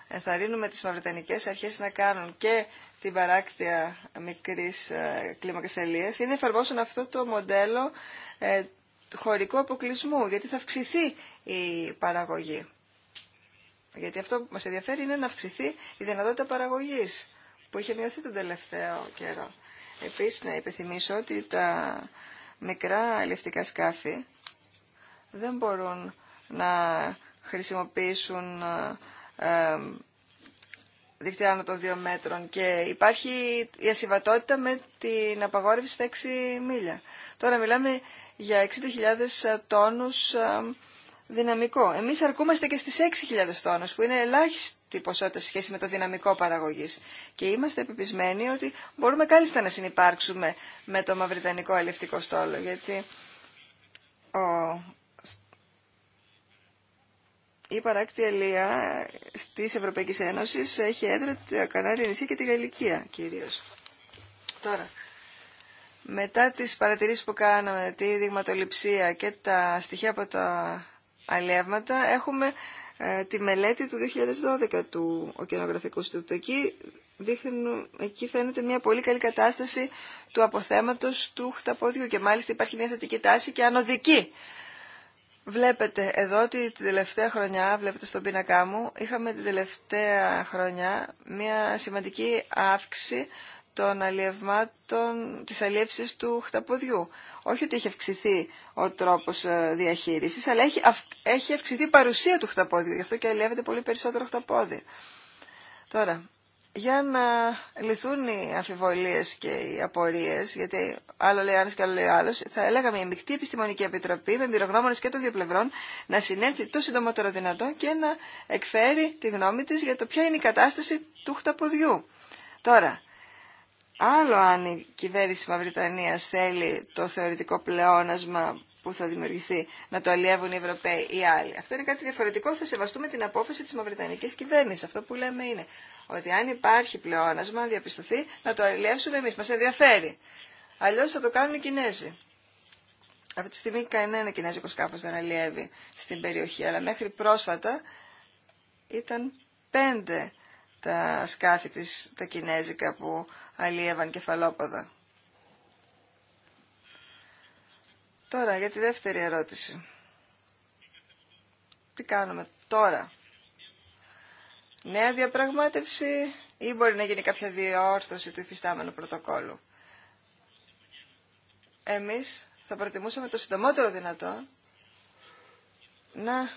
ενθαρρύνουμε τις μαυρετανικές αρχές να κάνουν και την παράκτεια μικρής κλίμακας ελίας είναι να εφαρμόσουν αυτό το μοντέλο ε, χωρικού αποκλεισμού, γιατί θα αυξηθεί η παραγωγή. Γιατί αυτό που μας ενδιαφέρει είναι να αυξηθεί η δυνατότητα παραγωγής, που είχε μειωθεί τον τελευταίο καιρό. Επίσης, να υπενθυμίσω ότι τα μικρά ελευτικά σκάφη δεν μπορούν να χρησιμοποιήσουν ε, ε δίκτυα άνω των δύο μέτρων και υπάρχει η ασυμβατότητα με την απαγόρευση στα 6 μίλια. Τώρα μιλάμε για 60.000 τόνους ε, δυναμικό. Εμείς αρκούμαστε και στις 6.000 τόνους που είναι ελάχιστη ποσότητα σε σχέση με το δυναμικό παραγωγής και είμαστε επιπισμένοι ότι μπορούμε κάλλιστα να συνεπάρξουμε με το μαυριτανικό αλληλευτικό στόλο γιατί ο η παράκτη λία τη Ευρωπαϊκή Ένωση έχει έδρα τη Κανάρια νησιά και τη Γαλλικία κυρίω. Τώρα, μετά τι παρατηρήσει που κάναμε, τη δειγματοληψία και τα στοιχεία από τα αλεύματα, έχουμε ε, τη μελέτη του 2012 του Οκεανογραφικού Ινστιτούτου. Εκεί, εκεί φαίνεται μια πολύ καλή κατάσταση του αποθέματος του χταπόδιου και μάλιστα υπάρχει μια θετική τάση και ανωδική Βλέπετε εδώ ότι την τελευταία χρονιά, βλέπετε στον πίνακά μου, είχαμε την τελευταία χρονιά μια σημαντική αύξηση των αλλιευμάτων, της αλλιεύσης του χταποδιού. Όχι ότι έχει αυξηθεί ο τρόπος ε, διαχείρισης, αλλά έχει, αυξηθεί η παρουσία του χταποδιού, γι' αυτό και αλλιεύεται πολύ περισσότερο χταπόδι. Τώρα, για να λυθούν οι αμφιβολίες και οι απορίες, γιατί άλλο λέει ένας και άλλο λέει άλλος, θα έλεγαμε η Μικτή Επιστημονική Επιτροπή με εμπειρογνώμονες και των δύο πλευρών να συνέλθει το συντομότερο δυνατό και να εκφέρει τη γνώμη της για το ποια είναι η κατάσταση του χταποδιού. Τώρα, άλλο αν η κυβέρνηση Μαυριτανίας θέλει το θεωρητικό πλεόνασμα που θα δημιουργηθεί να το αλλιεύουν οι Ευρωπαίοι ή άλλοι. Αυτό είναι κάτι διαφορετικό. Θα σεβαστούμε την απόφαση τη Μαυριτανική κυβέρνηση. Αυτό που λέμε είναι ότι αν υπάρχει πλεόνασμα, αν διαπιστωθεί, να το αλλιεύσουμε εμεί. Μα ενδιαφέρει. Αλλιώ θα το κάνουν οι Κινέζοι. Αυτή τη στιγμή κανένα κινέζικο σκάφο δεν αλλιεύει στην περιοχή, αλλά μέχρι πρόσφατα ήταν πέντε τα σκάφη της, τα κινέζικα που αλλιεύαν κεφαλόποδα. Τώρα για τη δεύτερη ερώτηση. Τι κάνουμε τώρα. Νέα διαπραγμάτευση ή μπορεί να γίνει κάποια διόρθωση του υφιστάμενου πρωτοκόλου. Εμείς θα προτιμούσαμε το συντομότερο δυνατό να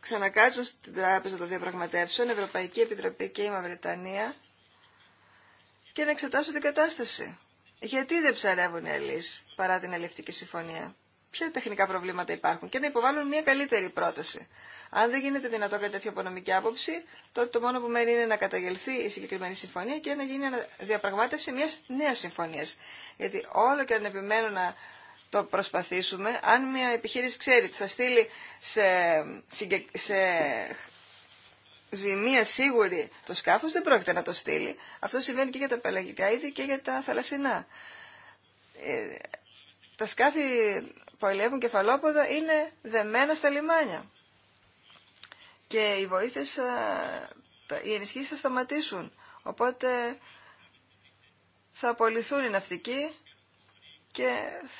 ξανακάτσουν στην Τράπεζα των Διαπραγματεύσεων, Ευρωπαϊκή Επιτροπή και η Μαυρετανία και να εξετάσουν την κατάσταση γιατί δεν ψαρεύουν οι Ελλείς παρά την αλληλευτική συμφωνία. Ποια τεχνικά προβλήματα υπάρχουν και να υποβάλουν μια καλύτερη πρόταση. Αν δεν γίνεται δυνατό κάτι τέτοιο από νομική άποψη, τότε το μόνο που μένει είναι να καταγγελθεί η συγκεκριμένη συμφωνία και να γίνει διαπραγμάτευση μια νέα συμφωνία. Γιατί όλο και αν επιμένω να το προσπαθήσουμε, αν μια επιχείρηση ξέρει ότι θα στείλει σε, σε ζημία σίγουρη το σκάφος δεν πρόκειται να το στείλει. Αυτό συμβαίνει και για τα πελαγικά είδη και για τα θαλασσινά. Ε, τα σκάφη που αλληλεύουν κεφαλόποδα είναι δεμένα στα λιμάνια. Και οι βοήθειες, ε, οι ενισχύσεις θα σταματήσουν. Οπότε θα απολυθούν οι ναυτικοί και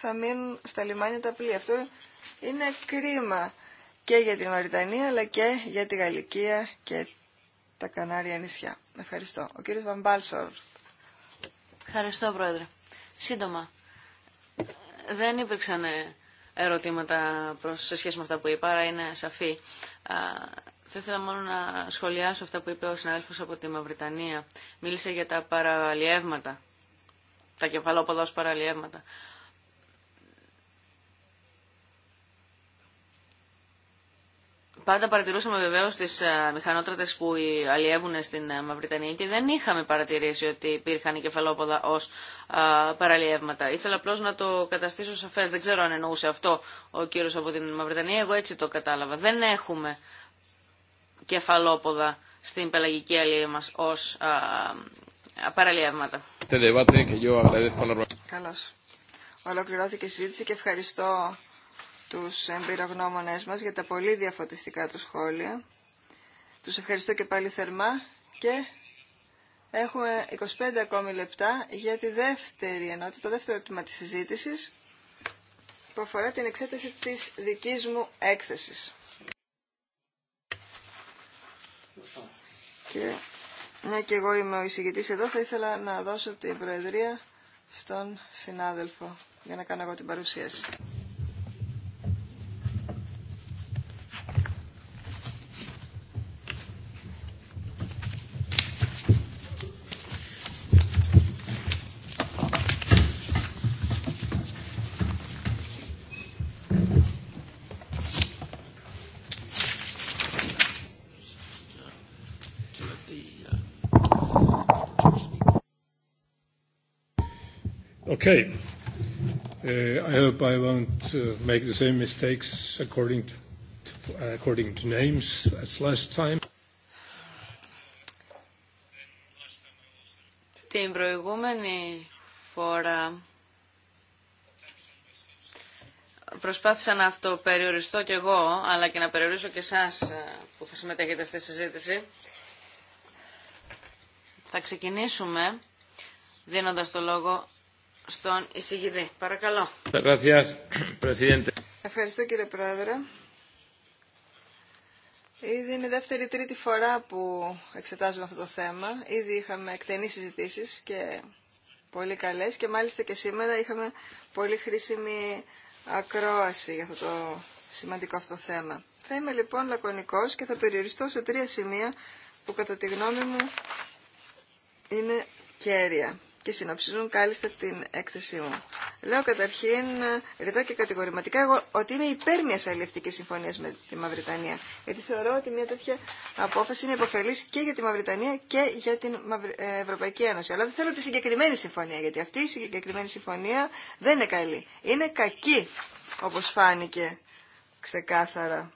θα μείνουν στα λιμάνια τα πλοία. Αυτό είναι κρίμα και για την Μαριτανία αλλά και για τη Γαλλικία και τα Κανάρια νησιά. Ευχαριστώ. Ο κύριος Βαμπάλσορ. Ευχαριστώ Πρόεδρε. Σύντομα. Δεν υπήρξαν ε, ερωτήματα προς, σε σχέση με αυτά που είπα, άρα είναι σαφή. Θα ήθελα μόνο να σχολιάσω αυτά που είπε ο συνάδελφος από τη Μαυριτανία. Μίλησε για τα παραλιεύματα, τα κεφαλόποδα παραλιεύματα. Πάντα παρατηρούσαμε βεβαίω τι ε, μηχανότρατε που αλλιεύουν στην ε, Μαυριτανία και δεν είχαμε παρατηρήσει ότι υπήρχαν κεφαλόποδα ω ε, παραλλιεύματα. Ήθελα απλώ να το καταστήσω σαφέ. Δεν ξέρω αν εννοούσε αυτό ο κύριο από την Μαυριτανία. Εγώ έτσι το κατάλαβα. Δεν έχουμε κεφαλόποδα στην πελαγική αλλιεύμα μα ω παραλλιεύματα. Καλώ. Ολοκληρώθηκε η συζήτηση και ευχαριστώ τους εμπειρογνώμονές μας για τα πολύ διαφωτιστικά του σχόλια. Τους ευχαριστώ και πάλι θερμά και έχουμε 25 ακόμη λεπτά για τη δεύτερη ενότητα, το δεύτερο τμήμα της συζήτησης που αφορά την εξέταση της δικής μου έκθεσης. Και μια και εγώ είμαι ο εισηγητής εδώ, θα ήθελα να δώσω την προεδρία στον συνάδελφο για να κάνω εγώ την παρουσίαση. Okay. Uh, I hope I won't uh, make the same mistakes according to according to names as last time. Την προηγούμενη φορά προσπάθησα να αυτοπεριοριστώ κι εγώ, αλλά και να περιορίσω και εσάς ε, που θα συμμετέχετε στη συζήτηση. Θα ξεκινήσουμε δίνοντας το λόγο στον εισηγητή. Παρακαλώ. Ευχαριστώ κύριε Πρόεδρε. Ήδη είναι δεύτερη τρίτη φορά που εξετάζουμε αυτό το θέμα. Ήδη είχαμε εκτενείς συζητήσεις και πολύ καλές και μάλιστα και σήμερα είχαμε πολύ χρήσιμη ακρόαση για αυτό το σημαντικό αυτό θέμα. Θα είμαι λοιπόν λακωνικός και θα περιοριστώ σε τρία σημεία που κατά τη γνώμη μου είναι κέρια και συνοψίζουν κάλλιστα την έκθεσή μου. Λέω καταρχήν ρητά και κατηγορηματικά εγώ ότι είμαι υπέρ μια αλληλευτική συμφωνία με τη Μαυριτανία. Γιατί θεωρώ ότι μια τέτοια απόφαση είναι υποφελή και για τη Μαυριτανία και για την ε, Ευρωπαϊκή Ένωση. Αλλά δεν θέλω τη συγκεκριμένη συμφωνία, γιατί αυτή η συγκεκριμένη συμφωνία δεν είναι καλή. Είναι κακή, όπω φάνηκε ξεκάθαρα.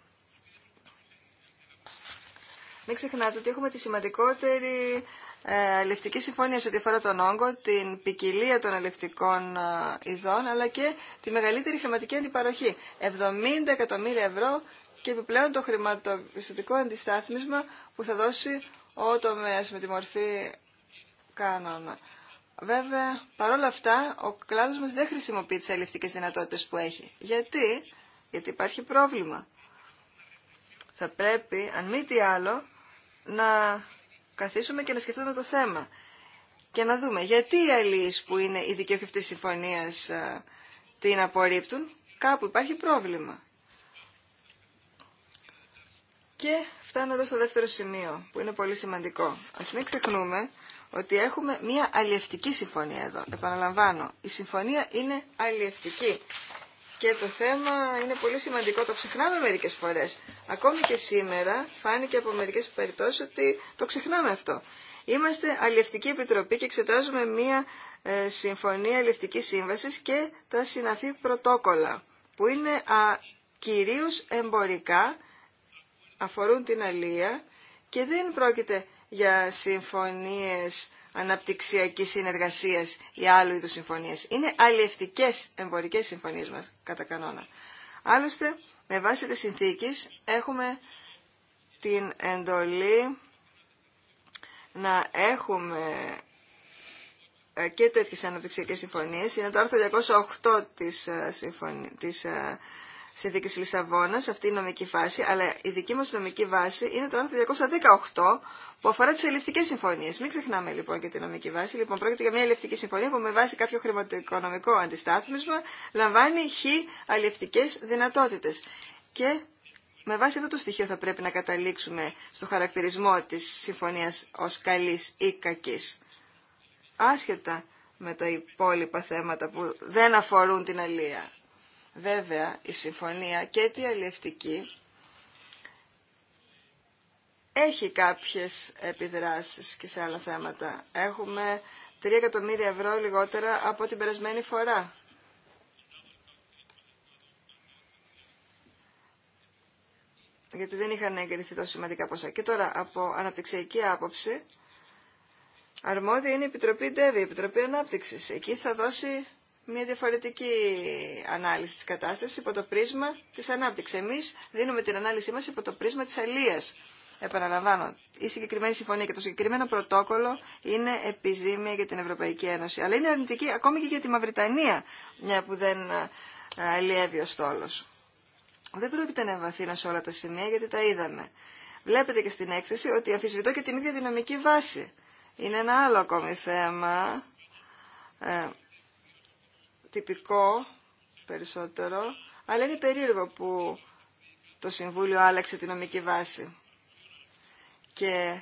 Μην ξεχνάτε ότι έχουμε τη σημαντικότερη ε, αλληλευτική συμφωνία σε ό,τι αφορά τον όγκο, την ποικιλία των αλληλευτικών ε, ειδών, αλλά και τη μεγαλύτερη χρηματική αντιπαροχή. 70 εκατομμύρια ευρώ και επιπλέον το χρηματοπιστωτικό αντιστάθμισμα που θα δώσει ο τομέα με τη μορφή κανόνα. Βέβαια, παρόλα αυτά, ο κλάδο μα δεν χρησιμοποιεί τι αλληλευτικές δυνατότητε που έχει. Γιατί? Γιατί υπάρχει πρόβλημα. Θα πρέπει, αν μη τι άλλο, να καθίσουμε και να σκεφτούμε το θέμα και να δούμε γιατί οι αλληλείς που είναι οι δικαιοχευτές συμφωνίας ε, την απορρίπτουν. Κάπου υπάρχει πρόβλημα. Και φτάνω εδώ στο δεύτερο σημείο, που είναι πολύ σημαντικό. Ας μην ξεχνούμε ότι έχουμε μία αλλιευτική συμφωνία εδώ. Επαναλαμβάνω, η συμφωνία είναι αλλιευτική. Και το θέμα είναι πολύ σημαντικό, το ξεχνάμε μερικές φορές. Ακόμη και σήμερα φάνηκε από μερικές περιπτώσεις ότι το ξεχνάμε αυτό. Είμαστε αλληλευτική επιτροπή και εξετάζουμε μία ε, συμφωνία αλληλευτικής σύμβασης και τα συναφή πρωτόκολλα, που είναι α, κυρίως εμπορικά, αφορούν την αλία και δεν πρόκειται για συμφωνίες αναπτυξιακή συνεργασία ή άλλου είδου συμφωνίε. Είναι αλλιευτικέ εμπορικέ συμφωνίε μα, κατά κανόνα. Άλλωστε, με βάση τη συνθήκη, έχουμε την εντολή να έχουμε ε, και τέτοιες αναπτυξιακές συμφωνίες. Είναι το άρθρο 208 της, ε, συμφωνίας, της ε, Συνθήκη Λισαβόνα, αυτή η νομική βάση, αλλά η δική μας νομική βάση είναι το άρθρο 218 που αφορά τι ελευτικές συμφωνίε. Μην ξεχνάμε λοιπόν και τη νομική βάση. Λοιπόν, πρόκειται για μια αλληλευτική συμφωνία που με βάση κάποιο χρηματοοικονομικό αντιστάθμισμα λαμβάνει χ αλληλευτικέ δυνατότητε. Και με βάση αυτό το στοιχείο θα πρέπει να καταλήξουμε στο χαρακτηρισμό τη συμφωνία ω καλή ή κακή. Άσχετα με τα υπόλοιπα θέματα που δεν αφορούν την αλληλεία. Βέβαια, η συμφωνία και τη αλληλευτική έχει κάποιες επιδράσεις και σε άλλα θέματα. Έχουμε 3 εκατομμύρια ευρώ λιγότερα από την περασμένη φορά. Γιατί δεν είχαν εγκριθεί τόσο σημαντικά ποσά. Και τώρα, από αναπτυξιακή άποψη, αρμόδια είναι η Επιτροπή ΔΕΒΗ, η Επιτροπή Ανάπτυξης. Εκεί θα δώσει μια διαφορετική ανάλυση της κατάστασης υπό το πρίσμα της ανάπτυξης. Εμείς δίνουμε την ανάλυση μας υπό το πρίσμα της αλίας. Επαναλαμβάνω, η συγκεκριμένη συμφωνία και το συγκεκριμένο πρωτόκολλο είναι επιζήμια για την Ευρωπαϊκή Ένωση. Αλλά είναι αρνητική ακόμη και για τη Μαυριτανία, μια που δεν ε, αλλιεύει ο στόλος. Δεν πρόκειται να εμβαθύνω σε όλα τα σημεία γιατί τα είδαμε. Βλέπετε και στην έκθεση ότι αμφισβητώ και την ίδια δυναμική βάση. Είναι ένα άλλο ακόμη θέμα ε, τυπικό περισσότερο, αλλά είναι περίεργο που το Συμβούλιο άλλαξε την νομική βάση και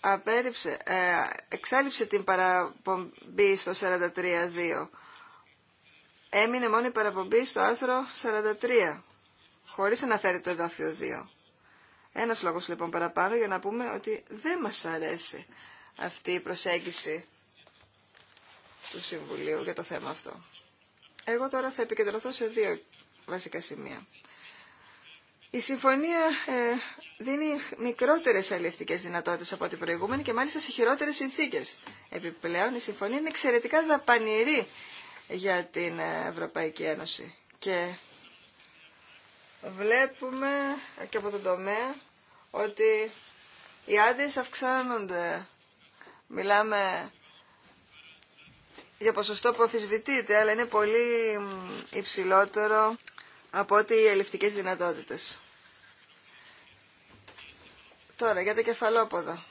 απέριψε, ε, εξάλληψε την παραπομπή στο 43.2. Έμεινε μόνο η παραπομπή στο άρθρο 43, χωρίς να φέρει το εδάφιο 2. Ένας λόγος λοιπόν παραπάνω για να πούμε ότι δεν μας αρέσει αυτή η προσέγγιση του Συμβουλίου για το θέμα αυτό. Εγώ τώρα θα επικεντρωθώ σε δύο βασικά σημεία. Η συμφωνία ε, δίνει μικρότερες αλληλευτικές δυνατότητες από την προηγούμενη και μάλιστα σε χειρότερες συνθήκες. Επιπλέον η συμφωνία είναι εξαιρετικά δαπανηρή για την Ευρωπαϊκή Ένωση και βλέπουμε και από τον τομέα ότι οι άδειες αυξάνονται. Μιλάμε για ποσοστό που αφισβητείται, αλλά είναι πολύ υψηλότερο από ό,τι οι ελευτικές δυνατότητες. Τώρα, για τα κεφαλόποδα.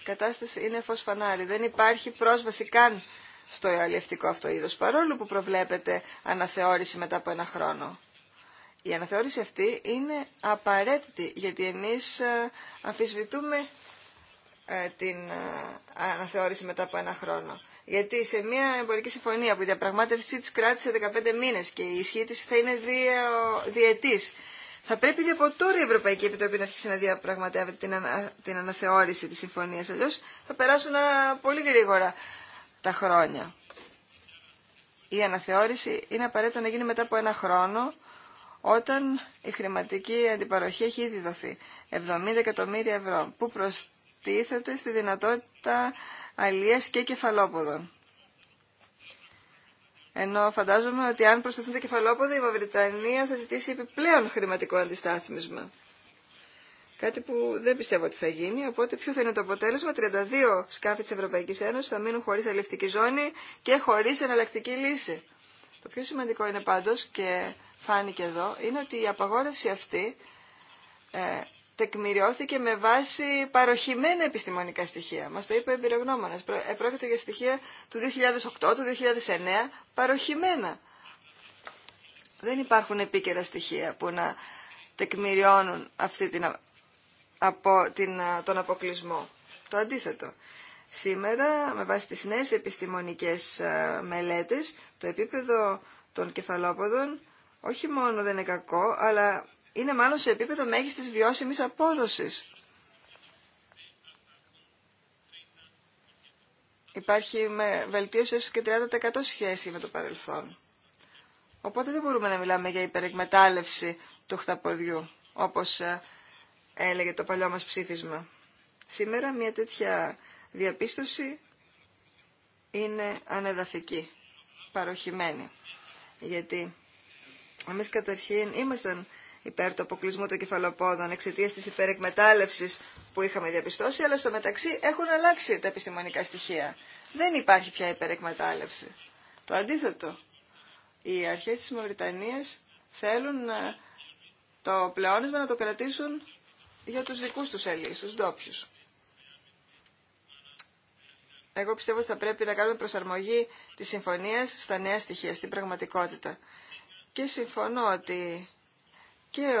Η κατάσταση είναι φως φανάρι. Δεν υπάρχει πρόσβαση καν στο αλληλευτικό αυτό είδος, παρόλο που προβλέπεται αναθεώρηση μετά από ένα χρόνο. Η αναθεώρηση αυτή είναι απαραίτητη, γιατί εμείς ε, αμφισβητούμε ε, την ε, αναθεώρηση μετά από ένα χρόνο. Γιατί σε μια εμπορική συμφωνία που η διαπραγμάτευσή τη κράτησε 15 μήνε και η ισχύ τη θα είναι διετή, θα πρέπει από τώρα η Ευρωπαϊκή Επιτροπή να αρχίσει να διαπραγματεύεται την, την αναθεώρηση τη συμφωνία. Αλλιώ θα περάσουν πολύ γρήγορα τα χρόνια. Η αναθεώρηση είναι απαραίτητο να γίνει μετά από ένα χρόνο όταν η χρηματική αντιπαροχή έχει ήδη δοθεί 70 εκατομμύρια ευρώ που προς τίθεται στη δυνατότητα αλίας και κεφαλόποδων. Ενώ φαντάζομαι ότι αν προσταθούν τα κεφαλόποδα η Βαβριτανία θα ζητήσει επιπλέον χρηματικό αντιστάθμισμα. Κάτι που δεν πιστεύω ότι θα γίνει, οπότε ποιο θα είναι το αποτέλεσμα. 32 σκάφη της Ευρωπαϊκής Ένωσης θα μείνουν χωρίς αλληλευτική ζώνη και χωρίς εναλλακτική λύση. Το πιο σημαντικό είναι πάντως και φάνηκε εδώ, είναι ότι η απαγόρευση αυτή ε, τεκμηριώθηκε με βάση παροχημένα επιστημονικά στοιχεία. Μας το είπε εμπειρογνώμονας. Επρόκειτο για στοιχεία του 2008, του 2009, παροχημένα. Δεν υπάρχουν επίκαιρα στοιχεία που να τεκμηριώνουν αυτή την, από, την, τον αποκλεισμό. Το αντίθετο. Σήμερα, με βάση τις νέες επιστημονικές μελέτες, το επίπεδο των κεφαλόποδων όχι μόνο δεν είναι κακό, αλλά είναι μάλλον σε επίπεδο μέγιστης βιώσιμης απόδοσης. Υπάρχει με βελτίωση έως και 30% σχέση με το παρελθόν. Οπότε δεν μπορούμε να μιλάμε για υπερεκμετάλλευση του χταποδιού, όπως ε, έλεγε το παλιό μας ψήφισμα. Σήμερα μια τέτοια διαπίστωση είναι ανεδαφική, παροχημένη. Γιατί εμείς καταρχήν ήμασταν υπέρ του αποκλεισμού των κεφαλοπόδων εξαιτία τη υπερεκμετάλλευση που είχαμε διαπιστώσει, αλλά στο μεταξύ έχουν αλλάξει τα επιστημονικά στοιχεία. Δεν υπάρχει πια υπερεκμετάλλευση. Το αντίθετο. Οι αρχές της Μαυριτανίας θέλουν ε, το πλεόνισμα να το κρατήσουν για τους δικούς τους ελίους, τους ντόπιου. Εγώ πιστεύω ότι θα πρέπει να κάνουμε προσαρμογή της συμφωνίας στα νέα στοιχεία, στην πραγματικότητα. Και συμφωνώ ότι και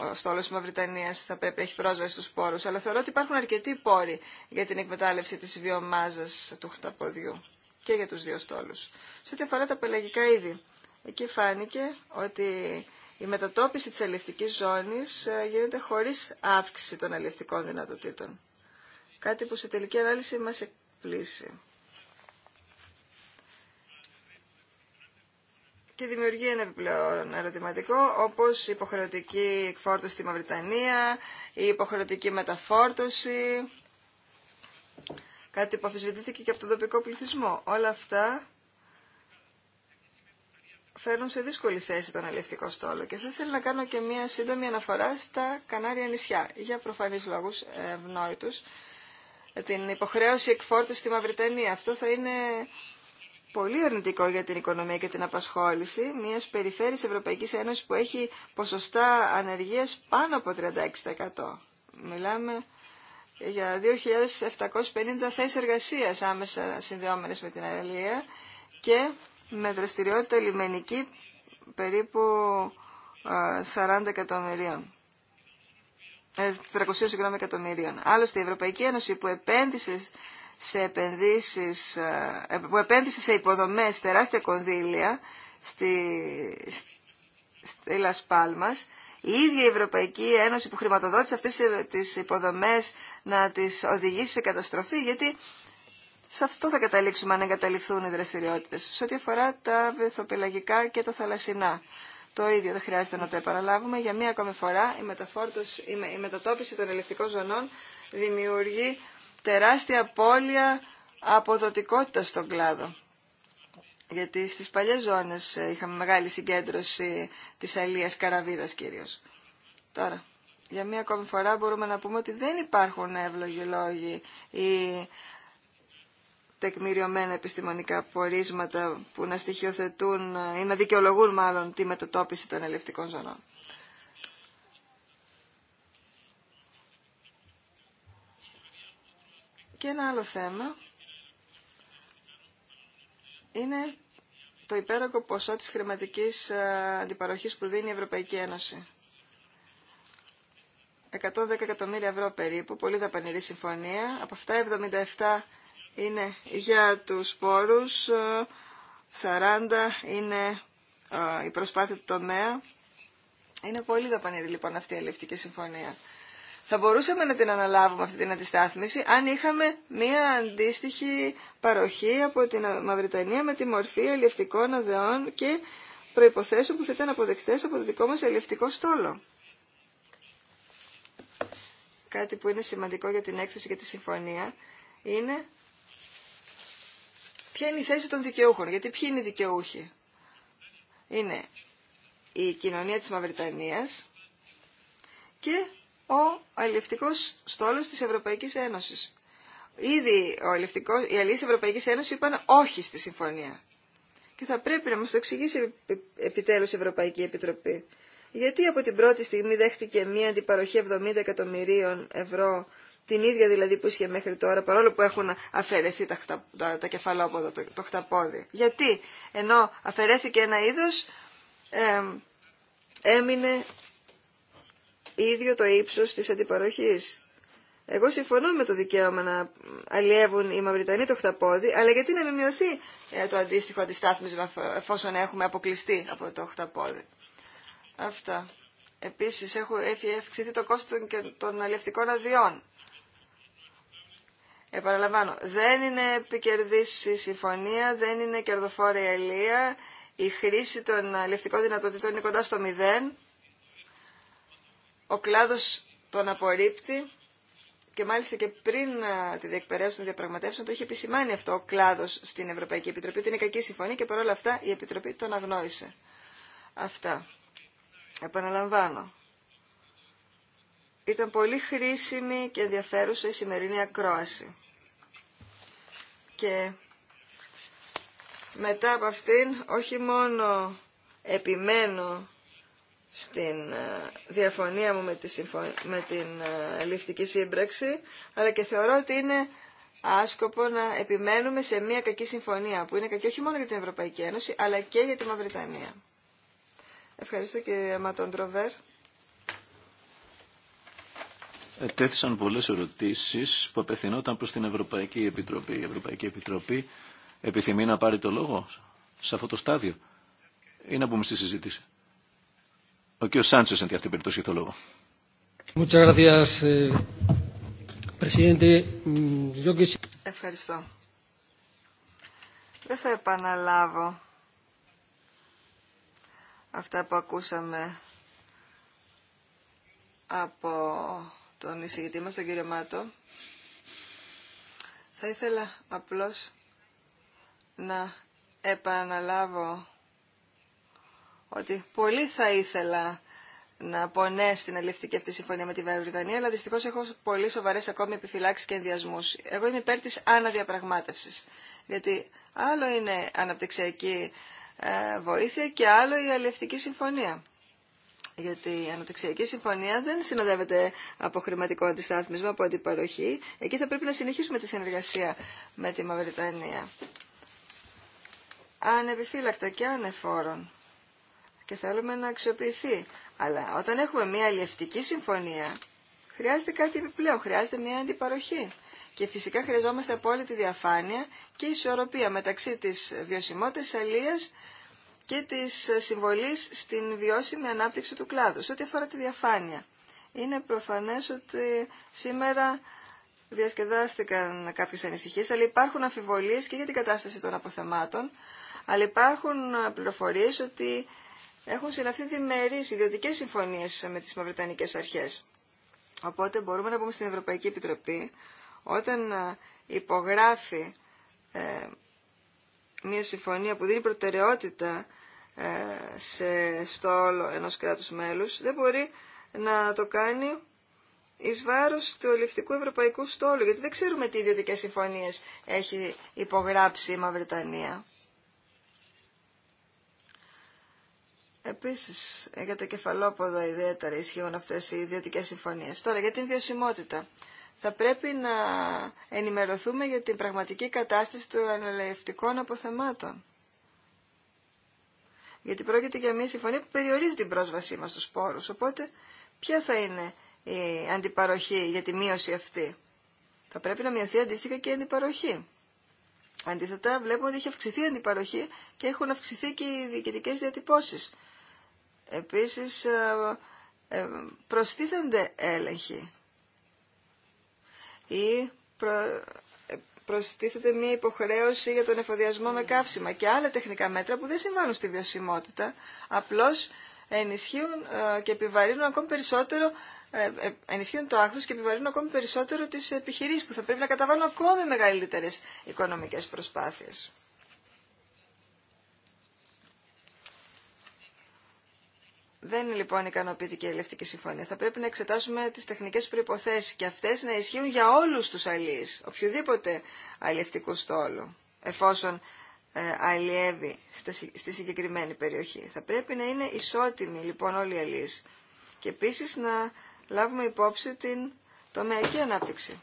ο στόλος Μαυριτανίας θα πρέπει να έχει πρόσβαση στους πόρους, αλλά θεωρώ ότι υπάρχουν αρκετοί πόροι για την εκμετάλλευση της βιομάζας του χταποδιού και για τους δύο στόλους. Σε ό,τι αφορά τα πελαγικά είδη, εκεί φάνηκε ότι η μετατόπιση της αλληλευτικής ζώνης ε, γίνεται χωρίς αύξηση των αλληλευτικών δυνατοτήτων. Κάτι που σε τελική ανάλυση μας εκπλήσει. και δημιουργεί ένα επιπλέον ερωτηματικό, όπως η υποχρεωτική εκφόρτωση στη Μαυριτανία, η υποχρεωτική μεταφόρτωση, κάτι που αφισβητήθηκε και από τον τοπικό πληθυσμό. Όλα αυτά φέρνουν σε δύσκολη θέση τον ελευτικό στόλο και θα ήθελα να κάνω και μία σύντομη αναφορά στα Κανάρια νησιά, για προφανείς λόγους ευνόητους, την υποχρέωση εκφόρτωση στη Μαυριτανία. Αυτό θα είναι πολύ αρνητικό για την οικονομία και την απασχόληση μιας περιφέρειας Ευρωπαϊκής Ένωση που έχει ποσοστά ανεργία πάνω από 36%. Μιλάμε για 2.750 θέσει εργασία άμεσα συνδεόμενες με την Αγγλία και με δραστηριότητα λιμενική περίπου 40 εκατομμυρίων. 300 ε, εκατομμυρίων. Άλλωστε η Ευρωπαϊκή Ένωση που επένδυσε σε επενδύσεις, ε, που επένδυσε σε υποδομές τεράστια κονδύλια στη, στη Πάλμας. η ίδια η Ευρωπαϊκή Ένωση που χρηματοδότησε αυτές ε, τις υποδομές να τις οδηγήσει σε καταστροφή, γιατί σε αυτό θα καταλήξουμε αν εγκαταληφθούν οι δραστηριότητες, σε ό,τι αφορά τα βεθοπελαγικά και τα θαλασσινά. Το ίδιο δεν χρειάζεται να τα επαναλάβουμε. Για μία ακόμη φορά η, η μετατόπιση των ελευτικών ζωνών δημιουργεί τεράστια απώλεια αποδοτικότητα στον κλάδο. Γιατί στις παλιές ζώνες ε, είχαμε μεγάλη συγκέντρωση της αλίας καραβίδας κυρίως. Τώρα, για μία ακόμη φορά μπορούμε να πούμε ότι δεν υπάρχουν εύλογοι λόγοι ή τεκμηριωμένα επιστημονικά πορίσματα που να στοιχειοθετούν ε, ή να δικαιολογούν μάλλον τη μετατόπιση των ελευτικών ζωνών. Και ένα άλλο θέμα είναι το υπέροχο ποσό της χρηματικής ε, αντιπαροχής που δίνει η Ευρωπαϊκή Ένωση. 110 εκατομμύρια ευρώ περίπου, πολύ δαπανηρή συμφωνία. Από αυτά 77 είναι για τους πόρους 40 ε, είναι ε, η προσπάθεια του τομέα. Είναι πολύ δαπανηρή λοιπόν αυτή η αλληλευτική συμφωνία. Θα μπορούσαμε να την αναλάβουμε αυτή την αντιστάθμιση αν είχαμε μία αντίστοιχη παροχή από την Μαυριτανία με τη μορφή ελευτικών αδεών και προϋποθέσεων που θα ήταν αποδεκτές από το δικό μας ελευτικό στόλο. Κάτι που είναι σημαντικό για την έκθεση και τη συμφωνία είναι ποια είναι η θέση των δικαιούχων. Γιατί ποιοι είναι οι δικαιούχοι. Είναι η κοινωνία της Μαυριτανίας και ο αλληλευτικός στόλος της Ευρωπαϊκής Ένωσης. Ήδη ο αλληλευτικός, οι αλληλείς της Ευρωπαϊκής Ένωσης είπαν όχι στη συμφωνία. Και θα πρέπει να μας το εξηγήσει επιτέλους η Ευρωπαϊκή Επιτροπή. Γιατί από την πρώτη στιγμή δέχτηκε μία αντιπαροχή 70 εκατομμυρίων ευρώ, την ίδια δηλαδή που είχε μέχρι τώρα, παρόλο που έχουν αφαιρεθεί τα, χτα, τα, κεφαλόποδα, το, το χταπόδι. Γιατί, ενώ αφαιρέθηκε ένα είδος, ε, έμεινε ίδιο το ύψος της αντιπαροχής. Εγώ συμφωνώ με το δικαίωμα να αλλιεύουν οι Μαυριτανοί το χταπόδι, αλλά γιατί να μην μειωθεί ε, το αντίστοιχο αντιστάθμισμα εφόσον έχουμε αποκλειστεί από το χταπόδι. Αυτά. Επίσης έχω ευξηθεί το κόστος των αλλιευτικών αδειών. Επαναλαμβάνω, δεν είναι επικερδής η συμφωνία, δεν είναι κερδοφόρη η η χρήση των αλλιευτικών δυνατοτήτων είναι κοντά στο μηδέν ο κλάδος τον απορρίπτει και μάλιστα και πριν τη διεκπαιρέωση των διαπραγματεύσεων το είχε επισημάνει αυτό ο κλάδος στην Ευρωπαϊκή Επιτροπή. Την είναι κακή συμφωνία και παρόλα αυτά η Επιτροπή τον αγνόησε. Αυτά. Επαναλαμβάνω. Ήταν πολύ χρήσιμη και ενδιαφέρουσα η σημερινή ακρόαση. Και μετά από αυτήν όχι μόνο επιμένω στην ε, διαφωνία μου με, τη με την ε, ληφτική σύμπραξη, αλλά και θεωρώ ότι είναι άσκοπο να επιμένουμε σε μια κακή συμφωνία, που είναι κακή όχι μόνο για την Ευρωπαϊκή Ένωση, αλλά και για τη Μαυριτανία. Ευχαριστώ κύριε Ματοντροβέρ. Τέθησαν πολλές ερωτήσεις που απευθυνόταν προς την Ευρωπαϊκή Επιτροπή. Η Ευρωπαϊκή Επιτροπή επιθυμεί να πάρει το λόγο σε αυτό το στάδιο ή να μπούμε στη συζήτηση. Ο κ. Σάντσες αντί αυτή την περίπτωση έχει το λόγο. Eh, mm, Ευχαριστώ. Δεν θα επαναλάβω αυτά που ακούσαμε από τον εισηγητή μας, τον κύριο Μάτο. Θα ήθελα απλώς να επαναλάβω ότι πολύ θα ήθελα να πονέσει την στην αυτή συμφωνία με τη Βρετανία, αλλά δυστυχώ έχω πολύ σοβαρέ ακόμη επιφυλάξει και ενδιασμού. Εγώ είμαι υπέρ τη αναδιαπραγμάτευση. Γιατί άλλο είναι αναπτυξιακή ε, βοήθεια και άλλο η αλληλευτική συμφωνία. Γιατί η αναπτυξιακή συμφωνία δεν συνοδεύεται από χρηματικό αντιστάθμισμα, από αντιπαροχή. Εκεί θα πρέπει να συνεχίσουμε τη συνεργασία με τη Μαυριτανία. Ανεπιφύλακτα και ανεφόρον και θέλουμε να αξιοποιηθεί. Αλλά όταν έχουμε μια αλληλευτική συμφωνία, χρειάζεται κάτι επιπλέον, χρειάζεται μια αντιπαροχή. Και φυσικά χρειαζόμαστε απόλυτη διαφάνεια και ισορροπία μεταξύ της βιωσιμότητας αλίας και της συμβολής στην βιώσιμη ανάπτυξη του κλάδου. Σε ό,τι αφορά τη διαφάνεια, είναι προφανές ότι σήμερα διασκεδάστηκαν κάποιες ανησυχίες, αλλά υπάρχουν αμφιβολίες και για την κατάσταση των αποθεμάτων, αλλά υπάρχουν πληροφορίες ότι έχουν συναυθεί διμερείς ιδιωτικές συμφωνίες με τις μαυρετανικές αρχές. Οπότε μπορούμε να πούμε στην Ευρωπαϊκή Επιτροπή όταν ε, υπογράφει ε, μια συμφωνία που δίνει προτεραιότητα ε, σε στόλο ενός κράτους μέλους δεν μπορεί να το κάνει εις βάρος του ελληνικού ευρωπαϊκού στόλου γιατί δεν ξέρουμε τι ιδιωτικές συμφωνίες έχει υπογράψει η Μαυρετανία. Επίσης, για τα κεφαλόποδα ιδιαίτερα ισχύουν αυτές οι ιδιωτικές συμφωνίες. Τώρα, για την βιωσιμότητα. Θα πρέπει να ενημερωθούμε για την πραγματική κατάσταση των αναλευτικών αποθεμάτων. Γιατί πρόκειται για μια συμφωνία που περιορίζει την πρόσβασή μας στους πόρου. Οπότε, ποια θα είναι η αντιπαροχή για τη μείωση αυτή. Θα πρέπει να μειωθεί αντίστοιχα και η αντιπαροχή. Αντίθετα, βλέπουμε ότι έχει αυξηθεί η αντιπαροχή και έχουν αυξηθεί και οι διοικητικέ διατυπώσει Επίσης ε, ε, προστίθενται έλεγχοι ή προ... Ε, προστίθεται μια υποχρέωση για τον εφοδιασμό με καύσιμα και άλλα τεχνικά μέτρα που δεν συμβάλλουν στη βιωσιμότητα, απλώς ενισχύουν και επιβαρύνουν ακόμη περισσότερο ενισχύουν το άχθος και επιβαρύνουν ακόμη περισσότερο τις επιχειρήσεις που θα πρέπει να καταβάλουν ακόμη μεγαλύτερες οικονομικές προσπάθειες. Δεν είναι λοιπόν ικανοποιητική η ελευτική συμφωνία. Θα πρέπει να εξετάσουμε τι τεχνικέ προποθέσει και αυτέ να ισχύουν για όλου του αλληλεί, οποιοδήποτε αλληλευτικού στόλου, εφόσον ε, στη συγκεκριμένη περιοχή. Θα πρέπει να είναι ισότιμοι λοιπόν όλοι οι αλληλεί. Και επίση να λάβουμε υπόψη την τομεακή ανάπτυξη.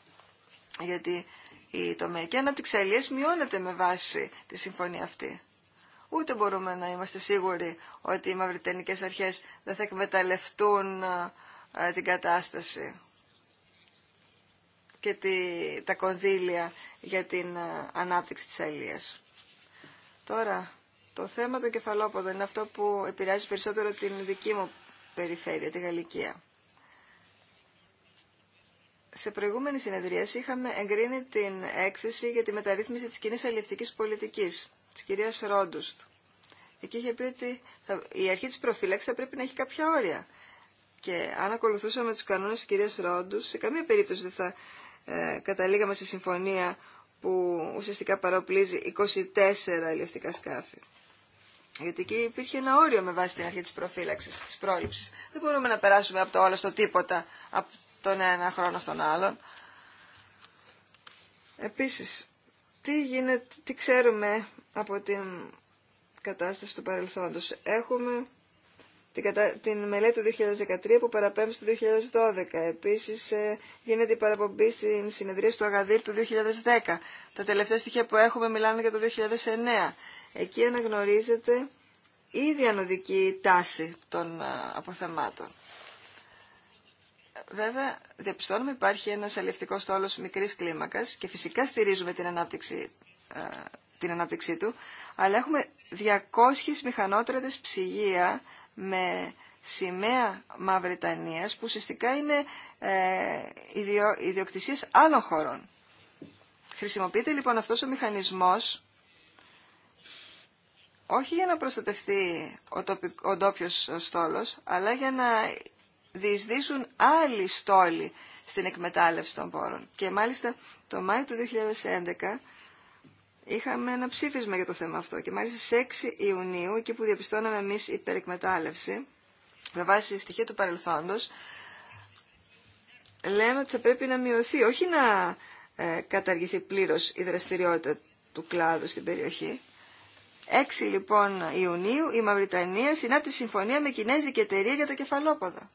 Γιατί η τομεακή ανάπτυξη αλληλεύει μειώνεται με βάση τη συμφωνία αυτή ούτε μπορούμε να είμαστε σίγουροι ότι οι μαυριτανικές αρχές δεν θα εκμεταλλευτούν την κατάσταση και τη, τα κονδύλια για την ανάπτυξη της αλίας. Τώρα, το θέμα των κεφαλόποδων είναι αυτό που επηρεάζει περισσότερο την δική μου περιφέρεια, τη Γαλλικία. Σε προηγούμενη συνεδρίαση είχαμε εγκρίνει την έκθεση για τη μεταρρύθμιση της κοινή αλληλευτικής πολιτικής της κυρίας Ρόντουστ. Εκεί είχε πει ότι η αρχή της προφύλαξης θα πρέπει να έχει κάποια όρια. Και αν ακολουθούσαμε τους κανόνες της κυρίας Ρόντους, σε καμία περίπτωση δεν θα ε, καταλήγαμε σε συμφωνία που ουσιαστικά παροπλίζει 24 ελευτικά σκάφη. Γιατί εκεί υπήρχε ένα όριο με βάση την αρχή της προφύλαξης, της πρόληψης. Δεν μπορούμε να περάσουμε από το όλο στο τίποτα, από τον ένα χρόνο στον άλλον. Επίσης, τι, γίνεται, τι ξέρουμε από την κατάσταση του παρελθόντος. Έχουμε την, την μελέτη του 2013 που παραπέμπει στο 2012. Επίσης ε, γίνεται η παραπομπή στην συνεδρία του Αγαδίρ του 2010. Τα τελευταία στοιχεία που έχουμε μιλάνε για το 2009. Εκεί αναγνωρίζεται η διανοδική τάση των ε, αποθεμάτων. Βέβαια, διαπιστώνουμε υπάρχει ένας αλληλευτικός στόλος μικρής κλίμακας και φυσικά στηρίζουμε την ανάπτυξη ε, την ανάπτυξή του, αλλά έχουμε 200 μηχανότρατες ψυγεία με σημαία Μαυριτανίας που ουσιαστικά είναι ε, ιδιο, ιδιοκτησίες άλλων χωρών. Χρησιμοποιείται λοιπόν αυτός ο μηχανισμός όχι για να προστατευτεί ο, τοπικ, ντόπιο στόλος, αλλά για να διεισδύσουν άλλοι στόλοι στην εκμετάλλευση των πόρων. Και μάλιστα το Μάιο του 2011 είχαμε ένα ψήφισμα για το θέμα αυτό και μάλιστα στις 6 Ιουνίου, εκεί που διαπιστώναμε εμείς υπερεκμετάλλευση, με βάση στοιχεία του παρελθόντος, λέμε ότι θα πρέπει να μειωθεί, όχι να ε, καταργηθεί πλήρως η δραστηριότητα του κλάδου στην περιοχή. 6 λοιπόν Ιουνίου η Μαυριτανία συνάπτει συμφωνία με Κινέζικη εταιρεία για τα κεφαλόποδα.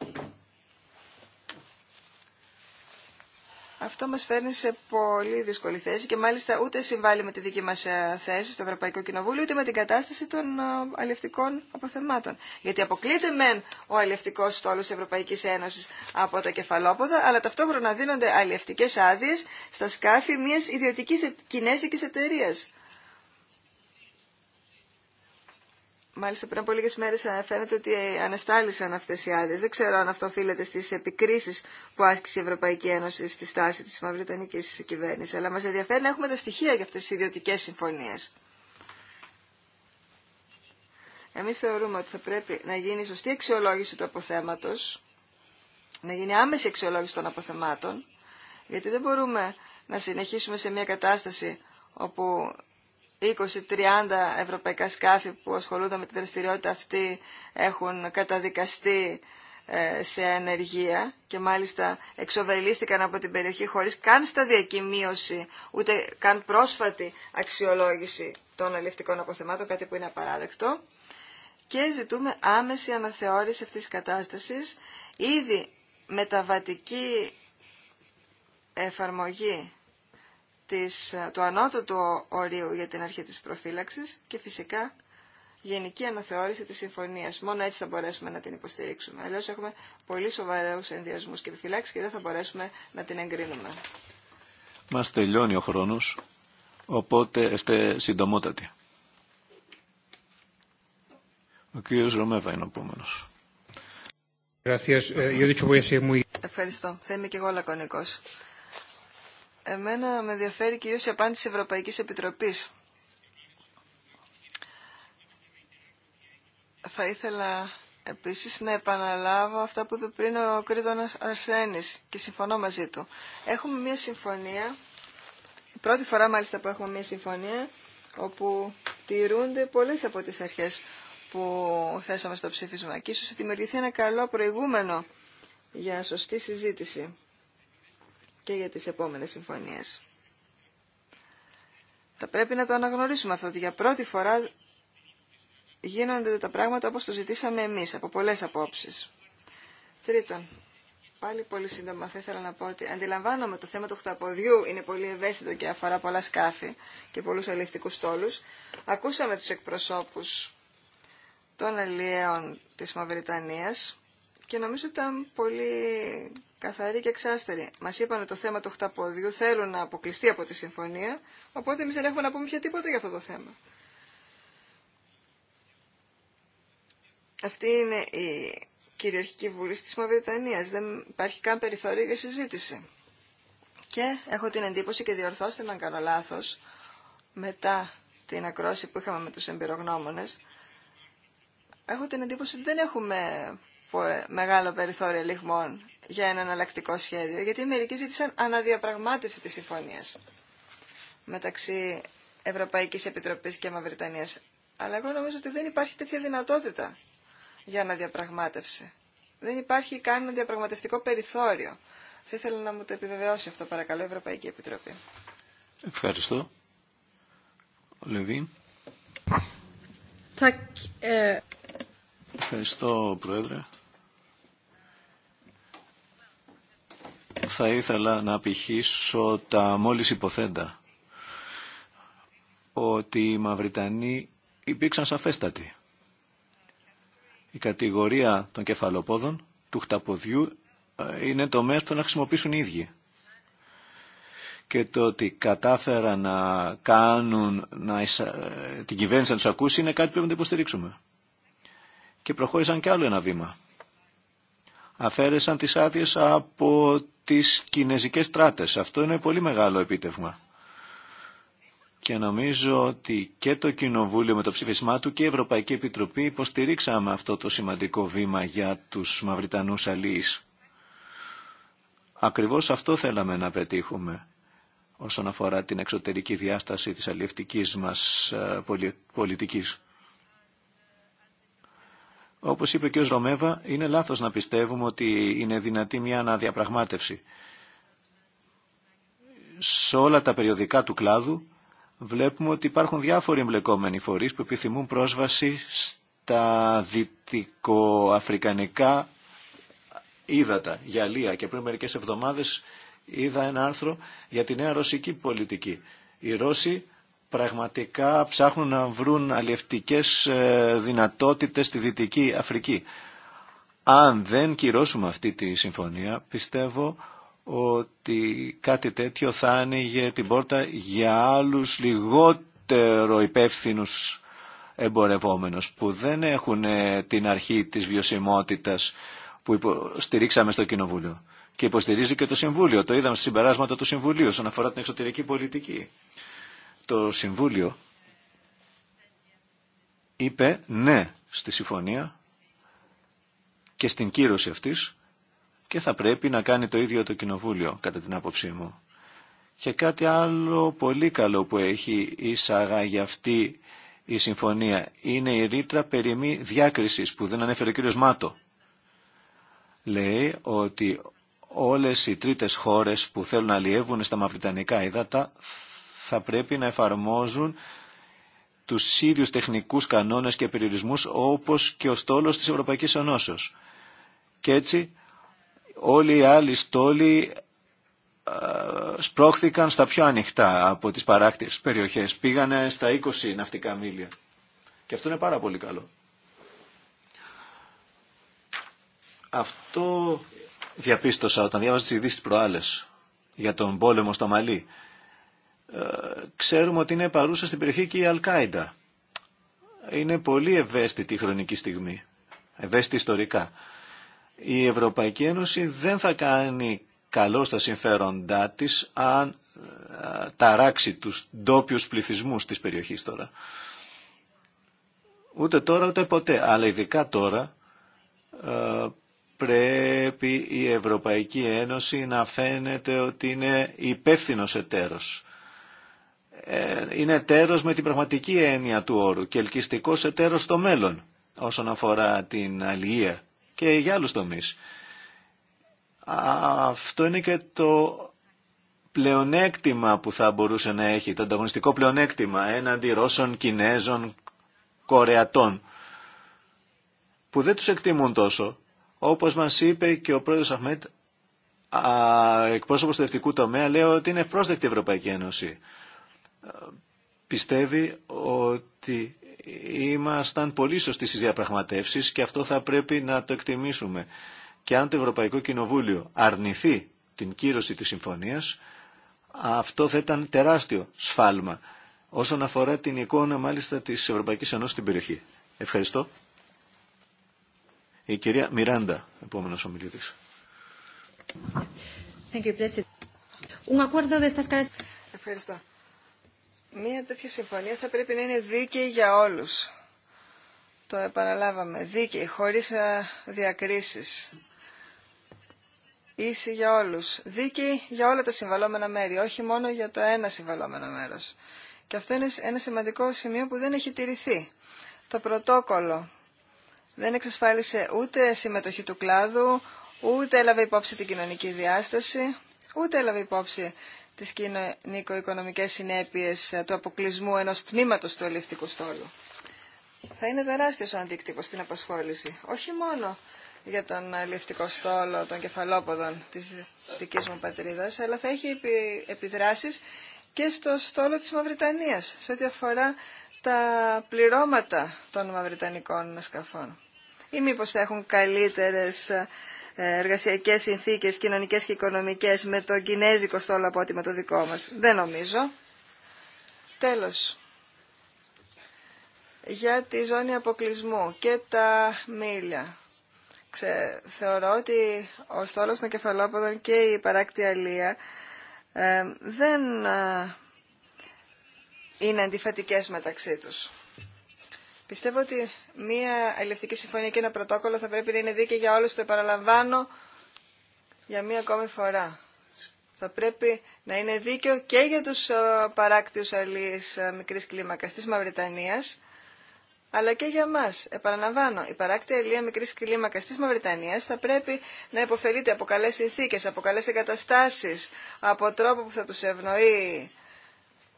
Αυτό μας φέρνει σε πολύ δύσκολη θέση και μάλιστα ούτε συμβάλλει με τη δική μας ε, θέση στο Ευρωπαϊκό Κοινοβούλιο, ούτε με την κατάσταση των ε, αλληλευτικών αποθεμάτων. Γιατί αποκλείται μεν ο αλληλευτικός στόλος της Ευρωπαϊκής Ένωσης από τα κεφαλόποδα, αλλά ταυτόχρονα δίνονται αλληλευτικές άδειες στα σκάφη μιας ιδιωτικής ε, κινέζικης εταιρείας. Μάλιστα πριν από λίγε μέρες ε, φαίνεται ότι αναστάλησαν αυτέ οι άδειε. Δεν ξέρω αν αυτό οφείλεται στι επικρίσει που άσκησε η Ευρωπαϊκή Ένωση στη στάση τη μαυριτανικής κυβέρνηση. Αλλά μα ενδιαφέρει να έχουμε τα στοιχεία για αυτέ τι ιδιωτικέ συμφωνίε. Εμεί θεωρούμε ότι θα πρέπει να γίνει σωστή αξιολόγηση του αποθέματος, να γίνει άμεση αξιολόγηση των αποθεμάτων, γιατί δεν μπορούμε να συνεχίσουμε σε μια κατάσταση όπου 20-30 ευρωπαϊκά σκάφη που ασχολούνται με τη δραστηριότητα αυτή έχουν καταδικαστεί ε, σε ανεργία και μάλιστα εξοβελίστηκαν από την περιοχή χωρίς καν σταδιακή μείωση ούτε καν πρόσφατη αξιολόγηση των αλληλευτικών αποθεμάτων, κάτι που είναι απαράδεκτο και ζητούμε άμεση αναθεώρηση αυτής της κατάστασης ήδη μεταβατική εφαρμογή της, το ανώτατο του ορίου για την αρχή της προφύλαξης και φυσικά γενική αναθεώρηση της συμφωνίας. Μόνο έτσι θα μπορέσουμε να την υποστηρίξουμε. Αλλιώ έχουμε πολύ σοβαρούς ενδιασμούς και επιφυλάξεις και δεν θα μπορέσουμε να την εγκρίνουμε. Μας τελειώνει ο χρόνος, οπότε είστε συντομότατοι. Ο κύριος Ρωμέβα είναι ο ε, Ευχαριστώ. Θα είμαι και εγώ λακωνικός. Εμένα με ενδιαφέρει κυρίω η απάντηση Ευρωπαϊκή Επιτροπή. Θα ήθελα επίσης να επαναλάβω αυτά που είπε πριν ο Κρήτονας Αρσένης και συμφωνώ μαζί του. Έχουμε μια συμφωνία, η πρώτη φορά μάλιστα που έχουμε μια συμφωνία, όπου τηρούνται πολλές από τις αρχές που θέσαμε στο ψήφισμα και ίσως δημιουργηθεί ένα καλό προηγούμενο για σωστή συζήτηση και για τις επόμενες συμφωνίες. Θα πρέπει να το αναγνωρίσουμε αυτό, ότι για πρώτη φορά γίνονται τα πράγματα όπως το ζητήσαμε εμείς, από πολλές απόψεις. Τρίτον, πάλι πολύ σύντομα θα ήθελα να πω ότι αντιλαμβάνομαι το θέμα του χταποδιού είναι πολύ ευαίσθητο και αφορά πολλά σκάφη και πολλούς αλληλευτικούς στόλους. Ακούσαμε τους εκπροσώπους των αλλιέων της Μαυριτανίας και νομίζω ήταν πολύ καθαρή και εξάστερη. Μα είπαν το θέμα του χταποδιού θέλουν να αποκλειστεί από τη συμφωνία, οπότε εμεί δεν έχουμε να πούμε πια τίποτα για αυτό το θέμα. Αυτή είναι η κυριαρχική βουλή τη Μαυριτανία. Δεν υπάρχει καν περιθώριο για συζήτηση. Και έχω την εντύπωση και διορθώστε με αν κάνω λάθο μετά την ακρόση που είχαμε με τους εμπειρογνώμονες, έχω την εντύπωση ότι δεν έχουμε ε, μεγάλο περιθώριο λιγμών για ένα εναλλακτικό σχέδιο, γιατί μερικοί ζήτησαν αναδιαπραγμάτευση της συμφωνίας μεταξύ Ευρωπαϊκής Επιτροπής και Μαυριτανίας. Αλλά εγώ νομίζω ότι δεν υπάρχει τέτοια δυνατότητα για αναδιαπραγμάτευση. Δεν υπάρχει καν ένα διαπραγματευτικό περιθώριο. Θα ήθελα να μου το επιβεβαιώσει αυτό, παρακαλώ, η Ευρωπαϊκή Επιτροπή. Ευχαριστώ. Λεβίν. Ε, Ευχαριστώ, Πρόεδρε. θα ήθελα να απηχήσω τα μόλις υποθέντα ότι οι Μαυριτανοί υπήρξαν σαφέστατοι. Η κατηγορία των κεφαλοπόδων, του χταποδιού, είναι το μέσο να χρησιμοποιήσουν οι ίδιοι. Και το ότι κατάφεραν να κάνουν να την κυβέρνηση να τους ακούσει είναι κάτι που πρέπει να υποστηρίξουμε. Και προχώρησαν και άλλο ένα βήμα αφαίρεσαν τις άδειε από τις κινέζικες στράτες. Αυτό είναι πολύ μεγάλο επίτευγμα. Και νομίζω ότι και το Κοινοβούλιο με το ψήφισμά του και η Ευρωπαϊκή Επιτροπή υποστηρίξαμε αυτό το σημαντικό βήμα για τους Μαυριτανούς αλληλείς. Ακριβώς αυτό θέλαμε να πετύχουμε όσον αφορά την εξωτερική διάσταση της αλληλευτικής μας ε, πολιτικής. Όπως είπε και ο κ. Ρωμέβα, είναι λάθος να πιστεύουμε ότι είναι δυνατή μια αναδιαπραγμάτευση. Σε όλα τα περιοδικά του κλάδου βλέπουμε ότι υπάρχουν διάφοροι εμπλεκόμενοι φορείς που επιθυμούν πρόσβαση στα δυτικοαφρικανικά ύδατα, γυαλία. Και πριν μερικές εβδομάδες είδα ένα άρθρο για τη νέα ρωσική πολιτική. Οι Ρώσοι πραγματικά ψάχνουν να βρουν αλλιευτικές ε, δυνατότητες στη Δυτική Αφρική. Αν δεν κυρώσουμε αυτή τη συμφωνία, πιστεύω ότι κάτι τέτοιο θα άνοιγε την πόρτα για άλλους λιγότερο υπεύθυνου εμπορευόμενους που δεν έχουν ε, την αρχή της βιωσιμότητας που στηρίξαμε στο Κοινοβούλιο. Και υποστηρίζει και το Συμβούλιο. Το είδαμε στη συμπεράσματα του Συμβουλίου όσον αφορά την εξωτερική πολιτική. Το Συμβούλιο είπε ναι στη συμφωνία και στην κύρωση αυτής και θα πρέπει να κάνει το ίδιο το Κοινοβούλιο, κατά την άποψή μου. Και κάτι άλλο πολύ καλό που έχει για αυτή η συμφωνία είναι η ρήτρα περί μη διάκρισης που δεν ανέφερε ο κύριος Μάτο. Λέει ότι όλες οι τρίτες χώρες που θέλουν να αλλιεύουν στα μαυριτανικά ύδατα θα πρέπει να εφαρμόζουν τους ίδιους τεχνικούς κανόνες και περιορισμούς όπως και ο στόλος της Ευρωπαϊκής Ενώσεως. Και έτσι όλοι οι άλλοι στόλοι ε, σπρώχθηκαν στα πιο ανοιχτά από τις παράκτιες περιοχές. Πήγανε στα 20 ναυτικά μίλια. Και αυτό είναι πάρα πολύ καλό. Αυτό διαπίστωσα όταν διάβαζα τις ειδήσεις προάλλες για τον πόλεμο στο Μαλί. Ε, ξέρουμε ότι είναι παρούσα στην περιοχή και η Αλκάιντα. Είναι πολύ ευαίσθητη η χρονική στιγμή, ευαίσθητη ιστορικά. Η Ευρωπαϊκή Ένωση δεν θα κάνει καλό στα συμφέροντά της αν ε, ταράξει τους ντόπιου πληθυσμού της περιοχής τώρα. Ούτε τώρα ούτε ποτέ, αλλά ειδικά τώρα ε, πρέπει η Ευρωπαϊκή Ένωση να φαίνεται ότι είναι υπεύθυνος εταίρος ε, είναι εταίρος με την πραγματική έννοια του όρου και ελκυστικός εταίρος στο μέλλον όσον αφορά την αλληλεία και για άλλους τομείς. Αυτό είναι και το πλεονέκτημα που θα μπορούσε να έχει, το ανταγωνιστικό πλεονέκτημα έναντι Ρώσων, Κινέζων, Κορεατών που δεν τους εκτιμούν τόσο. Όπως μας είπε και ο πρόεδρος Αχμέτ, εκπρόσωπος του ευτικού τομέα, λέει ότι είναι ευπρόσδεκτη η Ευρωπαϊκή Ένωση πιστεύει ότι ήμασταν πολύ σωστοί στις διαπραγματεύσεις και αυτό θα πρέπει να το εκτιμήσουμε. Και αν το Ευρωπαϊκό Κοινοβούλιο αρνηθεί την κύρωση της συμφωνίας, αυτό θα ήταν τεράστιο σφάλμα όσον αφορά την εικόνα μάλιστα της Ευρωπαϊκής Ενώσης στην περιοχή. Ευχαριστώ. Η κυρία Μιράντα, επόμενος ομιλητής. Ευχαριστώ. Μία τέτοια συμφωνία θα πρέπει να είναι δίκαιη για όλους. Το επαναλάβαμε. Δίκαιη, χωρίς ε, διακρίσεις. Ίση για όλους. Δίκαιη για όλα τα συμβαλώμενα μέρη, όχι μόνο για το ένα συμβαλόμενο μέρος. Και αυτό είναι ένα σημαντικό σημείο που δεν έχει τηρηθεί. Το πρωτόκολλο δεν εξασφάλισε ούτε συμμετοχή του κλάδου, ούτε έλαβε υπόψη την κοινωνική διάσταση, ούτε έλαβε υπόψη τις κοινωνικο-οικονομικές συνέπειες ε, του αποκλεισμού ενός τμήματος του ελευτικού στόλου. Θα είναι τεράστιος ο αντίκτυπος στην απασχόληση, όχι μόνο για τον ελληνικό στόλο των κεφαλόποδων της δικής μου πατρίδας, αλλά θα έχει επιδράσεις και στο στόλο της Μαυριτανίας, σε ό,τι αφορά τα πληρώματα των μαυριτανικών σκαφών. Ή μήπως θα έχουν καλύτερες ε, εργασιακές συνθήκες, κοινωνικές και οικονομικές με το κινέζικο στόλο από ό,τι με το δικό μας. Δεν νομίζω. Τέλος. Για τη ζώνη αποκλεισμού και τα μίλια. θεωρώ ότι ο στόλος των κεφαλόποδων και η παράκτη αλία ε, δεν ε, είναι αντιφατικές μεταξύ τους. Πιστεύω ότι μία αλληλευτική συμφωνία και ένα πρωτόκολλο θα πρέπει να είναι δίκαιο για όλους, το επαναλαμβάνω για μία ακόμη φορά. Θα πρέπει να είναι δίκαιο και για τους ε, παράκτιους αλληλείς ε, μικρής κλίμακας της Μαυριτανίας, αλλά και για μας. Επαναλαμβάνω, η παράκτη αλληλεία μικρής κλίμακας της Μαυριτανίας θα πρέπει να υποφελείται από καλές συνθήκες, από καλές εγκαταστάσεις, από τρόπο που θα τους ευνοεί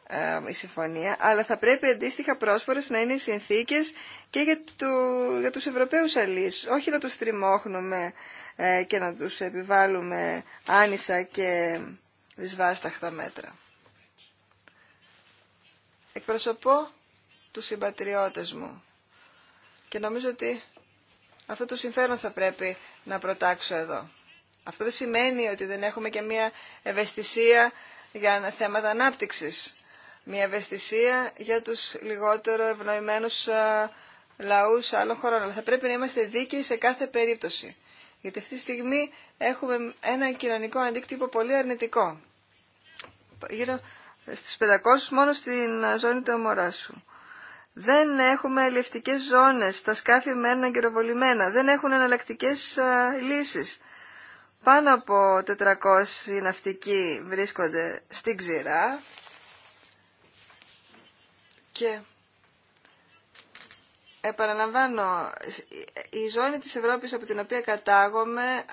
ε, η συμφωνία, αλλά θα πρέπει αντίστοιχα πρόσφορες να είναι οι συνθήκες και για, του, για τους Ευρωπαίους αλείς. Όχι να τους τριμώχνουμε ε, και να τους επιβάλλουμε άνισα και δυσβάσταχτα μέτρα. Εκπροσωπώ τους συμπατριώτες μου και νομίζω ότι αυτό το συμφέρον θα πρέπει να προτάξω εδώ. Αυτό δεν σημαίνει ότι δεν έχουμε και μια ευαισθησία για θέματα ανάπτυξης μια ευαισθησία για τους λιγότερο ευνοημένους ε, λαούς άλλων χωρών. Αλλά θα πρέπει να είμαστε δίκαιοι σε κάθε περίπτωση. Γιατί αυτή τη στιγμή έχουμε ένα κοινωνικό αντίκτυπο πολύ αρνητικό. Γύρω στις 500 μόνο στην ζώνη του Αμοράσου. Δεν έχουμε ελευτικές ζώνες, τα σκάφη μένουν αγκυροβολημένα, δεν έχουν εναλλακτικέ ε, λύσεις. Πάνω από 400 ναυτικοί βρίσκονται στην ξηρά, και επαναλαμβάνω, η ζώνη της Ευρώπης από την οποία κατάγομαι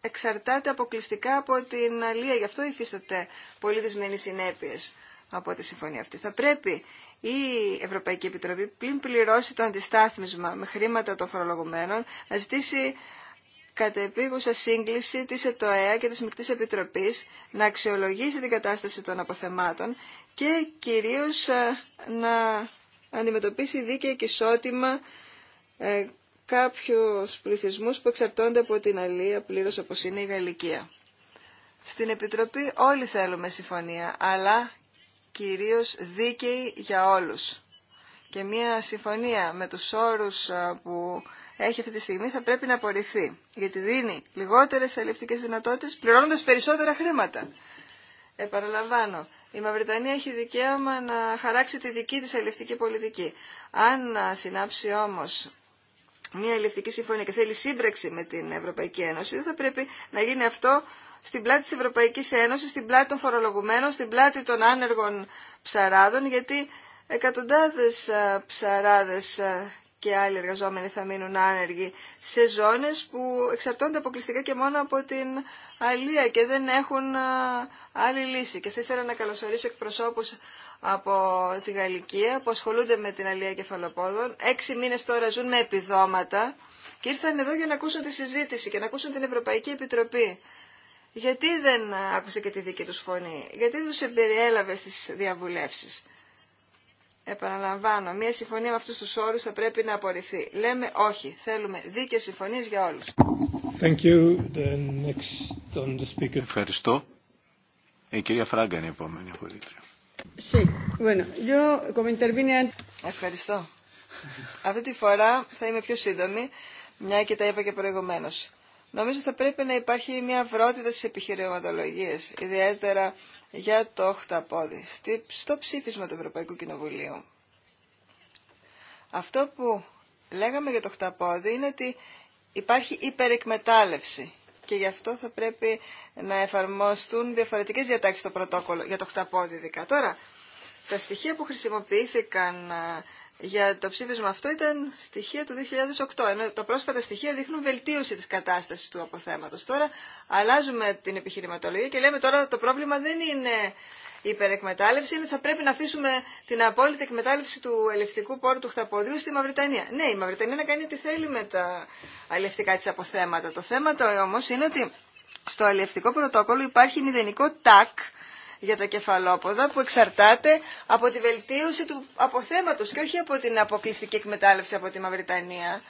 εξαρτάται αποκλειστικά από την αλία. Γι' αυτό υφίσταται πολύ δυσμενή συνέπειες από τη συμφωνία αυτή. Θα πρέπει η Ευρωπαϊκή Επιτροπή πλην πληρώσει το αντιστάθμισμα με χρήματα των φορολογουμένων να ζητήσει κατ' επίγουσα σύγκληση της ΕΤΟΕΑ και της Μικτής Επιτροπής να αξιολογήσει την κατάσταση των αποθεμάτων και κυρίως ε, να αντιμετωπίσει δίκαια και ισότιμα ε, κάποιους πληθυσμούς που εξαρτώνται από την αλία πλήρως όπως είναι η Γαλλικία. Στην Επιτροπή όλοι θέλουμε συμφωνία, αλλά κυρίως δίκαιη για όλους και μια συμφωνία με τους όρους ε, που έχει αυτή τη στιγμή θα πρέπει να απορριφθεί. Γιατί δίνει λιγότερες αλληλευτικές δυνατότητες πληρώνοντας περισσότερα χρήματα. Επαναλαμβάνω, η Μαυριτανία έχει δικαίωμα να χαράξει τη δική της αλληλευτική πολιτική. Αν ε, συνάψει όμως μια αλληλευτική συμφωνία και θέλει σύμπραξη με την Ευρωπαϊκή Ένωση, δεν θα πρέπει να γίνει αυτό στην πλάτη της Ευρωπαϊκής Ένωσης, στην πλάτη των φορολογουμένων, στην πλάτη των άνεργων ψαράδων, γιατί εκατοντάδες ε, ψαράδες ε, και άλλοι εργαζόμενοι θα μείνουν άνεργοι σε ζώνες που εξαρτώνται αποκλειστικά και μόνο από την αλία και δεν έχουν ε, άλλη λύση. Και θα ήθελα να καλωσορίσω εκπροσώπους από τη Γαλλικία που ασχολούνται με την αλία κεφαλοπόδων. Έξι μήνες τώρα ζουν με επιδόματα και ήρθαν εδώ για να ακούσουν τη συζήτηση και να ακούσουν την Ευρωπαϊκή Επιτροπή. Γιατί δεν άκουσε και τη δική τους φωνή, γιατί δεν τους εμπεριέλαβε στις διαβουλεύσεις. Επαναλαμβάνω, μια συμφωνία με αυτού του όρου θα πρέπει να απορριφθεί. Λέμε όχι, θέλουμε δίκαιε συμφωνίε για όλου. Ευχαριστώ. Ε, η κυρία Φράγκα είναι η επόμενη απολύτρια. Sí. Bueno, yo, como Ευχαριστώ. Αυτή τη φορά θα είμαι πιο σύντομη, μια και τα είπα και προηγουμένω. Νομίζω θα πρέπει να υπάρχει μια βρότητα στι επιχειρηματολογίε, ιδιαίτερα για το οχταπόδι στο ψήφισμα του Ευρωπαϊκού Κοινοβουλίου. Αυτό που λέγαμε για το χταπόδι είναι ότι υπάρχει υπερεκμετάλλευση και γι' αυτό θα πρέπει να εφαρμοστούν διαφορετικές διατάξεις στο πρωτόκολλο για το χταπόδι ειδικά. Τώρα, τα στοιχεία που χρησιμοποιήθηκαν ε, για το ψήφισμα αυτό ήταν στοιχεία του 2008, ενώ τα πρόσφατα στοιχεία δείχνουν βελτίωση της κατάστασης του αποθέματος. Τώρα αλλάζουμε την επιχειρηματολογία και λέμε τώρα το πρόβλημα δεν είναι η υπερεκμετάλλευση, είναι θα πρέπει να αφήσουμε την απόλυτη εκμετάλλευση του ελευτικού πόρου του χταποδίου στη Μαυριτανία. Ναι, η Μαυριτανία να κάνει τι θέλει με τα αλληλευτικά της αποθέματα. Το θέμα το όμως είναι ότι στο αλληλευτικό πρωτόκολλο υπάρχει μηδενικό τάκ, για τα κεφαλόποδα που εξαρτάται από τη βελτίωση του αποθέματος και όχι από την αποκλειστική εκμετάλλευση από τη Μαυριτανία.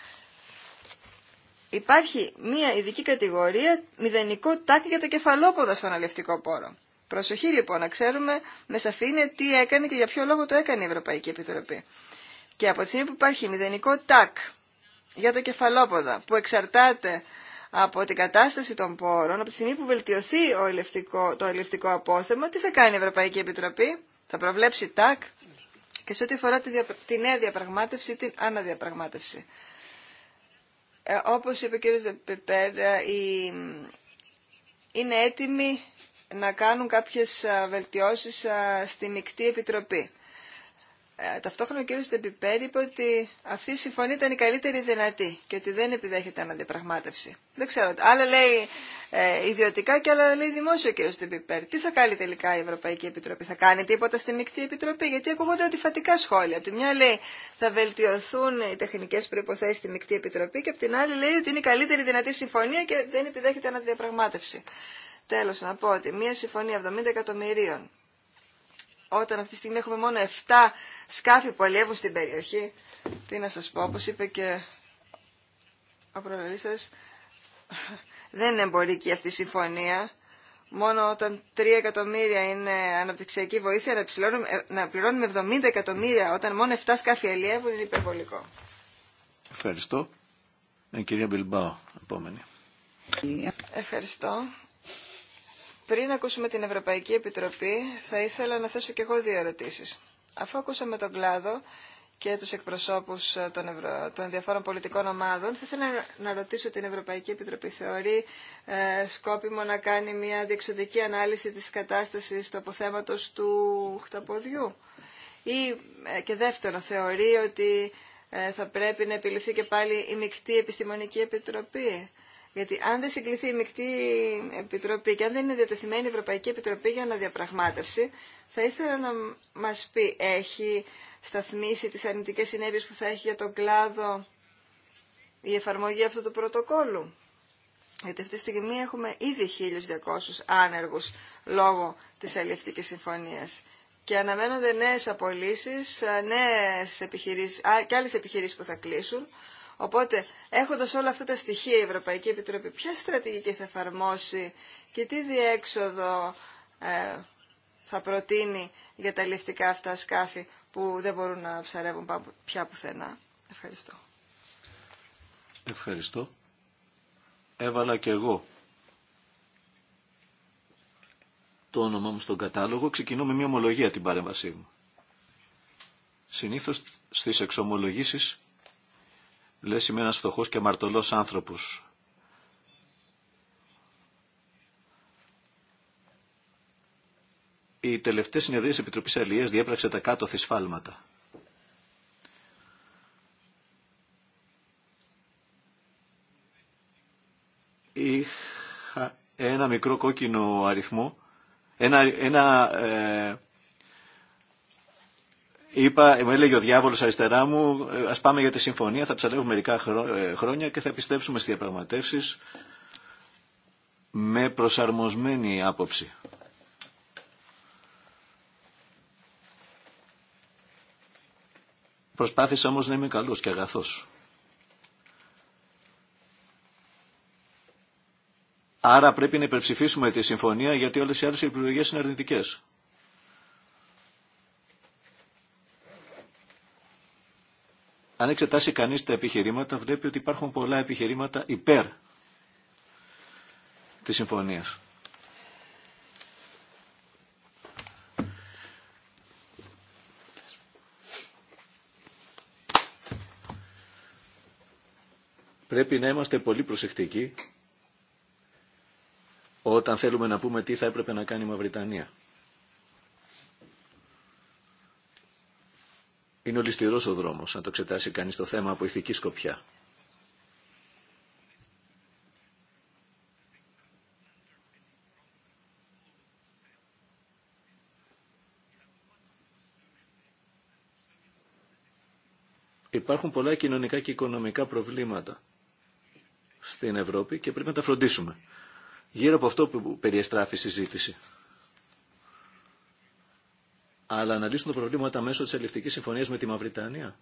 Υπάρχει μία ειδική κατηγορία μηδενικό τάκ για τα κεφαλόποδα στον αλευτικό πόρο. Προσοχή λοιπόν να ξέρουμε με σαφήνεια τι έκανε και για ποιο λόγο το έκανε η Ευρωπαϊκή Επιτροπή. Και από τη στιγμή που υπάρχει μηδενικό τάκ για τα κεφαλόποδα που εξαρτάται από την κατάσταση των πόρων, από τη στιγμή που βελτιωθεί το ελευτικό απόθεμα, τι θα κάνει η Ευρωπαϊκή Επιτροπή, θα προβλέψει ΤΑΚ και σε ό,τι αφορά τη, νέα διαπραγμάτευση ή την αναδιαπραγμάτευση. Ε, όπως είπε ο κ. Δεπιπέρ, ε, είναι έτοιμοι να κάνουν κάποιες ε, βελτιώσεις ε, στη μεικτή Επιτροπή. Ε, ταυτόχρονα ο κύριος Ντεμπιπέρ είπε ότι αυτή η συμφωνία ήταν η καλύτερη δυνατή και ότι δεν επιδέχεται αναδιαπραγμάτευση. Δεν ξέρω. Άλλα λέει ε, ιδιωτικά και άλλα λέει δημόσιο ο κ. Ντεμπιπέρ. Τι θα κάνει τελικά η Ευρωπαϊκή Επιτροπή, θα κάνει τίποτα στη μεικτή επιτροπή, γιατί ακούγονται αντιφατικά σχόλια. Από τη μια λέει θα βελτιωθούν οι τεχνικέ προποθέσει στη μεικτή επιτροπή και από την άλλη λέει ότι είναι η καλύτερη δυνατή συμφωνία και δεν επιδέχεται αναδιαπραγμάτευση. Τέλο, να πω ότι μια συμφωνία 70 εκατομμυρίων όταν αυτή τη στιγμή έχουμε μόνο 7 σκάφη που αλλιεύουν στην περιοχή, τι να σας πω, όπως είπε και ο προλαλής σας, δεν είναι εμπορική αυτή η συμφωνία. Μόνο όταν 3 εκατομμύρια είναι αναπτυξιακή βοήθεια, να, ε, να πληρώνουμε 70 εκατομμύρια όταν μόνο 7 σκάφη αλλιεύουν είναι υπερβολικό. Ευχαριστώ. Ε, κυρία Μπιλμπάου, επόμενη. Ευχαριστώ. Πριν ακούσουμε την Ευρωπαϊκή Επιτροπή, θα ήθελα να θέσω και εγώ δύο ερωτήσει. Αφού ακούσαμε τον κλάδο και τους εκπροσώπους ε, των, των διαφόρων πολιτικών ομάδων, θα ήθελα να ρωτήσω την Ευρωπαϊκή Επιτροπή. Θεωρεί ε, σκόπιμο να κάνει μια διεξοδική ανάλυση της κατάστασης του αποθέματο του χταποδιού. Ή, ε, και δεύτερο, θεωρεί ότι ε, θα πρέπει να επιληφθεί και πάλι η μεικτή επιστημονική επιτροπή. Γιατί αν δεν συγκληθεί η Μικτή Επιτροπή και αν δεν είναι διατεθειμένη η Ευρωπαϊκή Επιτροπή για αναδιαπραγμάτευση, θα ήθελα να μας πει, έχει σταθμίσει τις αρνητικέ συνέπειες που θα έχει για τον κλάδο η εφαρμογή αυτού του πρωτοκόλου. Γιατί αυτή τη στιγμή έχουμε ήδη 1.200 άνεργους λόγω της αλληλευτικής συμφωνίας. Και αναμένονται νέες απολύσεις, και άλλες επιχειρήσεις που θα κλείσουν, Οπότε, έχοντας όλα αυτά τα στοιχεία η Ευρωπαϊκή Επιτροπή, ποια στρατηγική θα εφαρμόσει και τι διέξοδο ε, θα προτείνει για τα ληφτικά αυτά σκάφη που δεν μπορούν να ψαρεύουν πια πουθενά. Ευχαριστώ. Ευχαριστώ. Έβαλα και εγώ το όνομά μου στον κατάλογο. Ξεκινώ με μια ομολογία την παρέμβασή μου. Συνήθως στις εξομολογήσεις Λες είμαι ένας φτωχός και αμαρτωλός άνθρωπος. Η τελευταία συνεδρία της Επιτροπής Αλληλείας διέπραξε τα κάτω θυσφάλματα. Είχα ένα μικρό κόκκινο αριθμό, ένα, ένα ε, Είπα, μου έλεγε ο διάβολος αριστερά μου, ε, ας πάμε για τη συμφωνία, θα ψαλεύουμε μερικά ε, χρόνια και θα επιστρέψουμε στι διαπραγματεύσει με προσαρμοσμένη άποψη. Προσπάθησα όμως να είμαι καλός και αγαθός. Άρα πρέπει να υπερψηφίσουμε τη συμφωνία γιατί όλες οι άλλες επιλογές είναι αρνητικές. Αν εξετάσει κανείς τα επιχειρήματα, βλέπει ότι υπάρχουν πολλά επιχειρήματα υπέρ της συμφωνίας. Πρέπει να είμαστε πολύ προσεκτικοί όταν θέλουμε να πούμε τι θα έπρεπε να κάνει η Μαυριτανία. Είναι ολιστηρός ο δρόμος να το εξετάσει κανείς το θέμα από ηθική σκοπιά. Υπάρχουν πολλά κοινωνικά και οικονομικά προβλήματα στην Ευρώπη και πρέπει να τα φροντίσουμε. Γύρω από αυτό που περιεστράφει η συζήτηση αλλά να λύσουν τα προβλήματα μέσω της Ελληνική συμφωνίας με τη Μαυριτανία.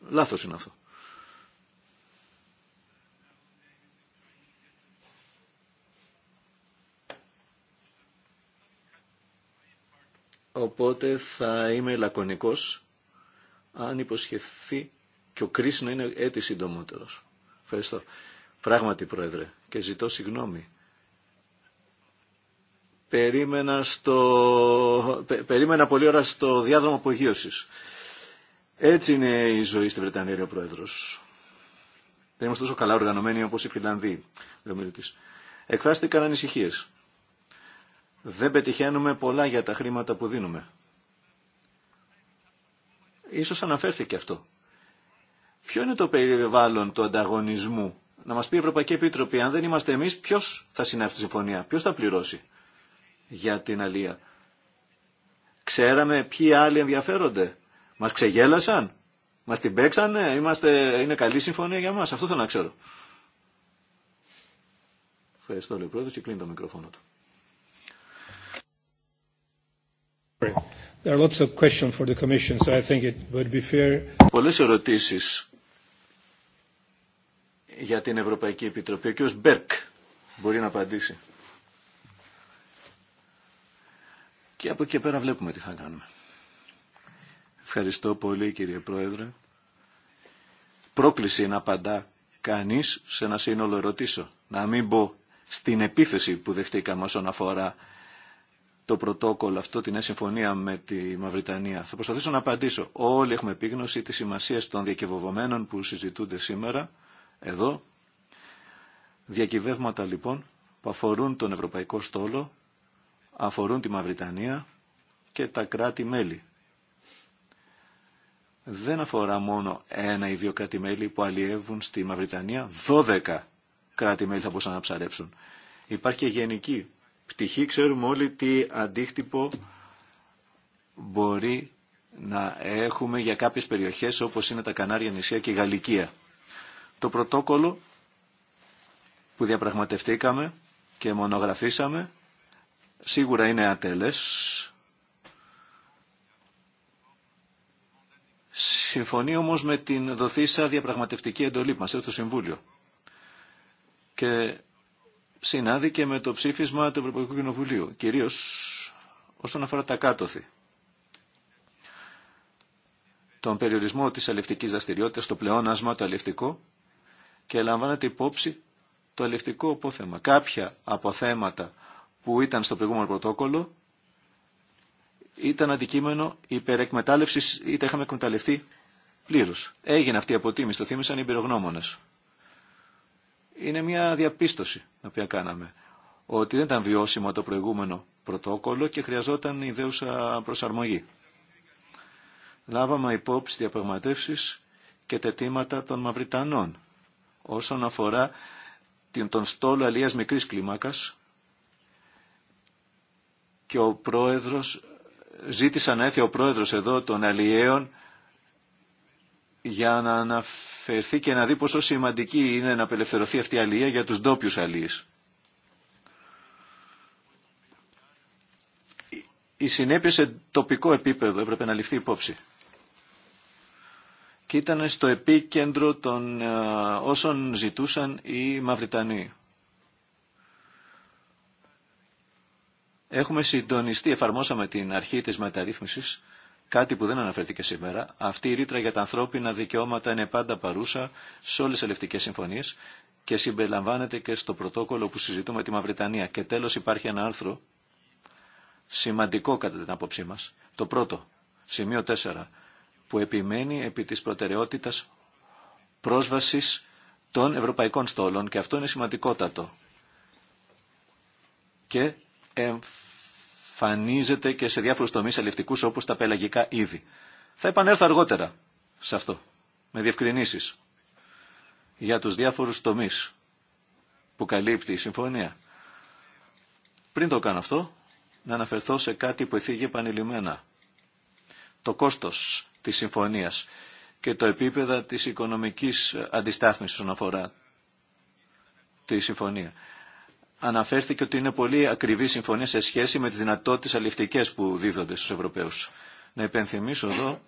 Λάθος είναι αυτό. Οπότε θα είμαι λακωνικός αν υποσχεθεί και ο Κρίς να είναι έτσι συντομότερος. Ευχαριστώ. Πράγματι, Πρόεδρε, και ζητώ συγγνώμη περίμενα, στο, περίμενα πολλή ώρα στο διάδρομο απογείωσης. Έτσι είναι η ζωή στη Βρετανία, ο Πρόεδρος. Δεν είμαστε τόσο καλά οργανωμένοι όπως οι Φιλανδοί, λέει ο μιλητής. Εκφράστηκαν ανησυχίες. Δεν πετυχαίνουμε πολλά για τα χρήματα που δίνουμε. Ίσως αναφέρθηκε αυτό. Ποιο είναι το περιβάλλον του ανταγωνισμού. Να μας πει η Ευρωπαϊκή Επίτροπη, αν δεν είμαστε εμείς, ποιος θα συνάφει τη συμφωνία, ποιος θα πληρώσει για την αλία. Ξέραμε ποιοι άλλοι ενδιαφέρονται. Μας ξεγέλασαν, μας την παίξανε, είμαστε, είναι καλή συμφωνία για μας. Αυτό θέλω να ξέρω. Ευχαριστώ λέει πρόεδρος και κλείνει το μικρόφωνο του. There are Πολλές ερωτήσεις για την Ευρωπαϊκή Επιτροπή. Ο κ. Μπέρκ μπορεί να απαντήσει. και από εκεί πέρα βλέπουμε τι θα κάνουμε. Ευχαριστώ πολύ κύριε Πρόεδρε. Πρόκληση να απαντά κανείς σε ένα σύνολο ερωτήσω. Να μην μπω στην επίθεση που δεχτήκαμε όσον αφορά το πρωτόκολλο αυτό, την συμφωνία με τη Μαυριτανία. Θα προσπαθήσω να απαντήσω. Όλοι έχουμε επίγνωση της σημασία των διακυβευμένων που συζητούνται σήμερα εδώ. Διακυβεύματα λοιπόν που αφορούν τον Ευρωπαϊκό Στόλο αφορούν τη Μαυριτανία και τα κράτη-μέλη. Δεν αφορά μόνο ένα ή δύο κράτη-μέλη που αλλιεύουν στη Μαυριτανία, δωδεκα κράτη-μέλη θα μπορούσαν να ψαρέψουν. Υπάρχει και γενική πτυχή, ξέρουμε όλοι τι αντίκτυπο μπορεί να έχουμε για κάποιες περιοχές όπως είναι τα Κανάρια νησιά και η Γαλλικία. Το πρωτόκολλο που διαπραγματευτήκαμε και μονογραφήσαμε σίγουρα είναι ατέλες. Συμφωνεί όμως με την δοθήσα διαπραγματευτική εντολή που μας το Συμβούλιο. Και συνάδει και με το ψήφισμα του Ευρωπαϊκού Κοινοβουλίου, κυρίως όσον αφορά τα κάτωθη. Τον περιορισμό της αλευτικής δραστηριότητα το πλεόνασμα το αλευτικό και λαμβάνεται υπόψη το αλευτικό απόθεμα. Κάποια αποθέματα που ήταν στο προηγούμενο πρωτόκολλο ήταν αντικείμενο υπερεκμετάλλευσης ή τα είχαμε εκμεταλλευτεί πλήρω. Έγινε αυτή η τα ειχαμε εκμεταλλευτει πλήρω. εγινε αυτη η αποτιμηση το θύμισαν οι πυρογνώμονε. Είναι μια διαπίστωση την οποία κάναμε ότι δεν ήταν βιώσιμο το προηγούμενο πρωτόκολλο και χρειαζόταν ιδέουσα προσαρμογή. Λάβαμε υπόψη διαπραγματεύσει και τετήματα των Μαυριτανών όσον αφορά τον στόλο αλίας μικρής κλίμακας και ο πρόεδρος ζήτησε να έρθει ο πρόεδρος εδώ των αλιέων για να αναφερθεί και να δει πόσο σημαντική είναι να απελευθερωθεί αυτή η αλληλεία για τους ντόπιου αλίες. Η συνέπεια σε τοπικό επίπεδο έπρεπε να ληφθεί υπόψη. Και ήταν στο επίκεντρο των ε, όσων ζητούσαν οι Μαυριτανοί. Έχουμε συντονιστεί, εφαρμόσαμε την αρχή της μεταρρύθμισης, κάτι που δεν αναφέρθηκε σήμερα. Αυτή η ρήτρα για τα ανθρώπινα δικαιώματα είναι πάντα παρούσα σε όλες τις ελευτικές συμφωνίες και συμπεριλαμβάνεται και στο πρωτόκολλο που συζητούμε τη Μαυριτανία. Και τέλος υπάρχει ένα άρθρο σημαντικό κατά την άποψή μας. Το πρώτο, σημείο 4, που επιμένει επί της προτεραιότητας πρόσβασης των ευρωπαϊκών στόλων και αυτό είναι σημαντικότατο. Και Φανίζεται και σε διάφορους τομείς αλληλευτικούς όπως τα πελαγικά είδη. Θα επανέλθω αργότερα σε αυτό, με διευκρινήσεις για τους διάφορους τομείς που καλύπτει η συμφωνία. Πριν το κάνω αυτό, να αναφερθώ σε κάτι που εθίγει επανειλημμένα. Το κόστος της συμφωνίας και το επίπεδο της οικονομικής αντιστάθμισης όσον αφορά τη συμφωνία αναφέρθηκε ότι είναι πολύ ακριβή συμφωνία σε σχέση με τις δυνατότητες αλληλευτικές που δίδονται στους Ευρωπαίους. Να υπενθυμίσω εδώ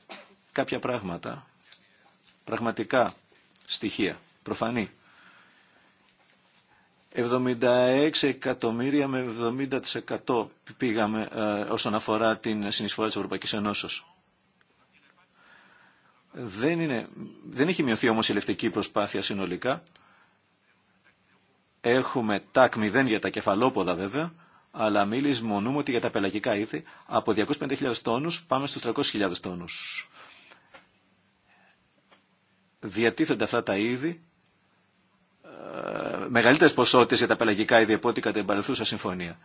κάποια πράγματα, πραγματικά στοιχεία, προφανή. 76 εκατομμύρια με 70% πήγαμε ε, όσον αφορά την συνεισφορά της Ευρωπαϊκής Ενώσεως. Δεν, είναι, δεν έχει μειωθεί όμως η ελευτική προσπάθεια συνολικά. Έχουμε τάκ 0 για τα κεφαλόποδα βέβαια, αλλά μίλης μονούμε ότι για τα πελαγικά είδη από 250.000 τόνους πάμε στους 300.000 τόνους. Διατίθενται αυτά τα είδη ε, μεγαλύτερες ποσότητες για τα πελαγικά είδη από ό,τι κατά την παρελθούσα συμφωνία.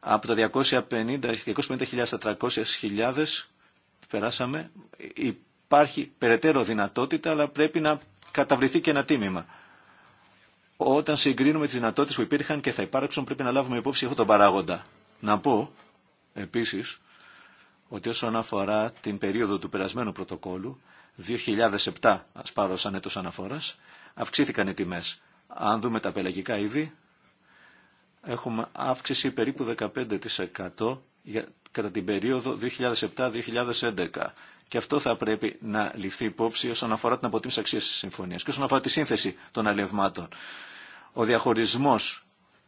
Από τα 250.000 στα 300.000 περάσαμε. Υπάρχει περαιτέρω δυνατότητα, αλλά πρέπει να καταβληθεί και ένα τίμημα. Όταν συγκρίνουμε τις δυνατότητες που υπήρχαν και θα υπάρξουν πρέπει να λάβουμε υπόψη έχω τον παράγοντα. Να πω επίσης ότι όσον αφορά την περίοδο του περασμένου πρωτοκόλου, 2007 α πάρω σαν έτο αναφορά, αυξήθηκαν οι τιμέ. Αν δούμε τα πελαγικά είδη, έχουμε αύξηση περίπου 15% κατά την περίοδο 2007-2011. Και αυτό θα πρέπει να ληφθεί υπόψη όσον αφορά την αποτίμηση αξία τη συμφωνία και όσον αφορά τη σύνθεση των αλλιευμάτων. Ο διαχωρισμό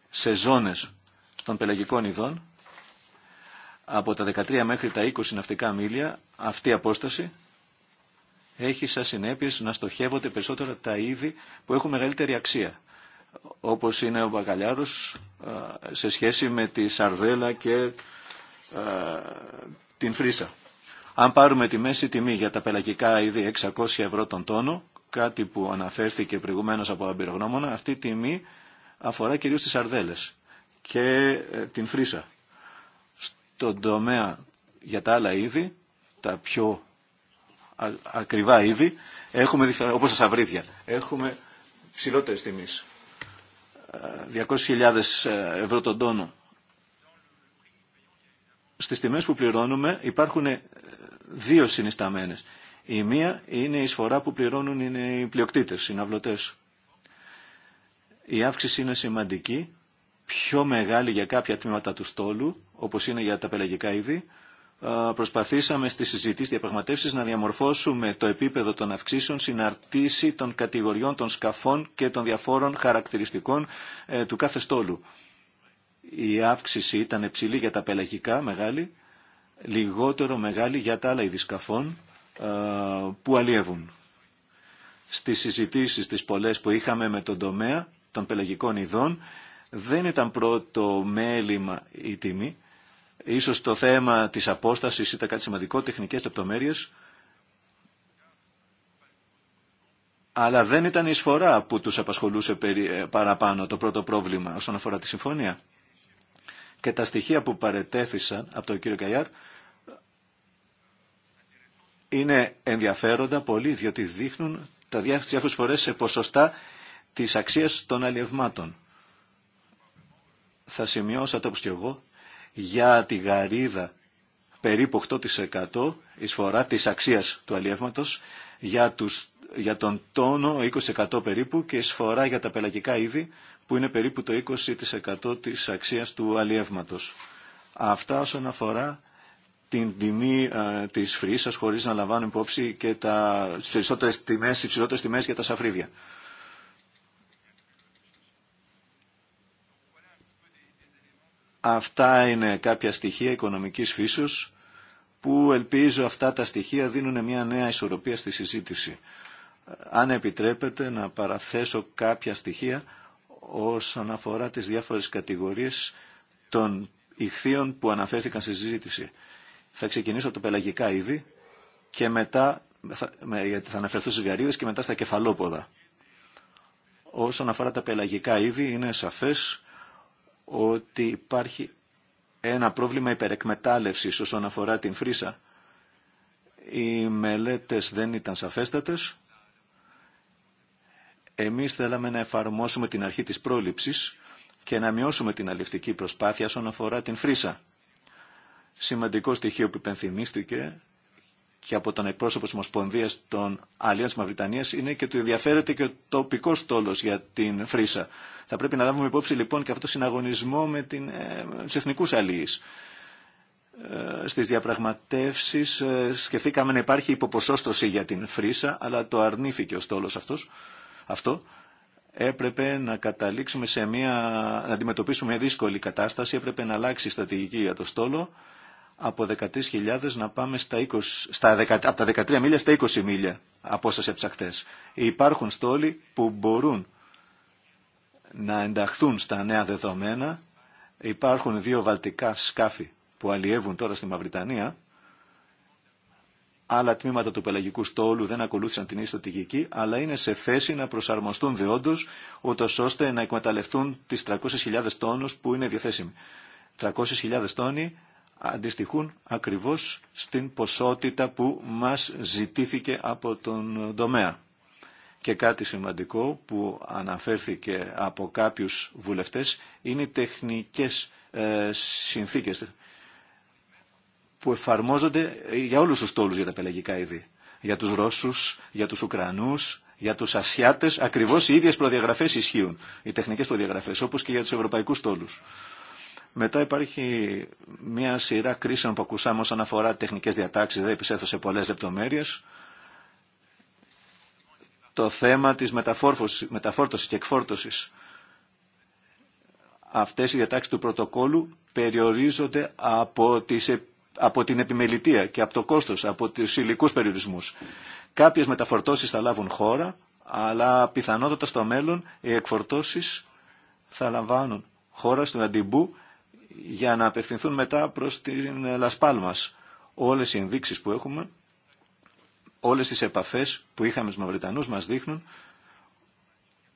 σε ζώνε των πελαγικών ειδών από τα 13 μέχρι τα 20 ναυτικά μίλια, αυτή η απόσταση έχει σαν συνέπειε να στοχεύονται περισσότερα τα είδη που έχουν μεγαλύτερη αξία. Όπω είναι ο Βαγκαλιάρο σε σχέση με τη σαρδέλα και την φρίσα. Αν πάρουμε τη μέση τιμή για τα πελαγικά είδη 600 ευρώ τον τόνο, κάτι που αναφέρθηκε προηγουμένω από αμπειρογνώμονα, αυτή η τιμή αφορά κυρίως τις αρδέλες και ε, την φρύσα. Στον τομέα για τα άλλα είδη, τα πιο ακριβά είδη, έχουμε, όπως τα σαυρίδια, έχουμε ψηλότερες τιμής. 200.000 ε, ε, ευρώ τον τόνο. Στις τιμές που πληρώνουμε υπάρχουν δύο συνισταμένε. Η μία είναι η εισφορά που πληρώνουν οι πλειοκτήτε, οι συναυλωτές. Η αύξηση είναι σημαντική, πιο μεγάλη για κάποια τμήματα του στόλου, όπω είναι για τα πελαγικά είδη. Προσπαθήσαμε συζήτηση, συζητήσει, διαπραγματεύσει να διαμορφώσουμε το επίπεδο των αυξήσεων, συναρτήσει των κατηγοριών των σκαφών και των διαφόρων χαρακτηριστικών ε, του κάθε στόλου. Η αύξηση ήταν υψηλή για τα πελαγικά, μεγάλη, λιγότερο μεγάλη για τα άλλα είδη σκαφών ε, που αλλιεύουν. Στις συζητήσεις τις πολλές που είχαμε με τον τομέα των πελαγικών ειδών δεν ήταν πρώτο μέλημα η τιμή. Ίσως το θέμα της απόστασης ήταν κάτι σημαντικό, τεχνικές λεπτομέρειες. Αλλά δεν ήταν η εισφορά που τους απασχολούσε ε, παραπάνω το πρώτο πρόβλημα όσον αφορά τη συμφωνία. Και τα στοιχεία που παρετέθησαν από τον κύριο Καγιάρ είναι ενδιαφέροντα πολύ διότι δείχνουν τα διάφορες φορές σε ποσοστά της αξίας των αλλιευμάτων. Θα σημειώσω το και εγώ για τη γαρίδα περίπου 8% εισφορά της αξίας του αλλιεύματος, για, τους, για τον τόνο 20% περίπου και εισφορά για τα πελαγικά είδη που είναι περίπου το 20% της αξίας του αλλιεύματος. Αυτά όσον αφορά την τιμή ε, της φρύσας χωρίς να λαμβάνουν υπόψη και τα τις περισσότερες τιμές, τις τιμές για τα σαφρίδια. Αυτά είναι κάποια στοιχεία οικονομικής φύσεως που ελπίζω αυτά τα στοιχεία δίνουν μια νέα ισορροπία στη συζήτηση. Αν επιτρέπετε να παραθέσω κάποια στοιχεία όσον αφορά τις διάφορες κατηγορίες των ηχθείων που αναφέρθηκαν στη συζήτηση. Θα ξεκινήσω από το πελαγικά είδη και μετά θα, θα αναφερθώ στις γαρίδες και μετά στα κεφαλόποδα. Όσον αφορά τα πελαγικά είδη είναι σαφές ότι υπάρχει ένα πρόβλημα υπερεκμετάλλευσης όσον αφορά την φρύσα. Οι μελέτες δεν ήταν σαφέστατες. Εμείς θέλαμε να εφαρμόσουμε την αρχή της πρόληψης και να μειώσουμε την αληφτική προσπάθεια όσον αφορά την φρύσα. Σημαντικό στοιχείο που υπενθυμίστηκε και από τον εκπρόσωπο τη Ομοσπονδία των Αλλιών τη Μαυριτανία είναι και του ενδιαφέρεται και ο τοπικό στόλο για την Φρύσα. Θα πρέπει να λάβουμε υπόψη λοιπόν και αυτό το συναγωνισμό με ε, του εθνικού αλλιεί. Ε, Στι διαπραγματεύσει ε, σκεφτήκαμε να υπάρχει υποποσόστοση για την Φρύσα, αλλά το αρνήθηκε ο στόλο αυτό. Έπρεπε να καταλήξουμε σε μια, να αντιμετωπίσουμε μια δύσκολη κατάσταση, έπρεπε να αλλάξει η στρατηγική για το στόλο από 13.000 να πάμε στα 20, στα 10, από τα 13 μίλια στα 20 μίλια από από τις Υπάρχουν στόλοι που μπορούν να ενταχθούν στα νέα δεδομένα. Υπάρχουν δύο βαλτικά σκάφη που αλλιεύουν τώρα στη Μαυριτανία. Άλλα τμήματα του πελαγικού στόλου δεν ακολούθησαν την ίδια στρατηγική, αλλά είναι σε θέση να προσαρμοστούν διόντως, ούτω ώστε να εκμεταλλευτούν τι 300.000 τόνου που είναι διαθέσιμοι. 300.000 τόνοι αντιστοιχούν ακριβώς στην ποσότητα που μας ζητήθηκε από τον τομέα. Και κάτι σημαντικό που αναφέρθηκε από κάποιους βουλευτές είναι οι τεχνικές ε, συνθήκες που εφαρμόζονται για όλους τους τόλους για τα πελαγικά είδη. Για τους Ρώσους, για τους Ουκρανούς, για τους Ασιάτες, ακριβώς οι ίδιες προδιαγραφές ισχύουν. Οι τεχνικές προδιαγραφές, όπως και για τους ευρωπαϊκούς τόλους. Μετά υπάρχει μια σειρά κρίσεων που ακούσαμε όσον αφορά τεχνικές διατάξεις, δεν επισέθω πολλές λεπτομέρειες. Το θέμα της μεταφόρτωσης και εκφόρτωσης. Αυτές οι διατάξεις του πρωτοκόλου περιορίζονται από, τις, από την επιμελητία και από το κόστος, από τους υλικούς περιορισμούς. Κάποιες μεταφορτώσεις θα λάβουν χώρα, αλλά πιθανότατα στο μέλλον οι εκφορτώσεις θα λαμβάνουν χώρα στον Αντιμπού για να απευθυνθούν μετά προς την Λασπάλμας. Ε, όλες οι ενδείξεις που έχουμε, όλες τις επαφές που είχαμε τους Μαυριτανούς μας δείχνουν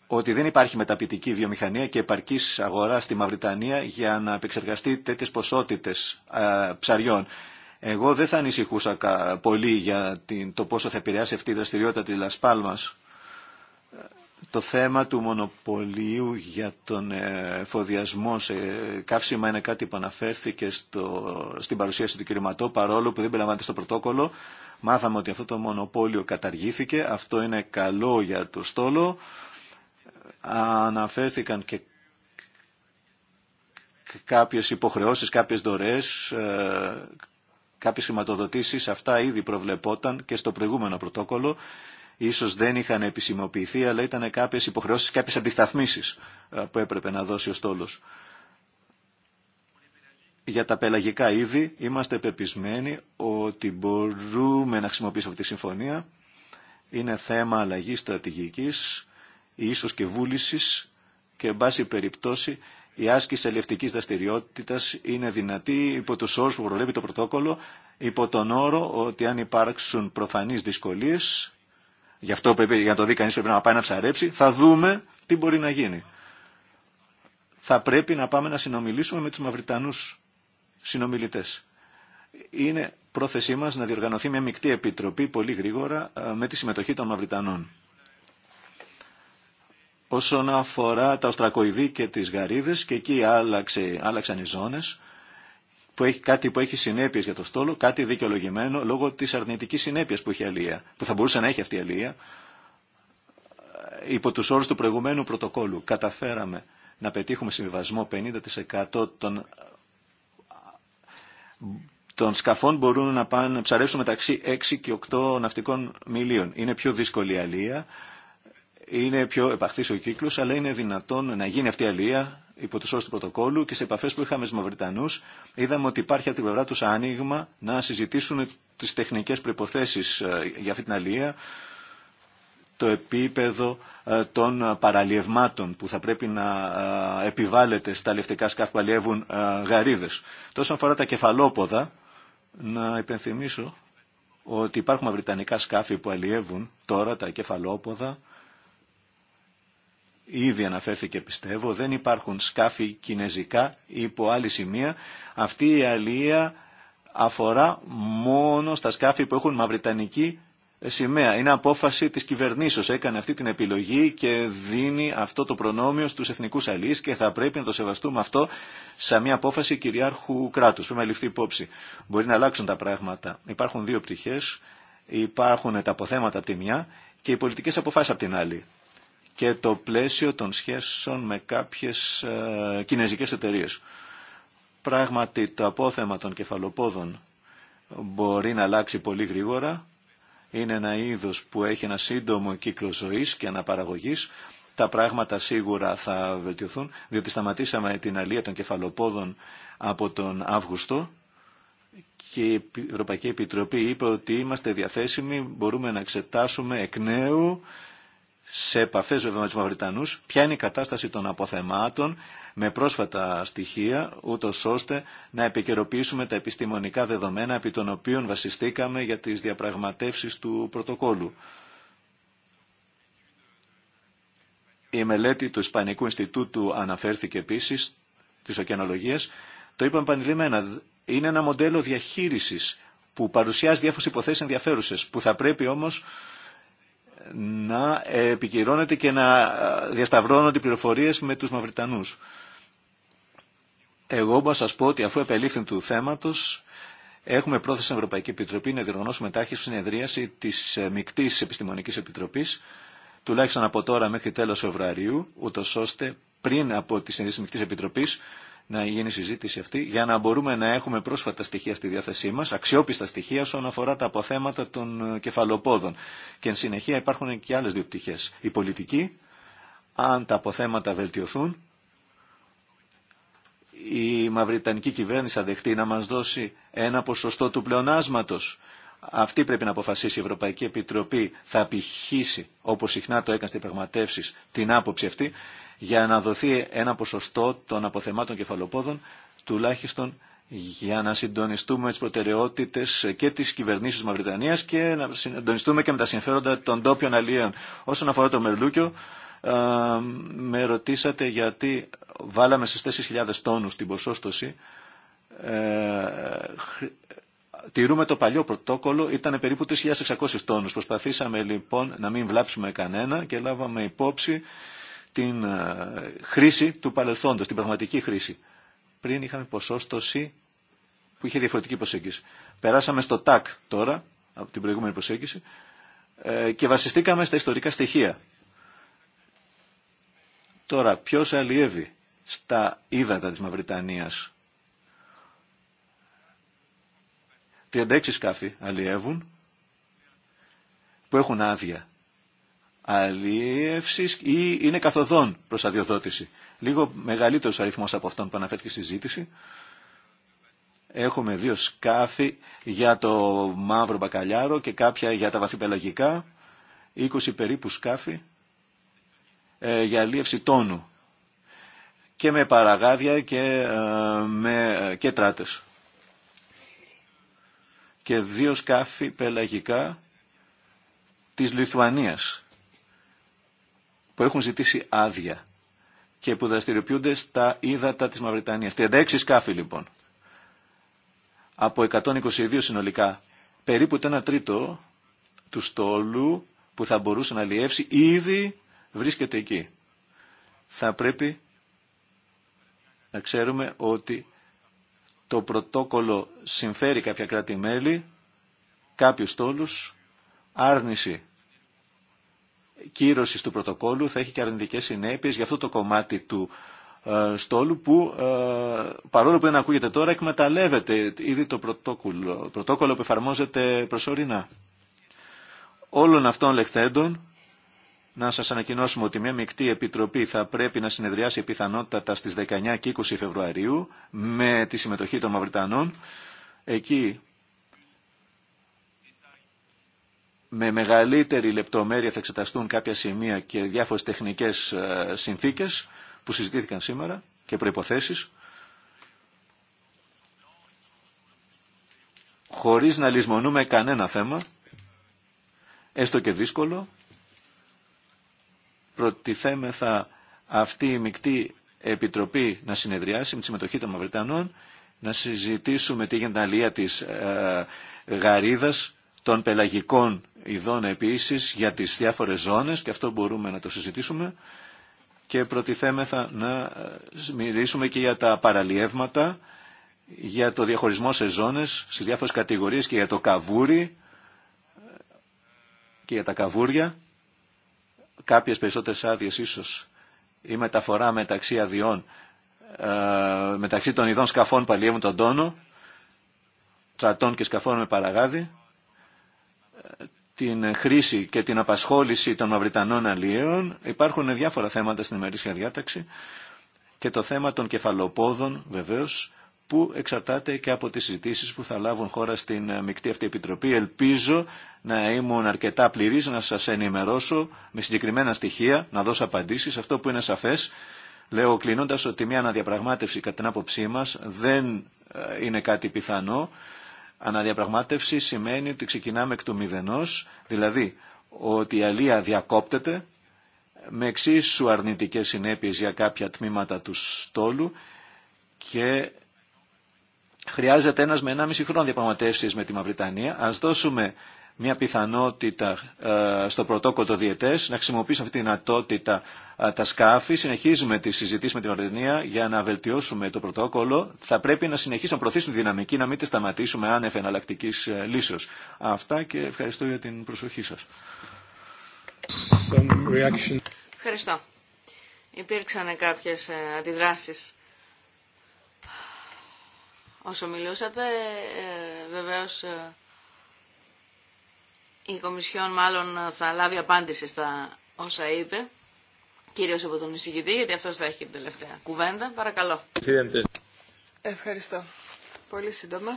ότι δεν υπάρχει μεταπητική βιομηχανία και επαρκή αγορά στη Μαυριτανία για να επεξεργαστεί τέτοιε ποσότητε ε, ψαριών. Εγώ δεν θα ανησυχούσα πολύ για το πόσο θα επηρεάσει αυτή η δραστηριότητα τη Λασπάλμα το θέμα του μονοπωλίου για τον ε, εφοδιασμό σε καύσιμα είναι κάτι που αναφέρθηκε στο, στην παρουσίαση του κ. παρόλο που δεν περιλαμβάνεται στο πρωτόκολλο. Μάθαμε ότι αυτό το μονοπόλιο καταργήθηκε. Αυτό είναι καλό για το στόλο. Αναφέρθηκαν και κάποιες υποχρεώσεις, κάποιες δωρές, ε, κάποιες χρηματοδοτήσεις. Αυτά ήδη προβλεπόταν και στο προηγούμενο πρωτόκολλο ίσως δεν είχαν επισημοποιηθεί, αλλά ήταν κάποιες υποχρεώσεις, κάποιες αντισταθμίσεις ε, που έπρεπε να δώσει ο στόλος. Για τα πελαγικά είδη είμαστε πεπισμένοι ότι μπορούμε να χρησιμοποιήσουμε αυτή τη συμφωνία. Είναι θέμα αλλαγής στρατηγικής, ίσως και βούλησης και εν πάση περιπτώσει η άσκηση αλληλευτική δραστηριότητα είναι δυνατή υπό του όρου που προβλέπει το πρωτόκολλο, υπό τον όρο ότι αν υπάρξουν προφανεί δυσκολίε, Γι' αυτό πρέπει, για να το δει κανεί πρέπει να πάει να ψαρέψει. Θα δούμε τι μπορεί να γίνει. Θα πρέπει να πάμε να συνομιλήσουμε με τους Μαυριτανούς συνομιλητές. Είναι πρόθεσή μας να διοργανωθεί μια μεικτή επιτροπή πολύ γρήγορα ε, με τη συμμετοχή των Μαυριτανών. Όσον αφορά τα οστρακοειδή και τις γαρίδες, και εκεί άλλαξε, άλλαξαν οι ζώνες, που έχει, κάτι που έχει συνέπειε για το στόλο, κάτι δικαιολογημένο λόγω τη αρνητική συνέπειας που έχει αλία, που θα μπορούσε να έχει αυτή η αλία, ε, υπό του όρου του προηγουμένου πρωτοκόλου. Καταφέραμε να πετύχουμε συμβιβασμό 50% των, των σκαφών μπορούν να πάνε, ψαρεύσουν μεταξύ 6 και 8 ναυτικών μιλίων. Είναι πιο δύσκολη η αλία, είναι πιο επαχθής ο κύκλος, αλλά είναι δυνατόν να γίνει αυτή η αλία υπό τους όρους του πρωτοκόλλου και σε επαφές που είχαμε με Βρετανούς είδαμε ότι υπάρχει από την πλευρά του άνοιγμα να συζητήσουν τις τεχνικές προϋποθέσεις ε, για αυτή την αλληλεία, το επίπεδο ε, των παραλιευμάτων που θα πρέπει να ε, επιβάλλεται στα λευτικά σκάφη που αλλιεύουν γαρίδε. Τόσο αφορά τα κεφαλόποδα, να υπενθυμίσω ότι υπάρχουν βρετανικά σκάφη που αλλιεύουν τώρα τα κεφαλόποδα Ήδη αναφέρθηκε πιστεύω, δεν υπάρχουν σκάφη κινέζικα υπό άλλη σημεία. Αυτή η αλία αφορά μόνο στα σκάφη που έχουν μαυριτανική σημαία. Είναι απόφαση της κυβερνήσεως. Έκανε αυτή την επιλογή και δίνει αυτό το προνόμιο στους εθνικούς αλείς και θα πρέπει να το σεβαστούμε αυτό σαν μια απόφαση κυριάρχου κράτους. Πρέπει να ληφθεί υπόψη. Μπορεί να αλλάξουν τα πράγματα. Υπάρχουν δύο πτυχές. Υπάρχουν τα αποθέματα από τη μια και οι πολιτικές αποφάσεις από την άλλη και το πλαίσιο των σχέσεων με κάποιες ε, κινέζικες εταιρείες. Πράγματι το απόθεμα των κεφαλοπόδων μπορεί να αλλάξει πολύ γρήγορα. Είναι ένα είδος που έχει ένα σύντομο κύκλο ζωής και αναπαραγωγής. Τα πράγματα σίγουρα θα βελτιωθούν, διότι σταματήσαμε την αλία των κεφαλοπόδων από τον Αύγουστο και η Ευρωπαϊκή Επιτροπή είπε ότι είμαστε διαθέσιμοι, μπορούμε να εξετάσουμε εκ νέου σε επαφέ βέβαια με του Μαυριτανού, ποια είναι η κατάσταση των αποθεμάτων με πρόσφατα στοιχεία, ούτω ώστε να επικαιροποιήσουμε τα επιστημονικά δεδομένα επί των οποίων βασιστήκαμε για τι διαπραγματεύσει του πρωτοκόλου. Η μελέτη του Ισπανικού Ινστιτούτου αναφέρθηκε επίση, τη Οκεανολογία. Το είπαμε επανειλημμένα. Είναι ένα μοντέλο διαχείριση που παρουσιάζει διάφορε υποθέσει ενδιαφέρουσε, που θα πρέπει όμω να επικυρώνεται και να διασταυρώνονται πληροφορίες με τους Μαυριτανούς. Εγώ μπορώ να σας πω ότι αφού επελήφθην του θέματος, έχουμε πρόθεση στην Ευρωπαϊκή Επιτροπή να διοργανώσουμε τάχιστη συνεδρίαση της ε, Μικτής Επιστημονικής Επιτροπής, τουλάχιστον από τώρα μέχρι τέλος Φεβρουαρίου, ούτως ώστε πριν από τη συνεδρίαση της Μικτής Επιτροπής να γίνει η συζήτηση αυτή για να μπορούμε να έχουμε πρόσφατα στοιχεία στη διάθεσή μα, αξιόπιστα στοιχεία όσον αφορά τα αποθέματα των ε, κεφαλοπόδων. Και εν συνεχεία υπάρχουν και άλλε δύο πτυχέ. Η πολιτική, αν τα αποθέματα βελτιωθούν, η μαυριτανική κυβέρνηση θα δεχτεί να μα δώσει ένα ποσοστό του πλεονάσματο. Αυτή πρέπει να αποφασίσει η Ευρωπαϊκή Επιτροπή. Θα απηχήσει, όπως συχνά το έκανε στις πραγματεύσει την άποψη αυτή για να δοθεί ένα ποσοστό των αποθεμάτων κεφαλοπόδων τουλάχιστον για να συντονιστούμε τι προτεραιότητε και τη κυβερνήσεως τη Μαυριτανίας και να συντονιστούμε και με τα συμφέροντα των τόπιων αλλιέων. Όσον αφορά το Μερλούκιο, ε, με ρωτήσατε γιατί βάλαμε στι 4.000 τόνου την ποσόστοση. Ε, τηρούμε το παλιό πρωτόκολλο, ήταν περίπου 3.600 τόνους. Προσπαθήσαμε λοιπόν να μην βλάψουμε κανένα και λάβαμε υπόψη την ε, χρήση του παρελθόντος, την πραγματική χρήση. Πριν είχαμε ποσόστοση που είχε διαφορετική προσέγγιση. Περάσαμε στο ΤΑΚ τώρα, από την προηγούμενη προσέγγιση, ε, και βασιστήκαμε στα ιστορικά στοιχεία. Τώρα, ποιος αλλιεύει στα ύδατα της Μαυριτανίας. 36 σκάφη αλλιεύουν που έχουν άδεια αλίευση ή είναι καθοδόν προς αδειοδότηση. Λίγο μεγαλύτερο αριθμός από αυτόν που αναφέρθηκε στη συζήτηση. Έχουμε δύο σκάφη για το μαύρο μπακαλιάρο και κάποια για τα βαθυπελαγικά. 20 περίπου σκάφη ε, για αλίευση τόνου. Και με παραγάδια και, ε, με, ε, και τράτες. Και δύο σκάφη πελαγικά της Λιθουανίας που έχουν ζητήσει άδεια και που δραστηριοποιούνται στα ύδατα της Μαυριτανίας. 36 σκάφη λοιπόν, από 122 συνολικά, περίπου το 1 τρίτο του στόλου που θα μπορούσε να λιεύσει ήδη βρίσκεται εκεί. Θα πρέπει να ξέρουμε ότι το πρωτόκολλο συμφέρει κάποια κράτη-μέλη, κάποιους στόλους, άρνηση Κύρωση του πρωτοκόλλου θα έχει και αρνητικέ συνέπειε για αυτό το κομμάτι του ε, στόλου που ε, παρόλο που δεν ακούγεται τώρα εκμεταλλεύεται ήδη το πρωτόκολλο, πρωτόκολλο που εφαρμόζεται προσωρινά. Όλων αυτών λεχθέντων να σας ανακοινώσουμε ότι μια μεικτή επιτροπή θα πρέπει να συνεδριάσει πιθανότατα στις 19 και 20 Φεβρουαρίου με τη συμμετοχή των Μαυριτανών. Εκεί με μεγαλύτερη λεπτομέρεια θα εξεταστούν κάποια σημεία και διάφορες τεχνικές ε, συνθήκες που συζητήθηκαν σήμερα και προϋποθέσεις χωρίς να λησμονούμε κανένα θέμα έστω και δύσκολο προτιθέμεθα αυτή η μεικτή επιτροπή να συνεδριάσει με τη συμμετοχή των Μαυριτανών να συζητήσουμε τη γενναλία της ε, γαρίδας των πελαγικών ειδών επίσης για τις διάφορες ζώνες και αυτό μπορούμε να το συζητήσουμε και προτιθέμεθα να ε, μιλήσουμε και για τα παραλιεύματα, για το διαχωρισμό σε ζώνες, σε διάφορες κατηγορίες και για το καβούρι ε, και για τα καβούρια, κάποιες περισσότερες άδειε ίσως ή μεταφορά μεταξύ αδειών, ε, μεταξύ των ειδών σκαφών που αλλιεύουν τον τόνο, στρατών και σκαφών με παραγάδι, την χρήση και την απασχόληση των Μαυριτανών αλλιέων. Υπάρχουν διάφορα θέματα στην ημερήσια διάταξη και το θέμα των κεφαλοπόδων βεβαίως που εξαρτάται και από τις συζητήσεις που θα λάβουν χώρα στην ε, μεικτή αυτή επιτροπή. Ελπίζω να ήμουν αρκετά πληρής, να σας ενημερώσω με συγκεκριμένα στοιχεία, να δώσω απαντήσεις. Αυτό που είναι σαφές, λέω κλείνοντας ότι μια αναδιαπραγμάτευση κατά την άποψή μας δεν ε, είναι κάτι πιθανό. Αναδιαπραγμάτευση σημαίνει ότι ξεκινάμε εκ του μηδενός, δηλαδή ότι η αλία διακόπτεται με εξίσου αρνητικές συνέπειες για κάποια τμήματα του στόλου και χρειάζεται ένας με 1,5 χρόνο διαπραγματεύσεις με τη Μαυριτανία. Ας δώσουμε μια πιθανότητα ε, στο πρωτόκολλο το να χρησιμοποιήσουν αυτή τη δυνατότητα ε, τα σκάφη. Συνεχίζουμε τη συζητήση με την Ορδενία για να βελτιώσουμε το πρωτόκολλο. Θα πρέπει να συνεχίσουμε να προωθήσουμε τη δυναμική, να μην τη σταματήσουμε άνευ εναλλακτική ε, λύσεω. Αυτά και ευχαριστώ για την προσοχή σα. Ευχαριστώ. Υπήρξαν κάποιες αντιδράσει. όσο μιλούσατε. Βεβαίως η Κομισιόν μάλλον θα λάβει απάντηση στα όσα είπε, κυρίως από τον εισηγητή, γιατί αυτός θα έχει την τελευταία κουβέντα. Παρακαλώ. Ευχαριστώ. Πολύ σύντομα.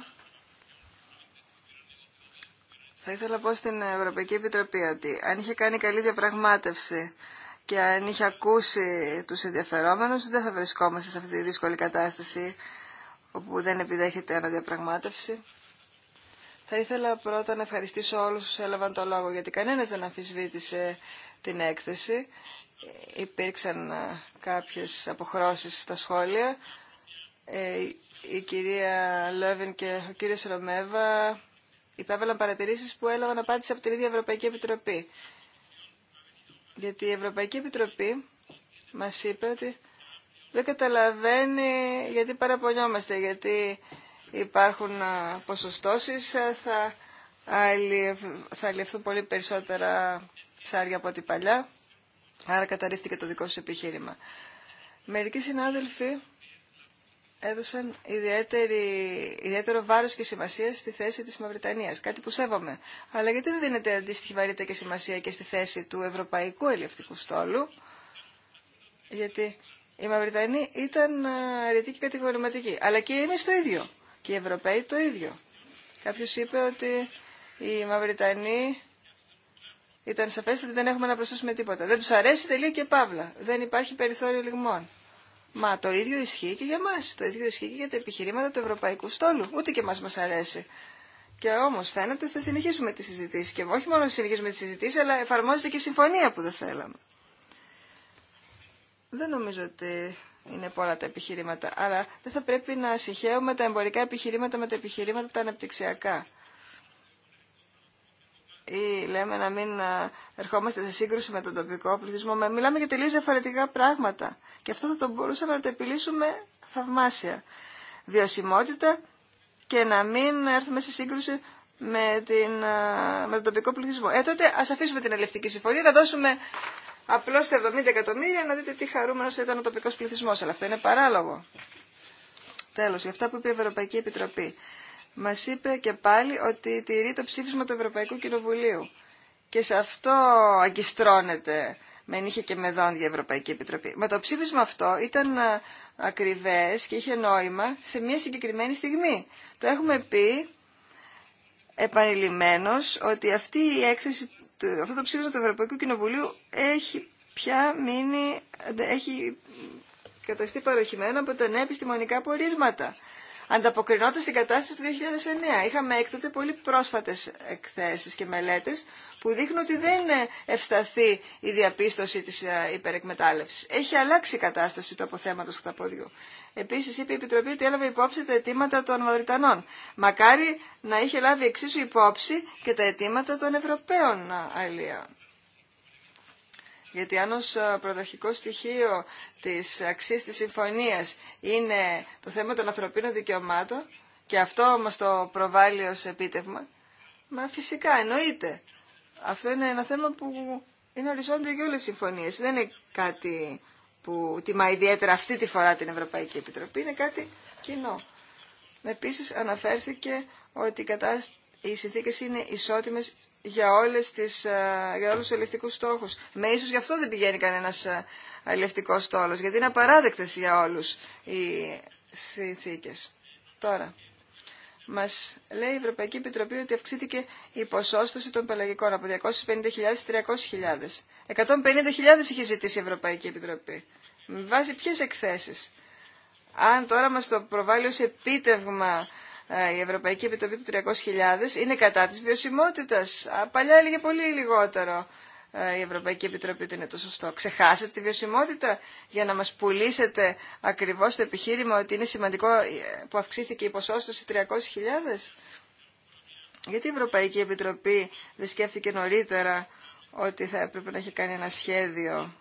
Θα ήθελα πω στην Ευρωπαϊκή Επιτροπή ότι αν είχε κάνει καλή διαπραγμάτευση και αν είχε ακούσει τους ενδιαφερόμενους δεν θα βρισκόμαστε σε αυτή τη δύσκολη κατάσταση όπου δεν επιδέχεται αναδιαπραγμάτευση. Θα ήθελα πρώτα να ευχαριστήσω όλους που έλαβαν το λόγο, γιατί κανένας δεν αμφισβήτησε την έκθεση. Υπήρξαν ε, κάποιες αποχρώσεις στα σχόλια. Ε, η κυρία Λόβιν και ο κύριος Ρωμέβα υπέβαλαν παρατηρήσεις που έλαβαν απάντηση από την ίδια Ευρωπαϊκή Επιτροπή. Γιατί η Ευρωπαϊκή Επιτροπή μας είπε ότι δεν καταλαβαίνει γιατί παραπονιόμαστε, γιατί υπάρχουν ποσοστώσεις, ε, θα, αλλιευ... θα πολύ περισσότερα ψάρια από ό,τι παλιά. Άρα καταρρίφθηκε το δικό σου επιχείρημα. Μερικοί συνάδελφοι έδωσαν ιδιαίτερη, ιδιαίτερο βάρος και σημασία στη θέση της Μαυριτανίας, κάτι που σέβομαι. Αλλά γιατί δεν δίνεται αντίστοιχη βαρύτητα και σημασία και στη θέση του Ευρωπαϊκού Ελληνικού Στόλου, γιατί οι Μαυριτανοί ήταν αρνητικοί και κατηγορηματικοί. Αλλά και εμείς το ίδιο και οι Ευρωπαίοι το ίδιο. Κάποιος είπε ότι οι Μαυριτανοί ήταν σαφές ότι δεν έχουμε να προσθέσουμε τίποτα. Δεν τους αρέσει τελεία και παύλα. Δεν υπάρχει περιθώριο λιγμών. Μα το ίδιο ισχύει και για μας. Το ίδιο ισχύει και για τα επιχειρήματα του Ευρωπαϊκού Στόλου. Ούτε και μας μας αρέσει. Και όμω φαίνεται ότι θα συνεχίσουμε τι συζητήσει. Και όχι μόνο συνεχίζουμε τι συζητήσει, αλλά εφαρμόζεται και η συμφωνία που δεν θέλαμε. Δεν νομίζω ότι είναι πολλά τα επιχειρήματα. Αλλά δεν θα πρέπει να συγχαίουμε τα εμπορικά επιχειρήματα με τα επιχειρήματα τα αναπτυξιακά. Ή λέμε να μην ερχόμαστε σε σύγκρουση με τον τοπικό πληθυσμό. Μιλάμε για τελείως διαφορετικά πράγματα. Και αυτό θα το μπορούσαμε να το επιλύσουμε θαυμάσια. Βιωσιμότητα και να μην έρθουμε σε σύγκρουση με, την, με τον τοπικό πληθυσμό. Ε, τότε ας αφήσουμε την ελευτική συμφωνία, να δώσουμε απλώς τα 70 εκατομμύρια να δείτε τι χαρούμενο ήταν ο τοπικό πληθυσμό, Αλλά αυτό είναι παράλογο. Τέλο, για αυτά που είπε η Ευρωπαϊκή Επιτροπή. Μα είπε και πάλι ότι τηρεί το ψήφισμα του Ευρωπαϊκού Κοινοβουλίου. Και σε αυτό αγκιστρώνεται με νύχια και με δόντια η Ευρωπαϊκή Επιτροπή. Μα το ψήφισμα αυτό ήταν ε, ακριβέ και είχε νόημα σε μια συγκεκριμένη στιγμή. Το έχουμε πει επανειλημμένος ότι αυτή η έκθεση αυτό το ψήφισμα του Ευρωπαϊκού Κοινοβουλίου έχει πια μείνει, έχει καταστεί παροχημένο από τα νέα επιστημονικά πορίσματα ανταποκρινόταν στην κατάσταση του 2009. Είχαμε έκτοτε πολύ πρόσφατες εκθέσεις και μελέτες που δείχνουν ότι δεν ευσταθεί η διαπίστωση της ε, υπερεκμετάλλευσης. Έχει αλλάξει η κατάσταση του αποθέματος χταποδιού. Επίσης είπε η Επιτροπή ότι έλαβε υπόψη τα αιτήματα των Μαυριτανών. Μακάρι να είχε λάβει εξίσου υπόψη και τα αιτήματα των Ευρωπαίων ε, αλλιών. Γιατί αν ως ε, πρωταρχικό στοιχείο της αξίας της συμφωνίας είναι το θέμα των ανθρωπίνων δικαιωμάτων και αυτό μας το προβάλλει ως επίτευγμα, μα φυσικά εννοείται. Αυτό είναι ένα θέμα που είναι οριζόντιο για όλες τις συμφωνίες. Δεν είναι κάτι που τιμά ιδιαίτερα αυτή τη φορά την Ευρωπαϊκή Επιτροπή, είναι κάτι κοινό. Επίσης αναφέρθηκε ότι οι συνθήκες είναι ισότιμες για, όλες τις, ε, για όλους τους στόχους. Με ίσως γι' αυτό δεν πηγαίνει κανένας ε, αλληλευτικός στόλος, γιατί είναι απαράδεκτες για όλους οι συνθήκες. Τώρα, μας λέει η Ευρωπαϊκή Επιτροπή ότι αυξήθηκε η ποσόστοση των πελαγικών από 250.000 στις 300.000. 150.000 είχε ζητήσει η Ευρωπαϊκή Επιτροπή. Με βάση ποιες εκθέσεις. Αν τώρα μας το προβάλλει ως επίτευγμα ε, η Ευρωπαϊκή Επιτροπή του 300.000 είναι κατά της βιωσιμότητας. Παλιά έλεγε πολύ λιγότερο. Ε, η Ευρωπαϊκή Επιτροπή ότι είναι το σωστό. Ξεχάσετε τη βιωσιμότητα για να μας πουλήσετε ακριβώς το επιχείρημα ότι είναι σημαντικό ε, που αυξήθηκε η ποσότητα 300.000. Γιατί η Ευρωπαϊκή Επιτροπή δεν σκέφτηκε νωρίτερα ότι θα έπρεπε να έχει κάνει ένα σχέδιο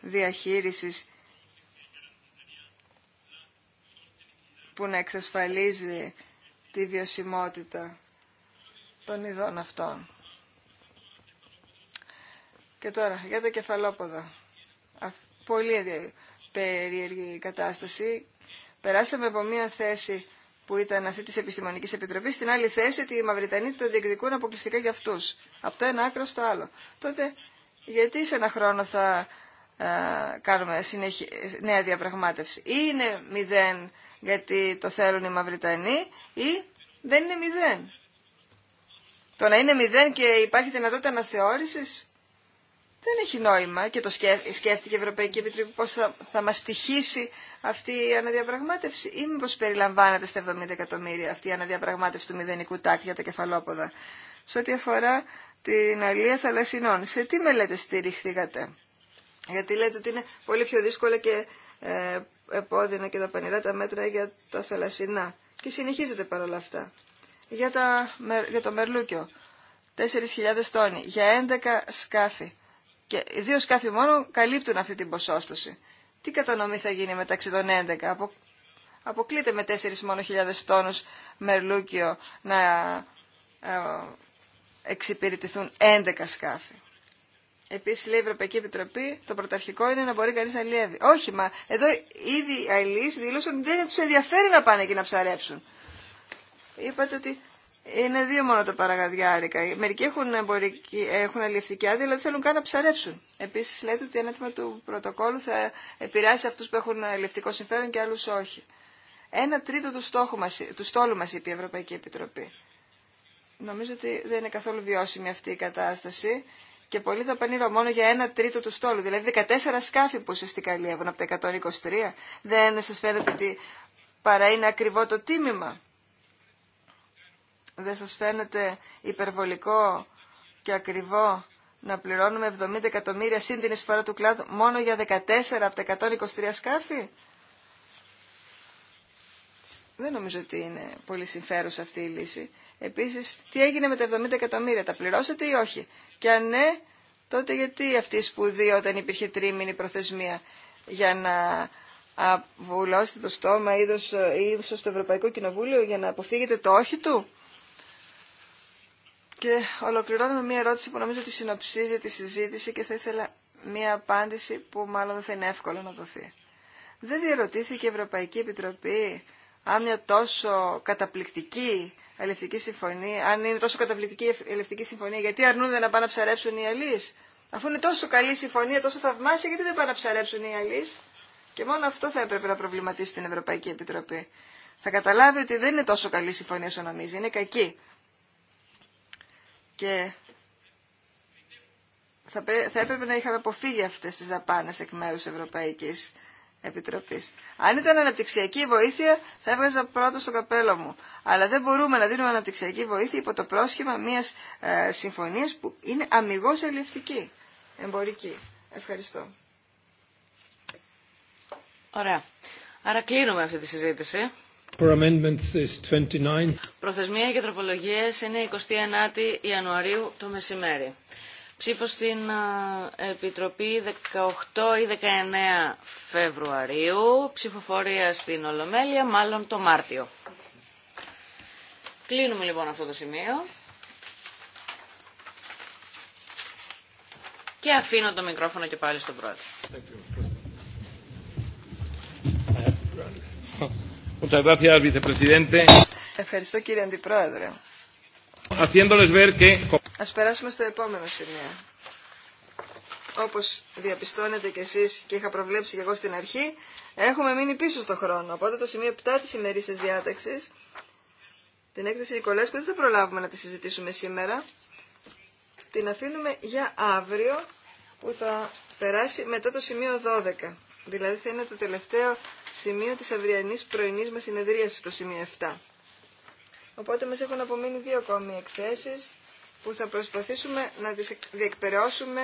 διαχείρισης που να εξασφαλίζει τη βιωσιμότητα των ειδών αυτών. Και τώρα, για τα κεφαλόποδα. Πολύ περίεργη κατάσταση. Περάσαμε από μία θέση που ήταν αυτή τη Επιστημονική Επιτροπή, στην άλλη θέση ότι οι Μαυριτανοί το διεκδικούν αποκλειστικά για αυτού. Από το ένα άκρο στο άλλο. Τότε, γιατί σε ένα χρόνο θα α, ε, κάνουμε νέα διαπραγμάτευση. Ή είναι μηδέν γιατί το θέλουν οι Μαυριτανοί, ή δεν είναι μηδέν. Το να είναι μηδέν και υπάρχει δυνατότητα αναθεώρηση δεν έχει νόημα και το σκέφτηκε η Ευρωπαϊκή Επιτροπή πώς θα, θα μας στοιχήσει αυτή η αναδιαπραγμάτευση ή μήπως περιλαμβάνεται στα 70 εκατομμύρια αυτή η αναδιαπραγμάτευση του μηδενικού τάκ για τα κεφαλόποδα. Σε ό,τι αφορά την αλία θαλασσινών, σε τι μελέτε στηριχθήκατε. Γιατί λέτε ότι είναι πολύ πιο δύσκολα και ε, επώδυνα και τα πανηρά τα μέτρα για τα θαλασσινά. Και συνεχίζετε παρόλα αυτά. Για, τα, για το μερλούκιο, 4.000 τόνοι, για 11 σκάφη. Και δύο σκάφη μόνο καλύπτουν αυτή την ποσόστοση. Τι κατανομή θα γίνει μεταξύ των 11. Απο... Αποκλείται με 4 μόνο χιλιάδες τόνους μερλούκιο να ε, εξυπηρετηθούν 11 σκάφη. Επίση, λέει η Ευρωπαϊκή Επιτροπή, το πρωταρχικό είναι να μπορεί κανεί να λιεύει. Όχι, μα εδώ ήδη οι αλληλεί δήλωσαν ότι δεν του ενδιαφέρει να πάνε εκεί να ψαρέψουν. Είπατε ότι είναι δύο μόνο τα παραγαδιάρικα. Μερικοί έχουν, εμπορική, έχουν αλληλευτική άδεια, δεν δηλαδή θέλουν καν να ψαρέψουν. Επίση, λέτε ότι ένα τμήμα του πρωτοκόλου θα επηρεάσει αυτού που έχουν αλληλευτικό συμφέρον και άλλου όχι. Ένα τρίτο του, στόχου μας, του στόλου μα, είπε η Ευρωπαϊκή Επιτροπή. Νομίζω ότι δεν είναι καθόλου βιώσιμη αυτή η κατάσταση και πολύ πανίρω μόνο για ένα τρίτο του στόλου. Δηλαδή 14 σκάφη που ουσιαστικά αλλιεύουν από τα 123. Δεν σα φαίνεται ότι παρά είναι ακριβό το τίμημα. Δεν σας φαίνεται υπερβολικό και ακριβό να πληρώνουμε 70 εκατομμύρια σύν την εισφορά του κλάδου μόνο για 14 από τα 123 σκάφη. Δεν νομίζω ότι είναι πολύ συμφέρουσα αυτή η λύση. Επίσης, τι έγινε με τα 70 εκατομμύρια, τα πληρώσατε ή όχι. Και αν ναι, τότε γιατί αυτή η σπουδή όταν υπήρχε τρίμηνη προθεσμία για να βουλώσετε το στόμα ή ίσως ε, το Ευρωπαϊκό Κοινοβούλιο για να αποφύγετε το όχι του. Και ολοκληρώνω με μια ερώτηση που νομίζω ότι συνοψίζει τη συζήτηση και θα ήθελα μια απάντηση που μάλλον δεν θα είναι εύκολο να δοθεί. Δεν διαρωτήθηκε η Ευρωπαϊκή Επιτροπή αν μια τόσο καταπληκτική συμφωνία, αν είναι τόσο καταπληκτική η συμφωνία, γιατί αρνούνται να πάνε να ψαρέψουν οι αλλοί. Αφού είναι τόσο καλή συμφωνία, τόσο θαυμάσια, γιατί δεν πάνε να ψαρέψουν οι αλλοί. Και μόνο αυτό θα έπρεπε να προβληματίσει την Ευρωπαϊκή Επιτροπή. Θα καταλάβει ότι δεν είναι τόσο καλή συμφωνία όσο νομίζει, είναι κακή και θα, έπρεπε να είχαμε αποφύγει αυτές τις δαπάνες εκ μέρους Ευρωπαϊκής Επιτροπής. Αν ήταν αναπτυξιακή βοήθεια θα έβγαζα πρώτο στο καπέλο μου. Αλλά δεν μπορούμε να δίνουμε αναπτυξιακή βοήθεια υπό το πρόσχημα μιας ε, συμφωνίας που είναι αμυγός ελευθερική, εμπορική. Ευχαριστώ. Ωραία. Άρα κλείνουμε αυτή τη συζήτηση. Προθεσμία για τροπολογίε είναι 29 Ιανουαρίου το μεσημέρι. Ψήφο στην Επιτροπή 18 ή 19 Φεβρουαρίου. Ψηφοφορία στην Ολομέλεια μάλλον το Μάρτιο. Κλείνουμε λοιπόν αυτό το σημείο. Και αφήνω το μικρόφωνο και πάλι στον πρόεδρο. Ευχαριστώ κύριε Αντιπρόεδρε. Ας περάσουμε στο επόμενο σημείο. Όπως διαπιστώνετε κι εσείς και είχα προβλέψει κι εγώ στην αρχή, έχουμε μείνει πίσω στο χρόνο. Οπότε το σημείο 7 της της διάταξης, την έκθεση Νικολέσκου, δεν θα προλάβουμε να τη συζητήσουμε σήμερα. Την αφήνουμε για αύριο που θα περάσει μετά το σημείο 12. Δηλαδή θα είναι το τελευταίο σημείο της αυριανής πρωινής μας συνεδρίασης στο σημείο 7. Οπότε μας έχουν απομείνει δύο ακόμη εκθέσεις που θα προσπαθήσουμε να τις διεκπαιρεώσουμε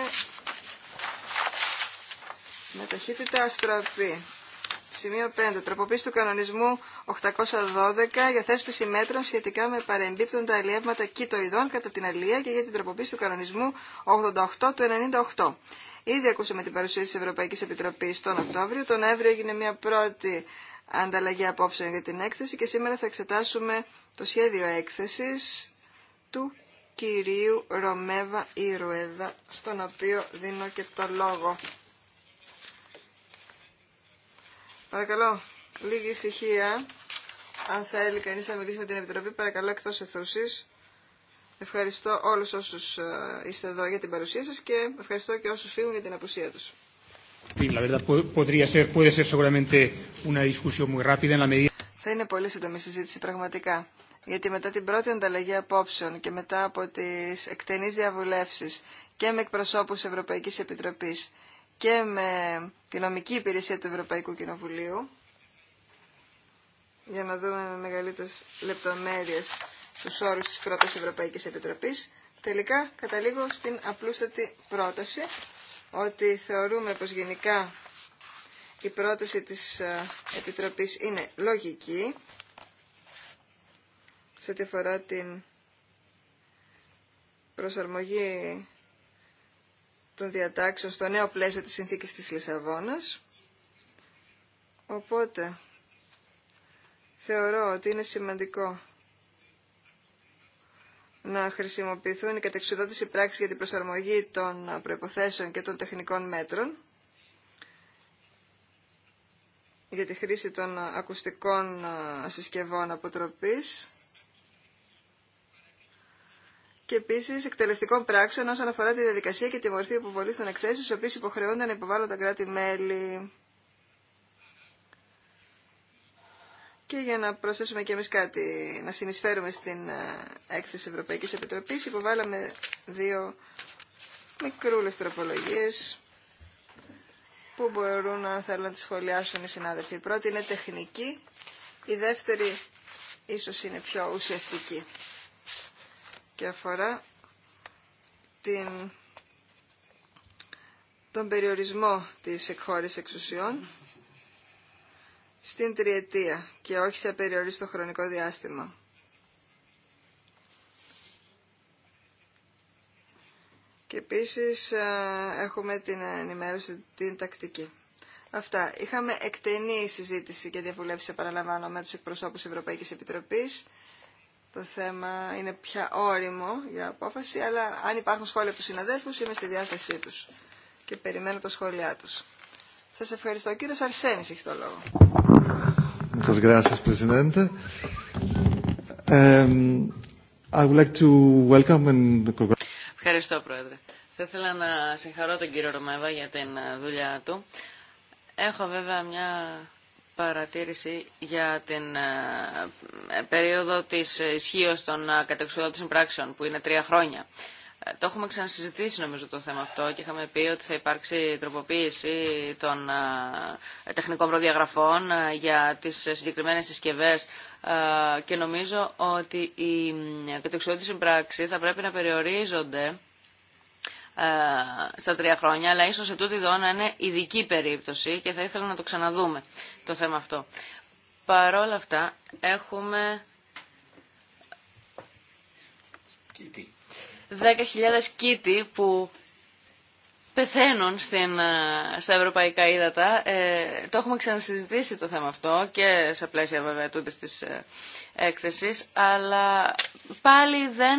με ταχύτητα αστροαπή. Σημείο 5. Τροποποίηση του κανονισμού 812 για θέσπιση μέτρων σχετικά με παρεμπίπτοντα αλλιεύματα κήτο ειδών κατά την αλλία και για την τροποποίηση του κανονισμού 88 του 98. Ήδη ακούσαμε την παρουσία της Ευρωπαϊκής Επιτροπής τον Οκτώβριο. Τον Νοέμβριο έγινε μια πρώτη ανταλλαγή απόψεων για την έκθεση και σήμερα θα εξετάσουμε το σχέδιο έκθεσης του κυρίου Ρωμέβα Ιρουέδα, στον οποίο δίνω και το λόγο. Παρακαλώ, λίγη ησυχία. Αν θέλει κανείς να μιλήσει με την Επιτροπή, παρακαλώ εκτός εθούσης. Ευχαριστώ όλους όσους ε, είστε εδώ για την παρουσία σας και ευχαριστώ και όσους φύγουν για την απουσία τους. Θα είναι πολύ σύντομη συζήτηση πραγματικά. Γιατί μετά την πρώτη ανταλλαγή απόψεων και μετά από τις εκτενείς διαβουλεύσεις και με εκπροσώπους Ευρωπαϊκής Επιτροπής και με την νομική υπηρεσία του Ευρωπαϊκού Κοινοβουλίου για να δούμε με μεγαλύτερες λεπτομέρειες στους όρους της πρώτης Ευρωπαϊκής Επιτροπής, τελικά καταλήγω στην απλούστατη πρόταση ότι θεωρούμε πως γενικά η πρόταση της ε, Επιτροπής είναι λογική σε ό,τι αφορά την προσαρμογή των διατάξεων στο νέο πλαίσιο της συνθήκης της Λισαβόνας. Οπότε, θεωρώ ότι είναι σημαντικό να χρησιμοποιηθούν οι κατεξουδότηση πράξη για την προσαρμογή των προϋποθέσεων και των τεχνικών μέτρων για τη χρήση των ακουστικών συσκευών αποτροπής και επίση εκτελεστικών πράξεων όσον αφορά τη διαδικασία και τη μορφή υποβολή των εκθέσεων, στι οποίε υποχρεούνται να υποβάλλουν τα κράτη-μέλη. Και για να προσθέσουμε και εμείς κάτι, να συνεισφέρουμε στην ε, έκθεση Ευρωπαϊκής Επιτροπής, υποβάλαμε δύο μικρούλες τροπολογίες που μπορούν, να θέλουν, να τις σχολιάσουν οι συνάδελφοι. Η πρώτη είναι τεχνική, η δεύτερη ίσως είναι πιο ουσιαστική και αφορά την... τον περιορισμό της εκχώρησης εξουσιών στην τριετία και όχι σε απεριόριστο χρονικό διάστημα. Και επίσης έχουμε την ενημέρωση, την τακτική. Αυτά. Είχαμε εκτενή συζήτηση και διαβουλεύση, παραλαμβάνω, με τους εκπροσώπους της Ευρωπαϊκής Επιτροπής. Το θέμα είναι πια όριμο για απόφαση, αλλά αν υπάρχουν σχόλια από τους συναδέλφους είμαι στη διάθεσή τους και περιμένω τα σχόλιά τους. Σας ευχαριστώ. Ο κύριος Αρσένης έχει το λόγο. ευχαριστώ, Πρόεδρε. Θα ήθελα να συγχαρώ τον κύριο Ρωμαίβα για την ε, δουλειά του. Έχω βέβαια μια παρατήρηση για την ε, ε, περίοδο της ισχύω των κατεξοδότησης πράξεων, που είναι τρία χρόνια. Το έχουμε ξανασυζητήσει νομίζω το θέμα αυτό και είχαμε πει ότι θα υπάρξει τροποποίηση των ε, τεχνικών προδιαγραφών ε, για τις συγκεκριμένες συσκευές ε, και νομίζω ότι η κατεξιότητες πράξη θα πρέπει να περιορίζονται στα τρία χρόνια, αλλά ίσως σε τούτη εδώ να είναι ειδική περίπτωση και θα ήθελα να το ξαναδούμε το θέμα αυτό. Παρόλα αυτά έχουμε... 10.000 κήτη που πεθαίνουν στην, ε, στα ευρωπαϊκά ύδατα. Ε, το έχουμε ξανασυζητήσει το θέμα αυτό και σε πλαίσια βέβαια τούτης της ε, έκθεσης, αλλά πάλι δεν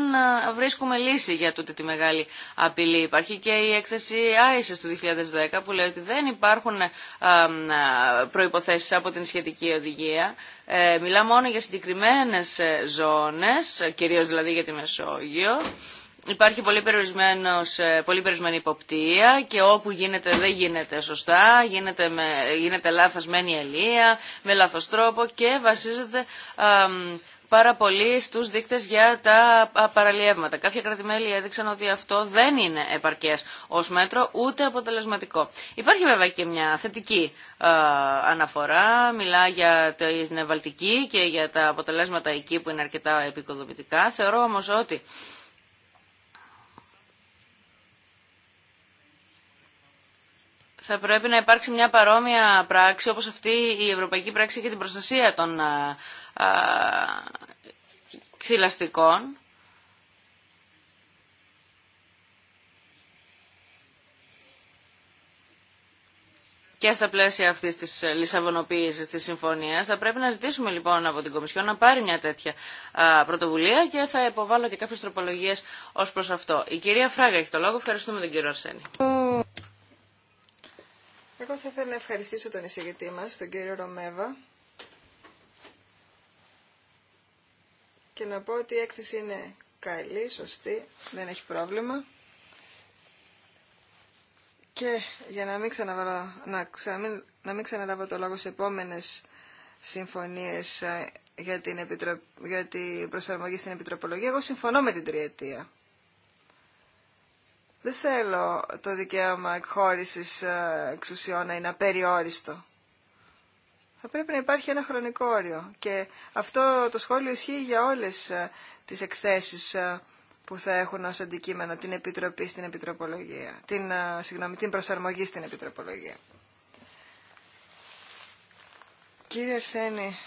βρίσκουμε λύση για τούτη τη μεγάλη απειλή. Υπάρχει και η έκθεση ISIS του 2010 που λέει ότι δεν υπάρχουν προϋποθέσεις από την σχετική οδηγία. Ε, μιλά μόνο για συγκεκριμένες ζώνες, κυρίως δηλαδή για τη Μεσόγειο. Υπάρχει πολύ, περιορισμένος, ε, πολύ περιορισμένη υποπτία και όπου γίνεται δεν γίνεται σωστά, γίνεται, με, γίνεται λάθασμένη ελεία, με λάθος τρόπο και βασίζεται α, πάρα πολύ στους δείκτες για τα παραλιεύματα. Κάποια κρατημέλη έδειξαν ότι αυτό δεν είναι επαρκές ως μέτρο ούτε αποτελεσματικό. Υπάρχει βέβαια και μια θετική αναφορά, μιλά για την ευαλτική και για τα αποτελέσματα εκεί που είναι αρκετά επικοδομητικά. Θεωρώ όμως ότι θα πρέπει να υπάρξει μια παρόμοια πράξη όπως αυτή η Ευρωπαϊκή Πράξη για την προστασία των θηλαστικών. Και στα πλαίσια αυτής της λισαβονοποίησης της συμφωνίας θα πρέπει να ζητήσουμε λοιπόν από την Κομισιόν να πάρει μια τέτοια πρωτοβουλία και θα υποβάλω και κάποιες τροπολογίες ως προς αυτό. Η κυρία Φράγα έχει το λόγο. Ευχαριστούμε τον κύριο Αρσένη. Εγώ θα ήθελα να ευχαριστήσω τον εισηγητή μας, τον κύριο Ρωμέβα, και να πω ότι η έκθεση είναι καλή, σωστή, δεν έχει πρόβλημα. Και για να μην, ξαναβαρώ, να, να μην ξαναλάβω το λόγο σε επόμενες συμφωνίες ε, για την, επιτρο... για την προσαρμογή στην επιτροπολογία, εγώ συμφωνώ με την τριετία. Δεν θέλω το δικαίωμα εκχώρησης ε, εξουσιών να είναι απεριόριστο. Θα πρέπει να υπάρχει ένα χρονικό όριο και αυτό το σχόλιο ισχύει για όλες ε, τις εκθέσεις ε, που θα έχουν ως αντικείμενο την επιτροπή στην επιτροπολογία, την, συγγνώμη, την προσαρμογή στην επιτροπολογία. Κύριε Αρσένη,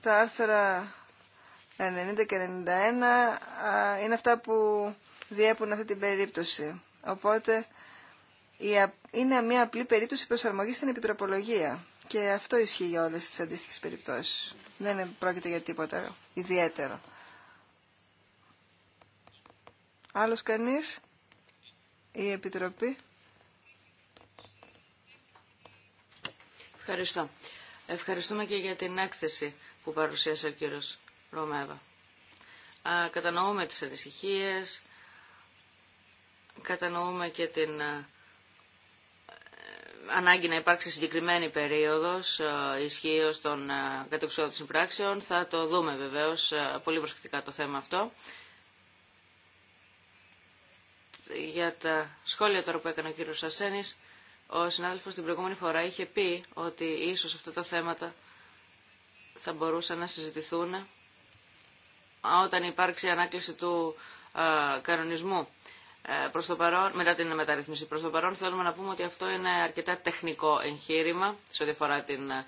τα άρθρα 90 και 91 είναι αυτά που διέπουν αυτή την περίπτωση. Οπότε είναι μια απλή περίπτωση προσαρμογής στην επιτροπολογία. Και αυτό ισχύει για όλες τις αντίστοιχες περιπτώσεις. Δεν πρόκειται για τίποτα ιδιαίτερο. Άλλος κανείς? Η Επιτροπή. Ευχαριστώ. Ευχαριστούμε και για την έκθεση που παρουσίασε ο κύριος Κατανοούμε τις ανησυχίες, κατανοούμε και την ε, ε, ανάγκη να υπάρξει συγκεκριμένη περίοδος ε, ισχύω των κατεξόδων συμπράξεων. Θα το δούμε βεβαίως πολύ προσεκτικά το θέμα αυτό. Για τα σχόλια τώρα που έκανε ο κύριος Ασένης, ο συνάδελφος την προηγούμενη φορά είχε πει ότι ίσως αυτά τα θέματα θα μπορούσαν να συζητηθούν όταν υπάρξει ανάκληση του ε, κανονισμού ε, προς το παρόν, μετά την μεταρρύθμιση. Προς το παρόν θέλουμε να πούμε ότι αυτό είναι αρκετά τεχνικό εγχείρημα σε ό,τι αφορά την, ε,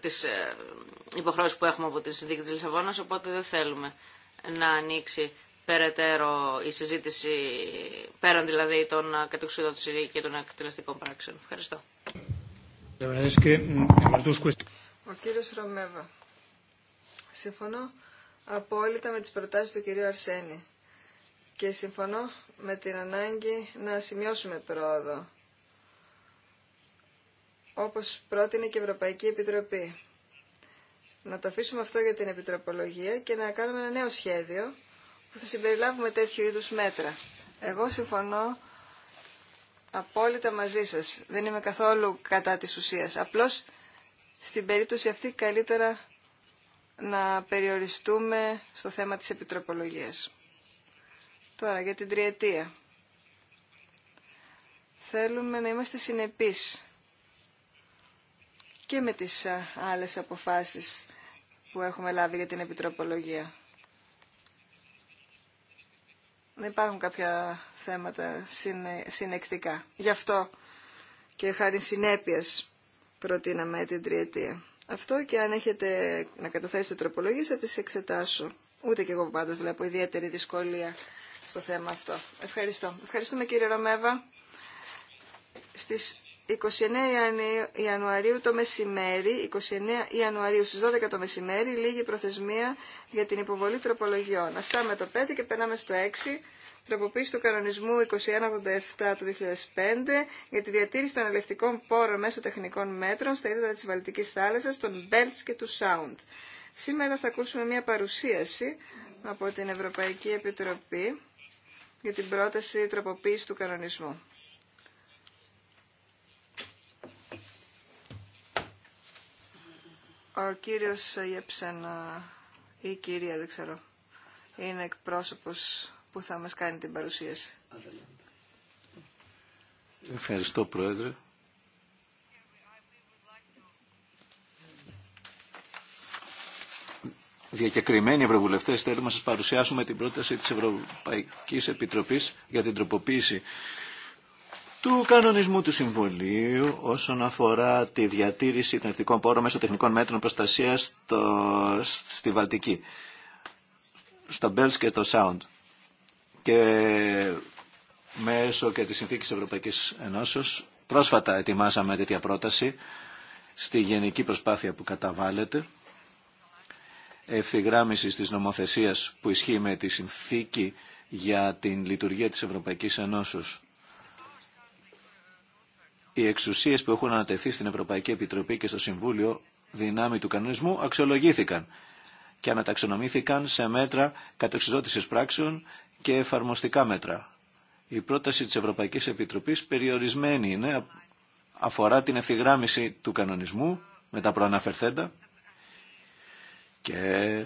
τις ε, που έχουμε από τη συνθήκη της Λισαβόνας, οπότε δεν θέλουμε να ανοίξει περαιτέρω η συζήτηση πέραν δηλαδή των ε, κατεξουδότηση και των εκτελεστικών πράξεων. Ευχαριστώ. Ο κύριος Συμφωνώ απόλυτα με τις προτάσεις του κυρίου Αρσένη και συμφωνώ με την ανάγκη να σημειώσουμε πρόοδο, όπως πρότεινε και η Ευρωπαϊκή Επιτροπή. Να το αφήσουμε αυτό για την επιτροπολογία και να κάνουμε ένα νέο σχέδιο που θα συμπεριλάβουμε τέτοιου είδους μέτρα. Εγώ συμφωνώ απόλυτα μαζί σας. Δεν είμαι καθόλου κατά της ουσίας. Απλώς στην περίπτωση αυτή καλύτερα να περιοριστούμε στο θέμα της επιτροπολογίας. Τώρα, για την τριετία. Θέλουμε να είμαστε συνεπείς και με τις άλλες αποφάσεις που έχουμε λάβει για την επιτροπολογία. Δεν υπάρχουν κάποια θέματα συνεκτικά. Γι' αυτό και χάρη συνέπειας προτείναμε την τριετία. Αυτό και αν έχετε να καταθέσετε τροπολογίες θα τις εξετάσω. Ούτε και εγώ πάντως βλέπω ιδιαίτερη δυσκολία στο θέμα αυτό. Ευχαριστώ. Ευχαριστούμε κύριε Ρομέβα. Στις 29 Ιανουαρίου το μεσημέρι, 29 Ιανουαρίου στις 12 το μεσημέρι, λίγη προθεσμία για την υποβολή τροπολογιών. Αυτά με το 5 και περνάμε στο 6 τροποποίηση του κανονισμού 2187 του 2005 για τη διατήρηση των ελευθερικών πόρων μέσω τεχνικών μέτρων στα είδατα της Βαλτικής θάλασσας, των Belts και του Sound. Σήμερα θα ακούσουμε μια παρουσίαση από την Ευρωπαϊκή Επιτροπή για την πρόταση τροποποίηση του κανονισμού. Ο κύριος Γεψένα ε, ή η κυρία, δεν ξέρω, είναι εκπρόσωπος που θα μας κάνει την παρουσίαση. Ευχαριστώ Πρόεδρε. Διακεκριμένοι Ευρωβουλευτές θέλουμε να σας παρουσιάσουμε την πρόταση τη Ευρωπαϊκής Επιτροπής για την τροποποίηση του κανονισμού του Συμβουλίου όσον αφορά τη διατήρηση των ευτικών πόρων μέσω τεχνικών μέτρων προστασίας στη Βαλτική, στα Bells και το Sound και μέσω και της Συνθήκης Ευρωπαϊκής Ενώσεως πρόσφατα ετοιμάσαμε τέτοια πρόταση στη γενική προσπάθεια που καταβάλλεται ευθυγράμμισης της νομοθεσίας που ισχύει με τη Συνθήκη για την λειτουργία της Ευρωπαϊκής Ενώσεως. Οι εξουσίες που έχουν ανατεθεί στην Ευρωπαϊκή Επιτροπή και στο Συμβούλιο δυνάμει του κανονισμού αξιολογήθηκαν και αναταξονομήθηκαν σε μέτρα κατεξιζώτησης πράξεων και εφαρμοστικά μέτρα. Η πρόταση της Ευρωπαϊκής Επιτροπής περιορισμένη είναι, αφορά την ευθυγράμμιση του κανονισμού με τα προαναφερθέντα και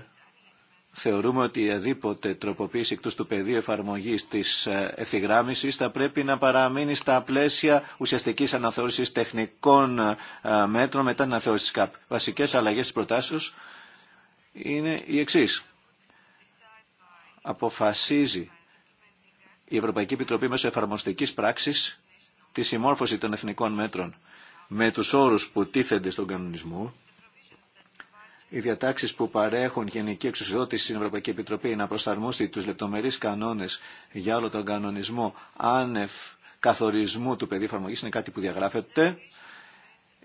θεωρούμε ότι αδίποτε τροποποίηση εκτός του πεδίου εφαρμογής της ε, ευθυγράμμισης θα πρέπει να παραμείνει στα πλαίσια ουσιαστικής αναθεώρησης τεχνικών ε, μέτρων μετά την αναθεώρηση ΚΑΠ. Βασικές αλλαγές της είναι οι εξής αποφασίζει η Ευρωπαϊκή Επιτροπή μέσω εφαρμοστικής πράξης τη συμμόρφωση των εθνικών μέτρων με τους όρους που τίθενται στον κανονισμό. Οι διατάξεις που παρέχουν γενική εξουσιοδότηση στην Ευρωπαϊκή Επιτροπή να προσαρμόσει τους λεπτομερείς κανόνες για όλο τον κανονισμό άνευ καθορισμού του πεδίου εφαρμογή είναι κάτι που διαγράφεται.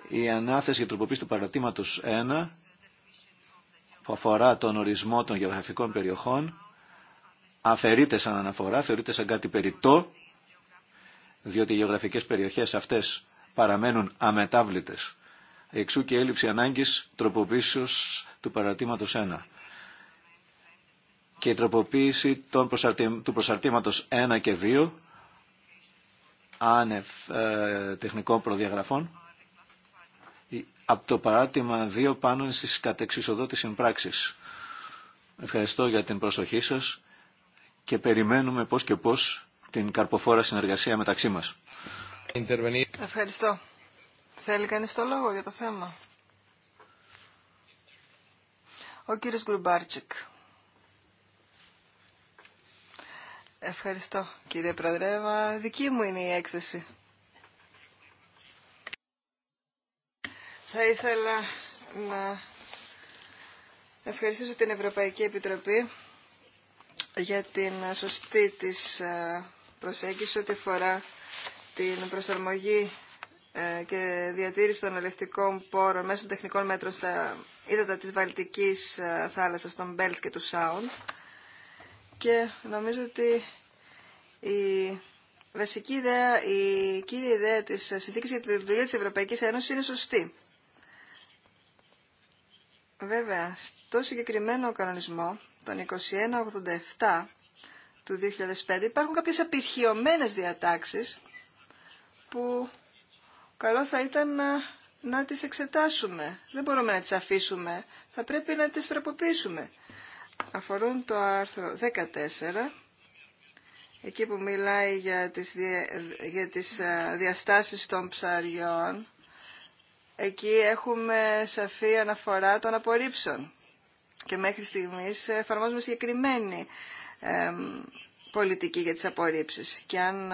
Η ανάθεση για τροποποίηση του παρατήματος 1 που αφορά τον ορισμό των γεωγραφικών περιοχών αφαιρείται σαν αναφορά, θεωρείται σαν κάτι περιττό, διότι οι γεωγραφικές περιοχές αυτές παραμένουν αμετάβλητες. Εξού και έλλειψη ανάγκης τροποποίησης του παρατήματος 1 και η τροποποίηση του προσαρτήματος 1 και 2 άνευ ε, τεχνικών προδιαγραφών από το παράτημα 2 πάνω στις κατεξισοδότησης πράξης. Ευχαριστώ για την προσοχή σας και περιμένουμε πώς και πώς την καρποφόρα συνεργασία μεταξύ μας. Ευχαριστώ. Θέλει κανείς το λόγο για το θέμα. Ο κύριος Γκρουμπάρτσικ. Ευχαριστώ κύριε Πραδρέμα. Δική μου είναι η έκθεση. Θα ήθελα να ευχαριστήσω την Ευρωπαϊκή Επιτροπή για την σωστή της ε, προσέγγιση ό,τι αφορά την προσαρμογή ε, και διατήρηση των ελευτικών πόρων μέσω τεχνικών μέτρων στα ύδατα της Βαλτικής ε, θάλασσας, των Μπέλς και του Σάουντ. Και νομίζω ότι η βασική ιδέα, η κύρια ιδέα της συνθήκης για τη λειτουργία της Ευρωπαϊκής Ένωσης είναι σωστή. Βέβαια, στο συγκεκριμένο κανονισμό τον 2187 του 2005 υπάρχουν κάποιες απειρχιωμένες διατάξεις που καλό θα ήταν να, να τις εξετάσουμε. Δεν μπορούμε να τις αφήσουμε. Θα πρέπει να τις τροποποιήσουμε. Αφορούν το άρθρο 14, εκεί που μιλάει για τις, για τις διαστάσεις των ψαριών. Εκεί έχουμε σαφή αναφορά των απορρίψεων και μέχρι στιγμής εφαρμόζουμε συγκεκριμένη πολιτική για τις απορρίψεις. Και αν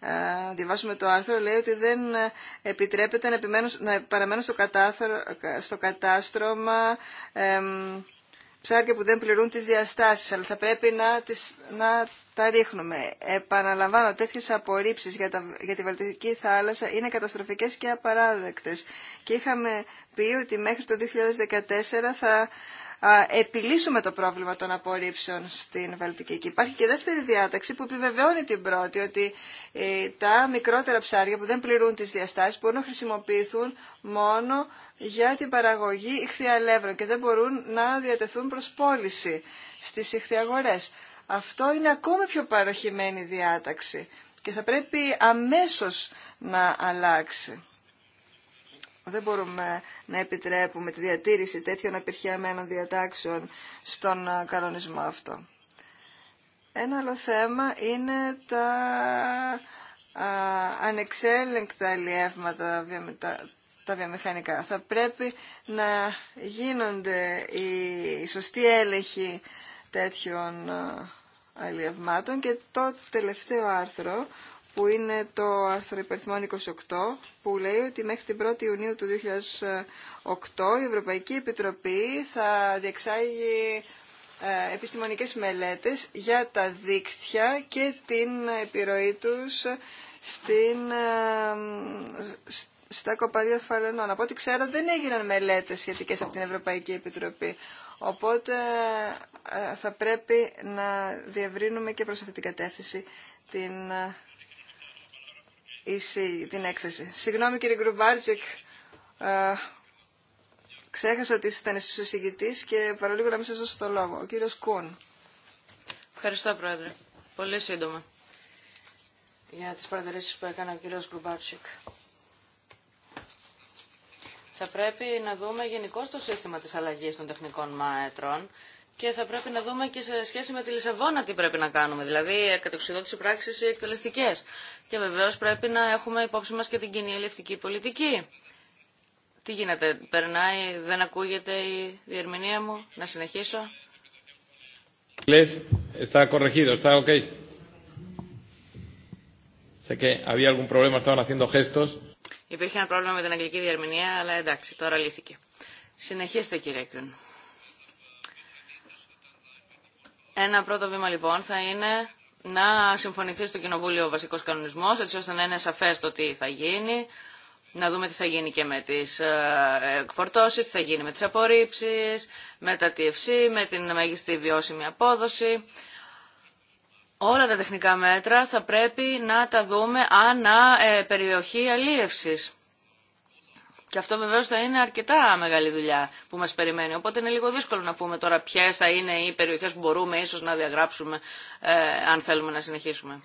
ε, διαβάσουμε το άρθρο, λέει ότι δεν επιτρέπεται να, να παραμένουν στο, κατάθρο, στο κατάστρωμα ψάρια που δεν πληρούν τις διαστάσεις, αλλά θα πρέπει να, τις, να τα ρίχνουμε. Επαναλαμβάνω, τέτοιες απορρίψεις για, τα, για τη Βαλτική θάλασσα είναι καταστροφικές και απαράδεκτες. Και είχαμε πει ότι μέχρι το 2014 θα επιλύσουμε το πρόβλημα των απορρίψεων στην Βαλτική. Και υπάρχει και δεύτερη διάταξη που επιβεβαιώνει την πρώτη, ότι ε, τα μικρότερα ψάρια που δεν πληρούν τις διαστάσεις μπορούν να χρησιμοποιηθούν μόνο για την παραγωγή ηχθιαλεύρων και δεν μπορούν να διατεθούν προς πώληση στις ηχθιαγορές. Αυτό είναι ακόμη πιο παροχημένη διάταξη και θα πρέπει αμέσως να αλλάξει. Δεν μπορούμε να επιτρέπουμε τη διατήρηση τέτοιων απερχιαμένων διατάξεων στον κανονισμό αυτό. Ένα άλλο θέμα είναι τα ανεξέλεγκτα αλλιεύματα, τα βιομηχανικά. Θα πρέπει να γίνονται οι σωστοί έλεγχοι τέτοιων αλλιευμάτων και το τελευταίο άρθρο που είναι το άρθρο υπερθυμών 28, που λέει ότι μέχρι την 1η Ιουνίου του 2008 η Ευρωπαϊκή Επιτροπή θα διεξάγει ε, επιστημονικές μελέτες για τα δίκτυα και την επιρροή τους στην, ε, στα κοπάδια φαλενών. Από ό,τι ξέρω δεν έγιναν μελέτες σχετικές από την Ευρωπαϊκή Επιτροπή. Οπότε ε, θα πρέπει να διευρύνουμε και προς αυτή την κατεύθυνση την την έκθεση. Συγγνώμη κύριε Γκρουμπάρτζικ, ε, ξέχασα ότι ήσασταν εσείς ο συγητής και παρολίγο να μην σας δώσω το λόγο. Ο κύριος Κούν. Ευχαριστώ πρόεδρε. Πολύ σύντομα για τις παρατηρήσεις που έκανε ο κύριος Γκρουμπάρτσικ. Θα πρέπει να δούμε γενικώ το σύστημα της αλλαγής των τεχνικών μαέτρων. Και θα πρέπει να δούμε και σε σχέση με τη Λισαβόνα τι πρέπει να κάνουμε, δηλαδή κατεξουδότηση πράξη ή εκτελεστικέ. Και βεβαίω πρέπει να έχουμε υπόψη μα και την κοινή ελευτική πολιτική. Τι γίνεται, περνάει, δεν ακούγεται η διερμηνία μου, να συνεχίσω. Υπήρχε ένα πρόβλημα με την αγγλική διερμηνία, αλλά εντάξει, τώρα λύθηκε. Συνεχίστε κύριε Κρίνου. Ένα πρώτο βήμα λοιπόν θα είναι να συμφωνηθεί στο Κοινοβούλιο ο βασικός κανονισμός, έτσι ώστε να είναι σαφές το τι θα γίνει, να δούμε τι θα γίνει και με τις ε, εκφορτώσεις, τι θα γίνει με τις απορρίψεις, με τα TFC, με την μέγιστη βιώσιμη απόδοση. Όλα τα τεχνικά μέτρα θα πρέπει να τα δούμε ανά ε, περιοχή αλίευσης. Και αυτό βεβαίω θα είναι αρκετά μεγάλη δουλειά που μα περιμένει. Οπότε είναι λίγο δύσκολο να πούμε τώρα ποιε θα είναι οι περιοχέ που μπορούμε ίσω να διαγράψουμε ε, αν θέλουμε να συνεχίσουμε.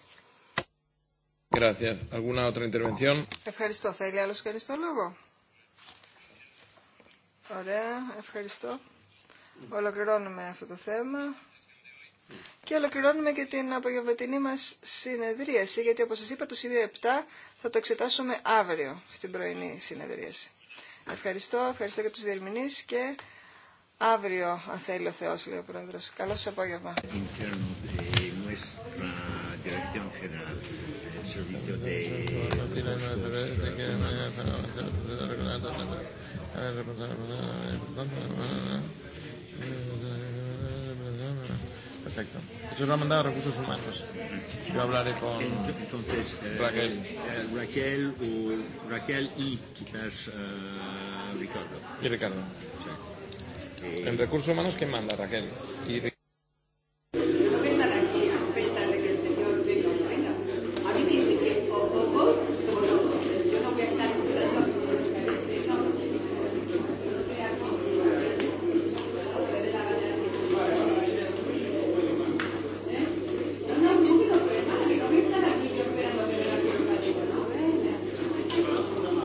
Ευχαριστώ. Θέλει άλλο κανεί το λόγο. Ωραία, ευχαριστώ. Ολοκληρώνουμε αυτό το θέμα. Και ολοκληρώνουμε και την απογευματινή μας συνεδρίαση, γιατί όπως σας είπα το σημείο 7 θα το εξετάσουμε αύριο στην πρωινή συνεδρίαση. Ευχαριστώ, ευχαριστώ και τους διερμηνείς και αύριο, αν θέλει ο Θεός, λέει ο Πρόεδρος. Καλό σας απόγευμα. Perfecto. Eso lo han mandado a recursos humanos. Yo hablaré con Entonces, Raquel. Raquel, o Raquel y quizás Ricardo. Y Ricardo. En recursos humanos, ¿quién manda? Raquel. Y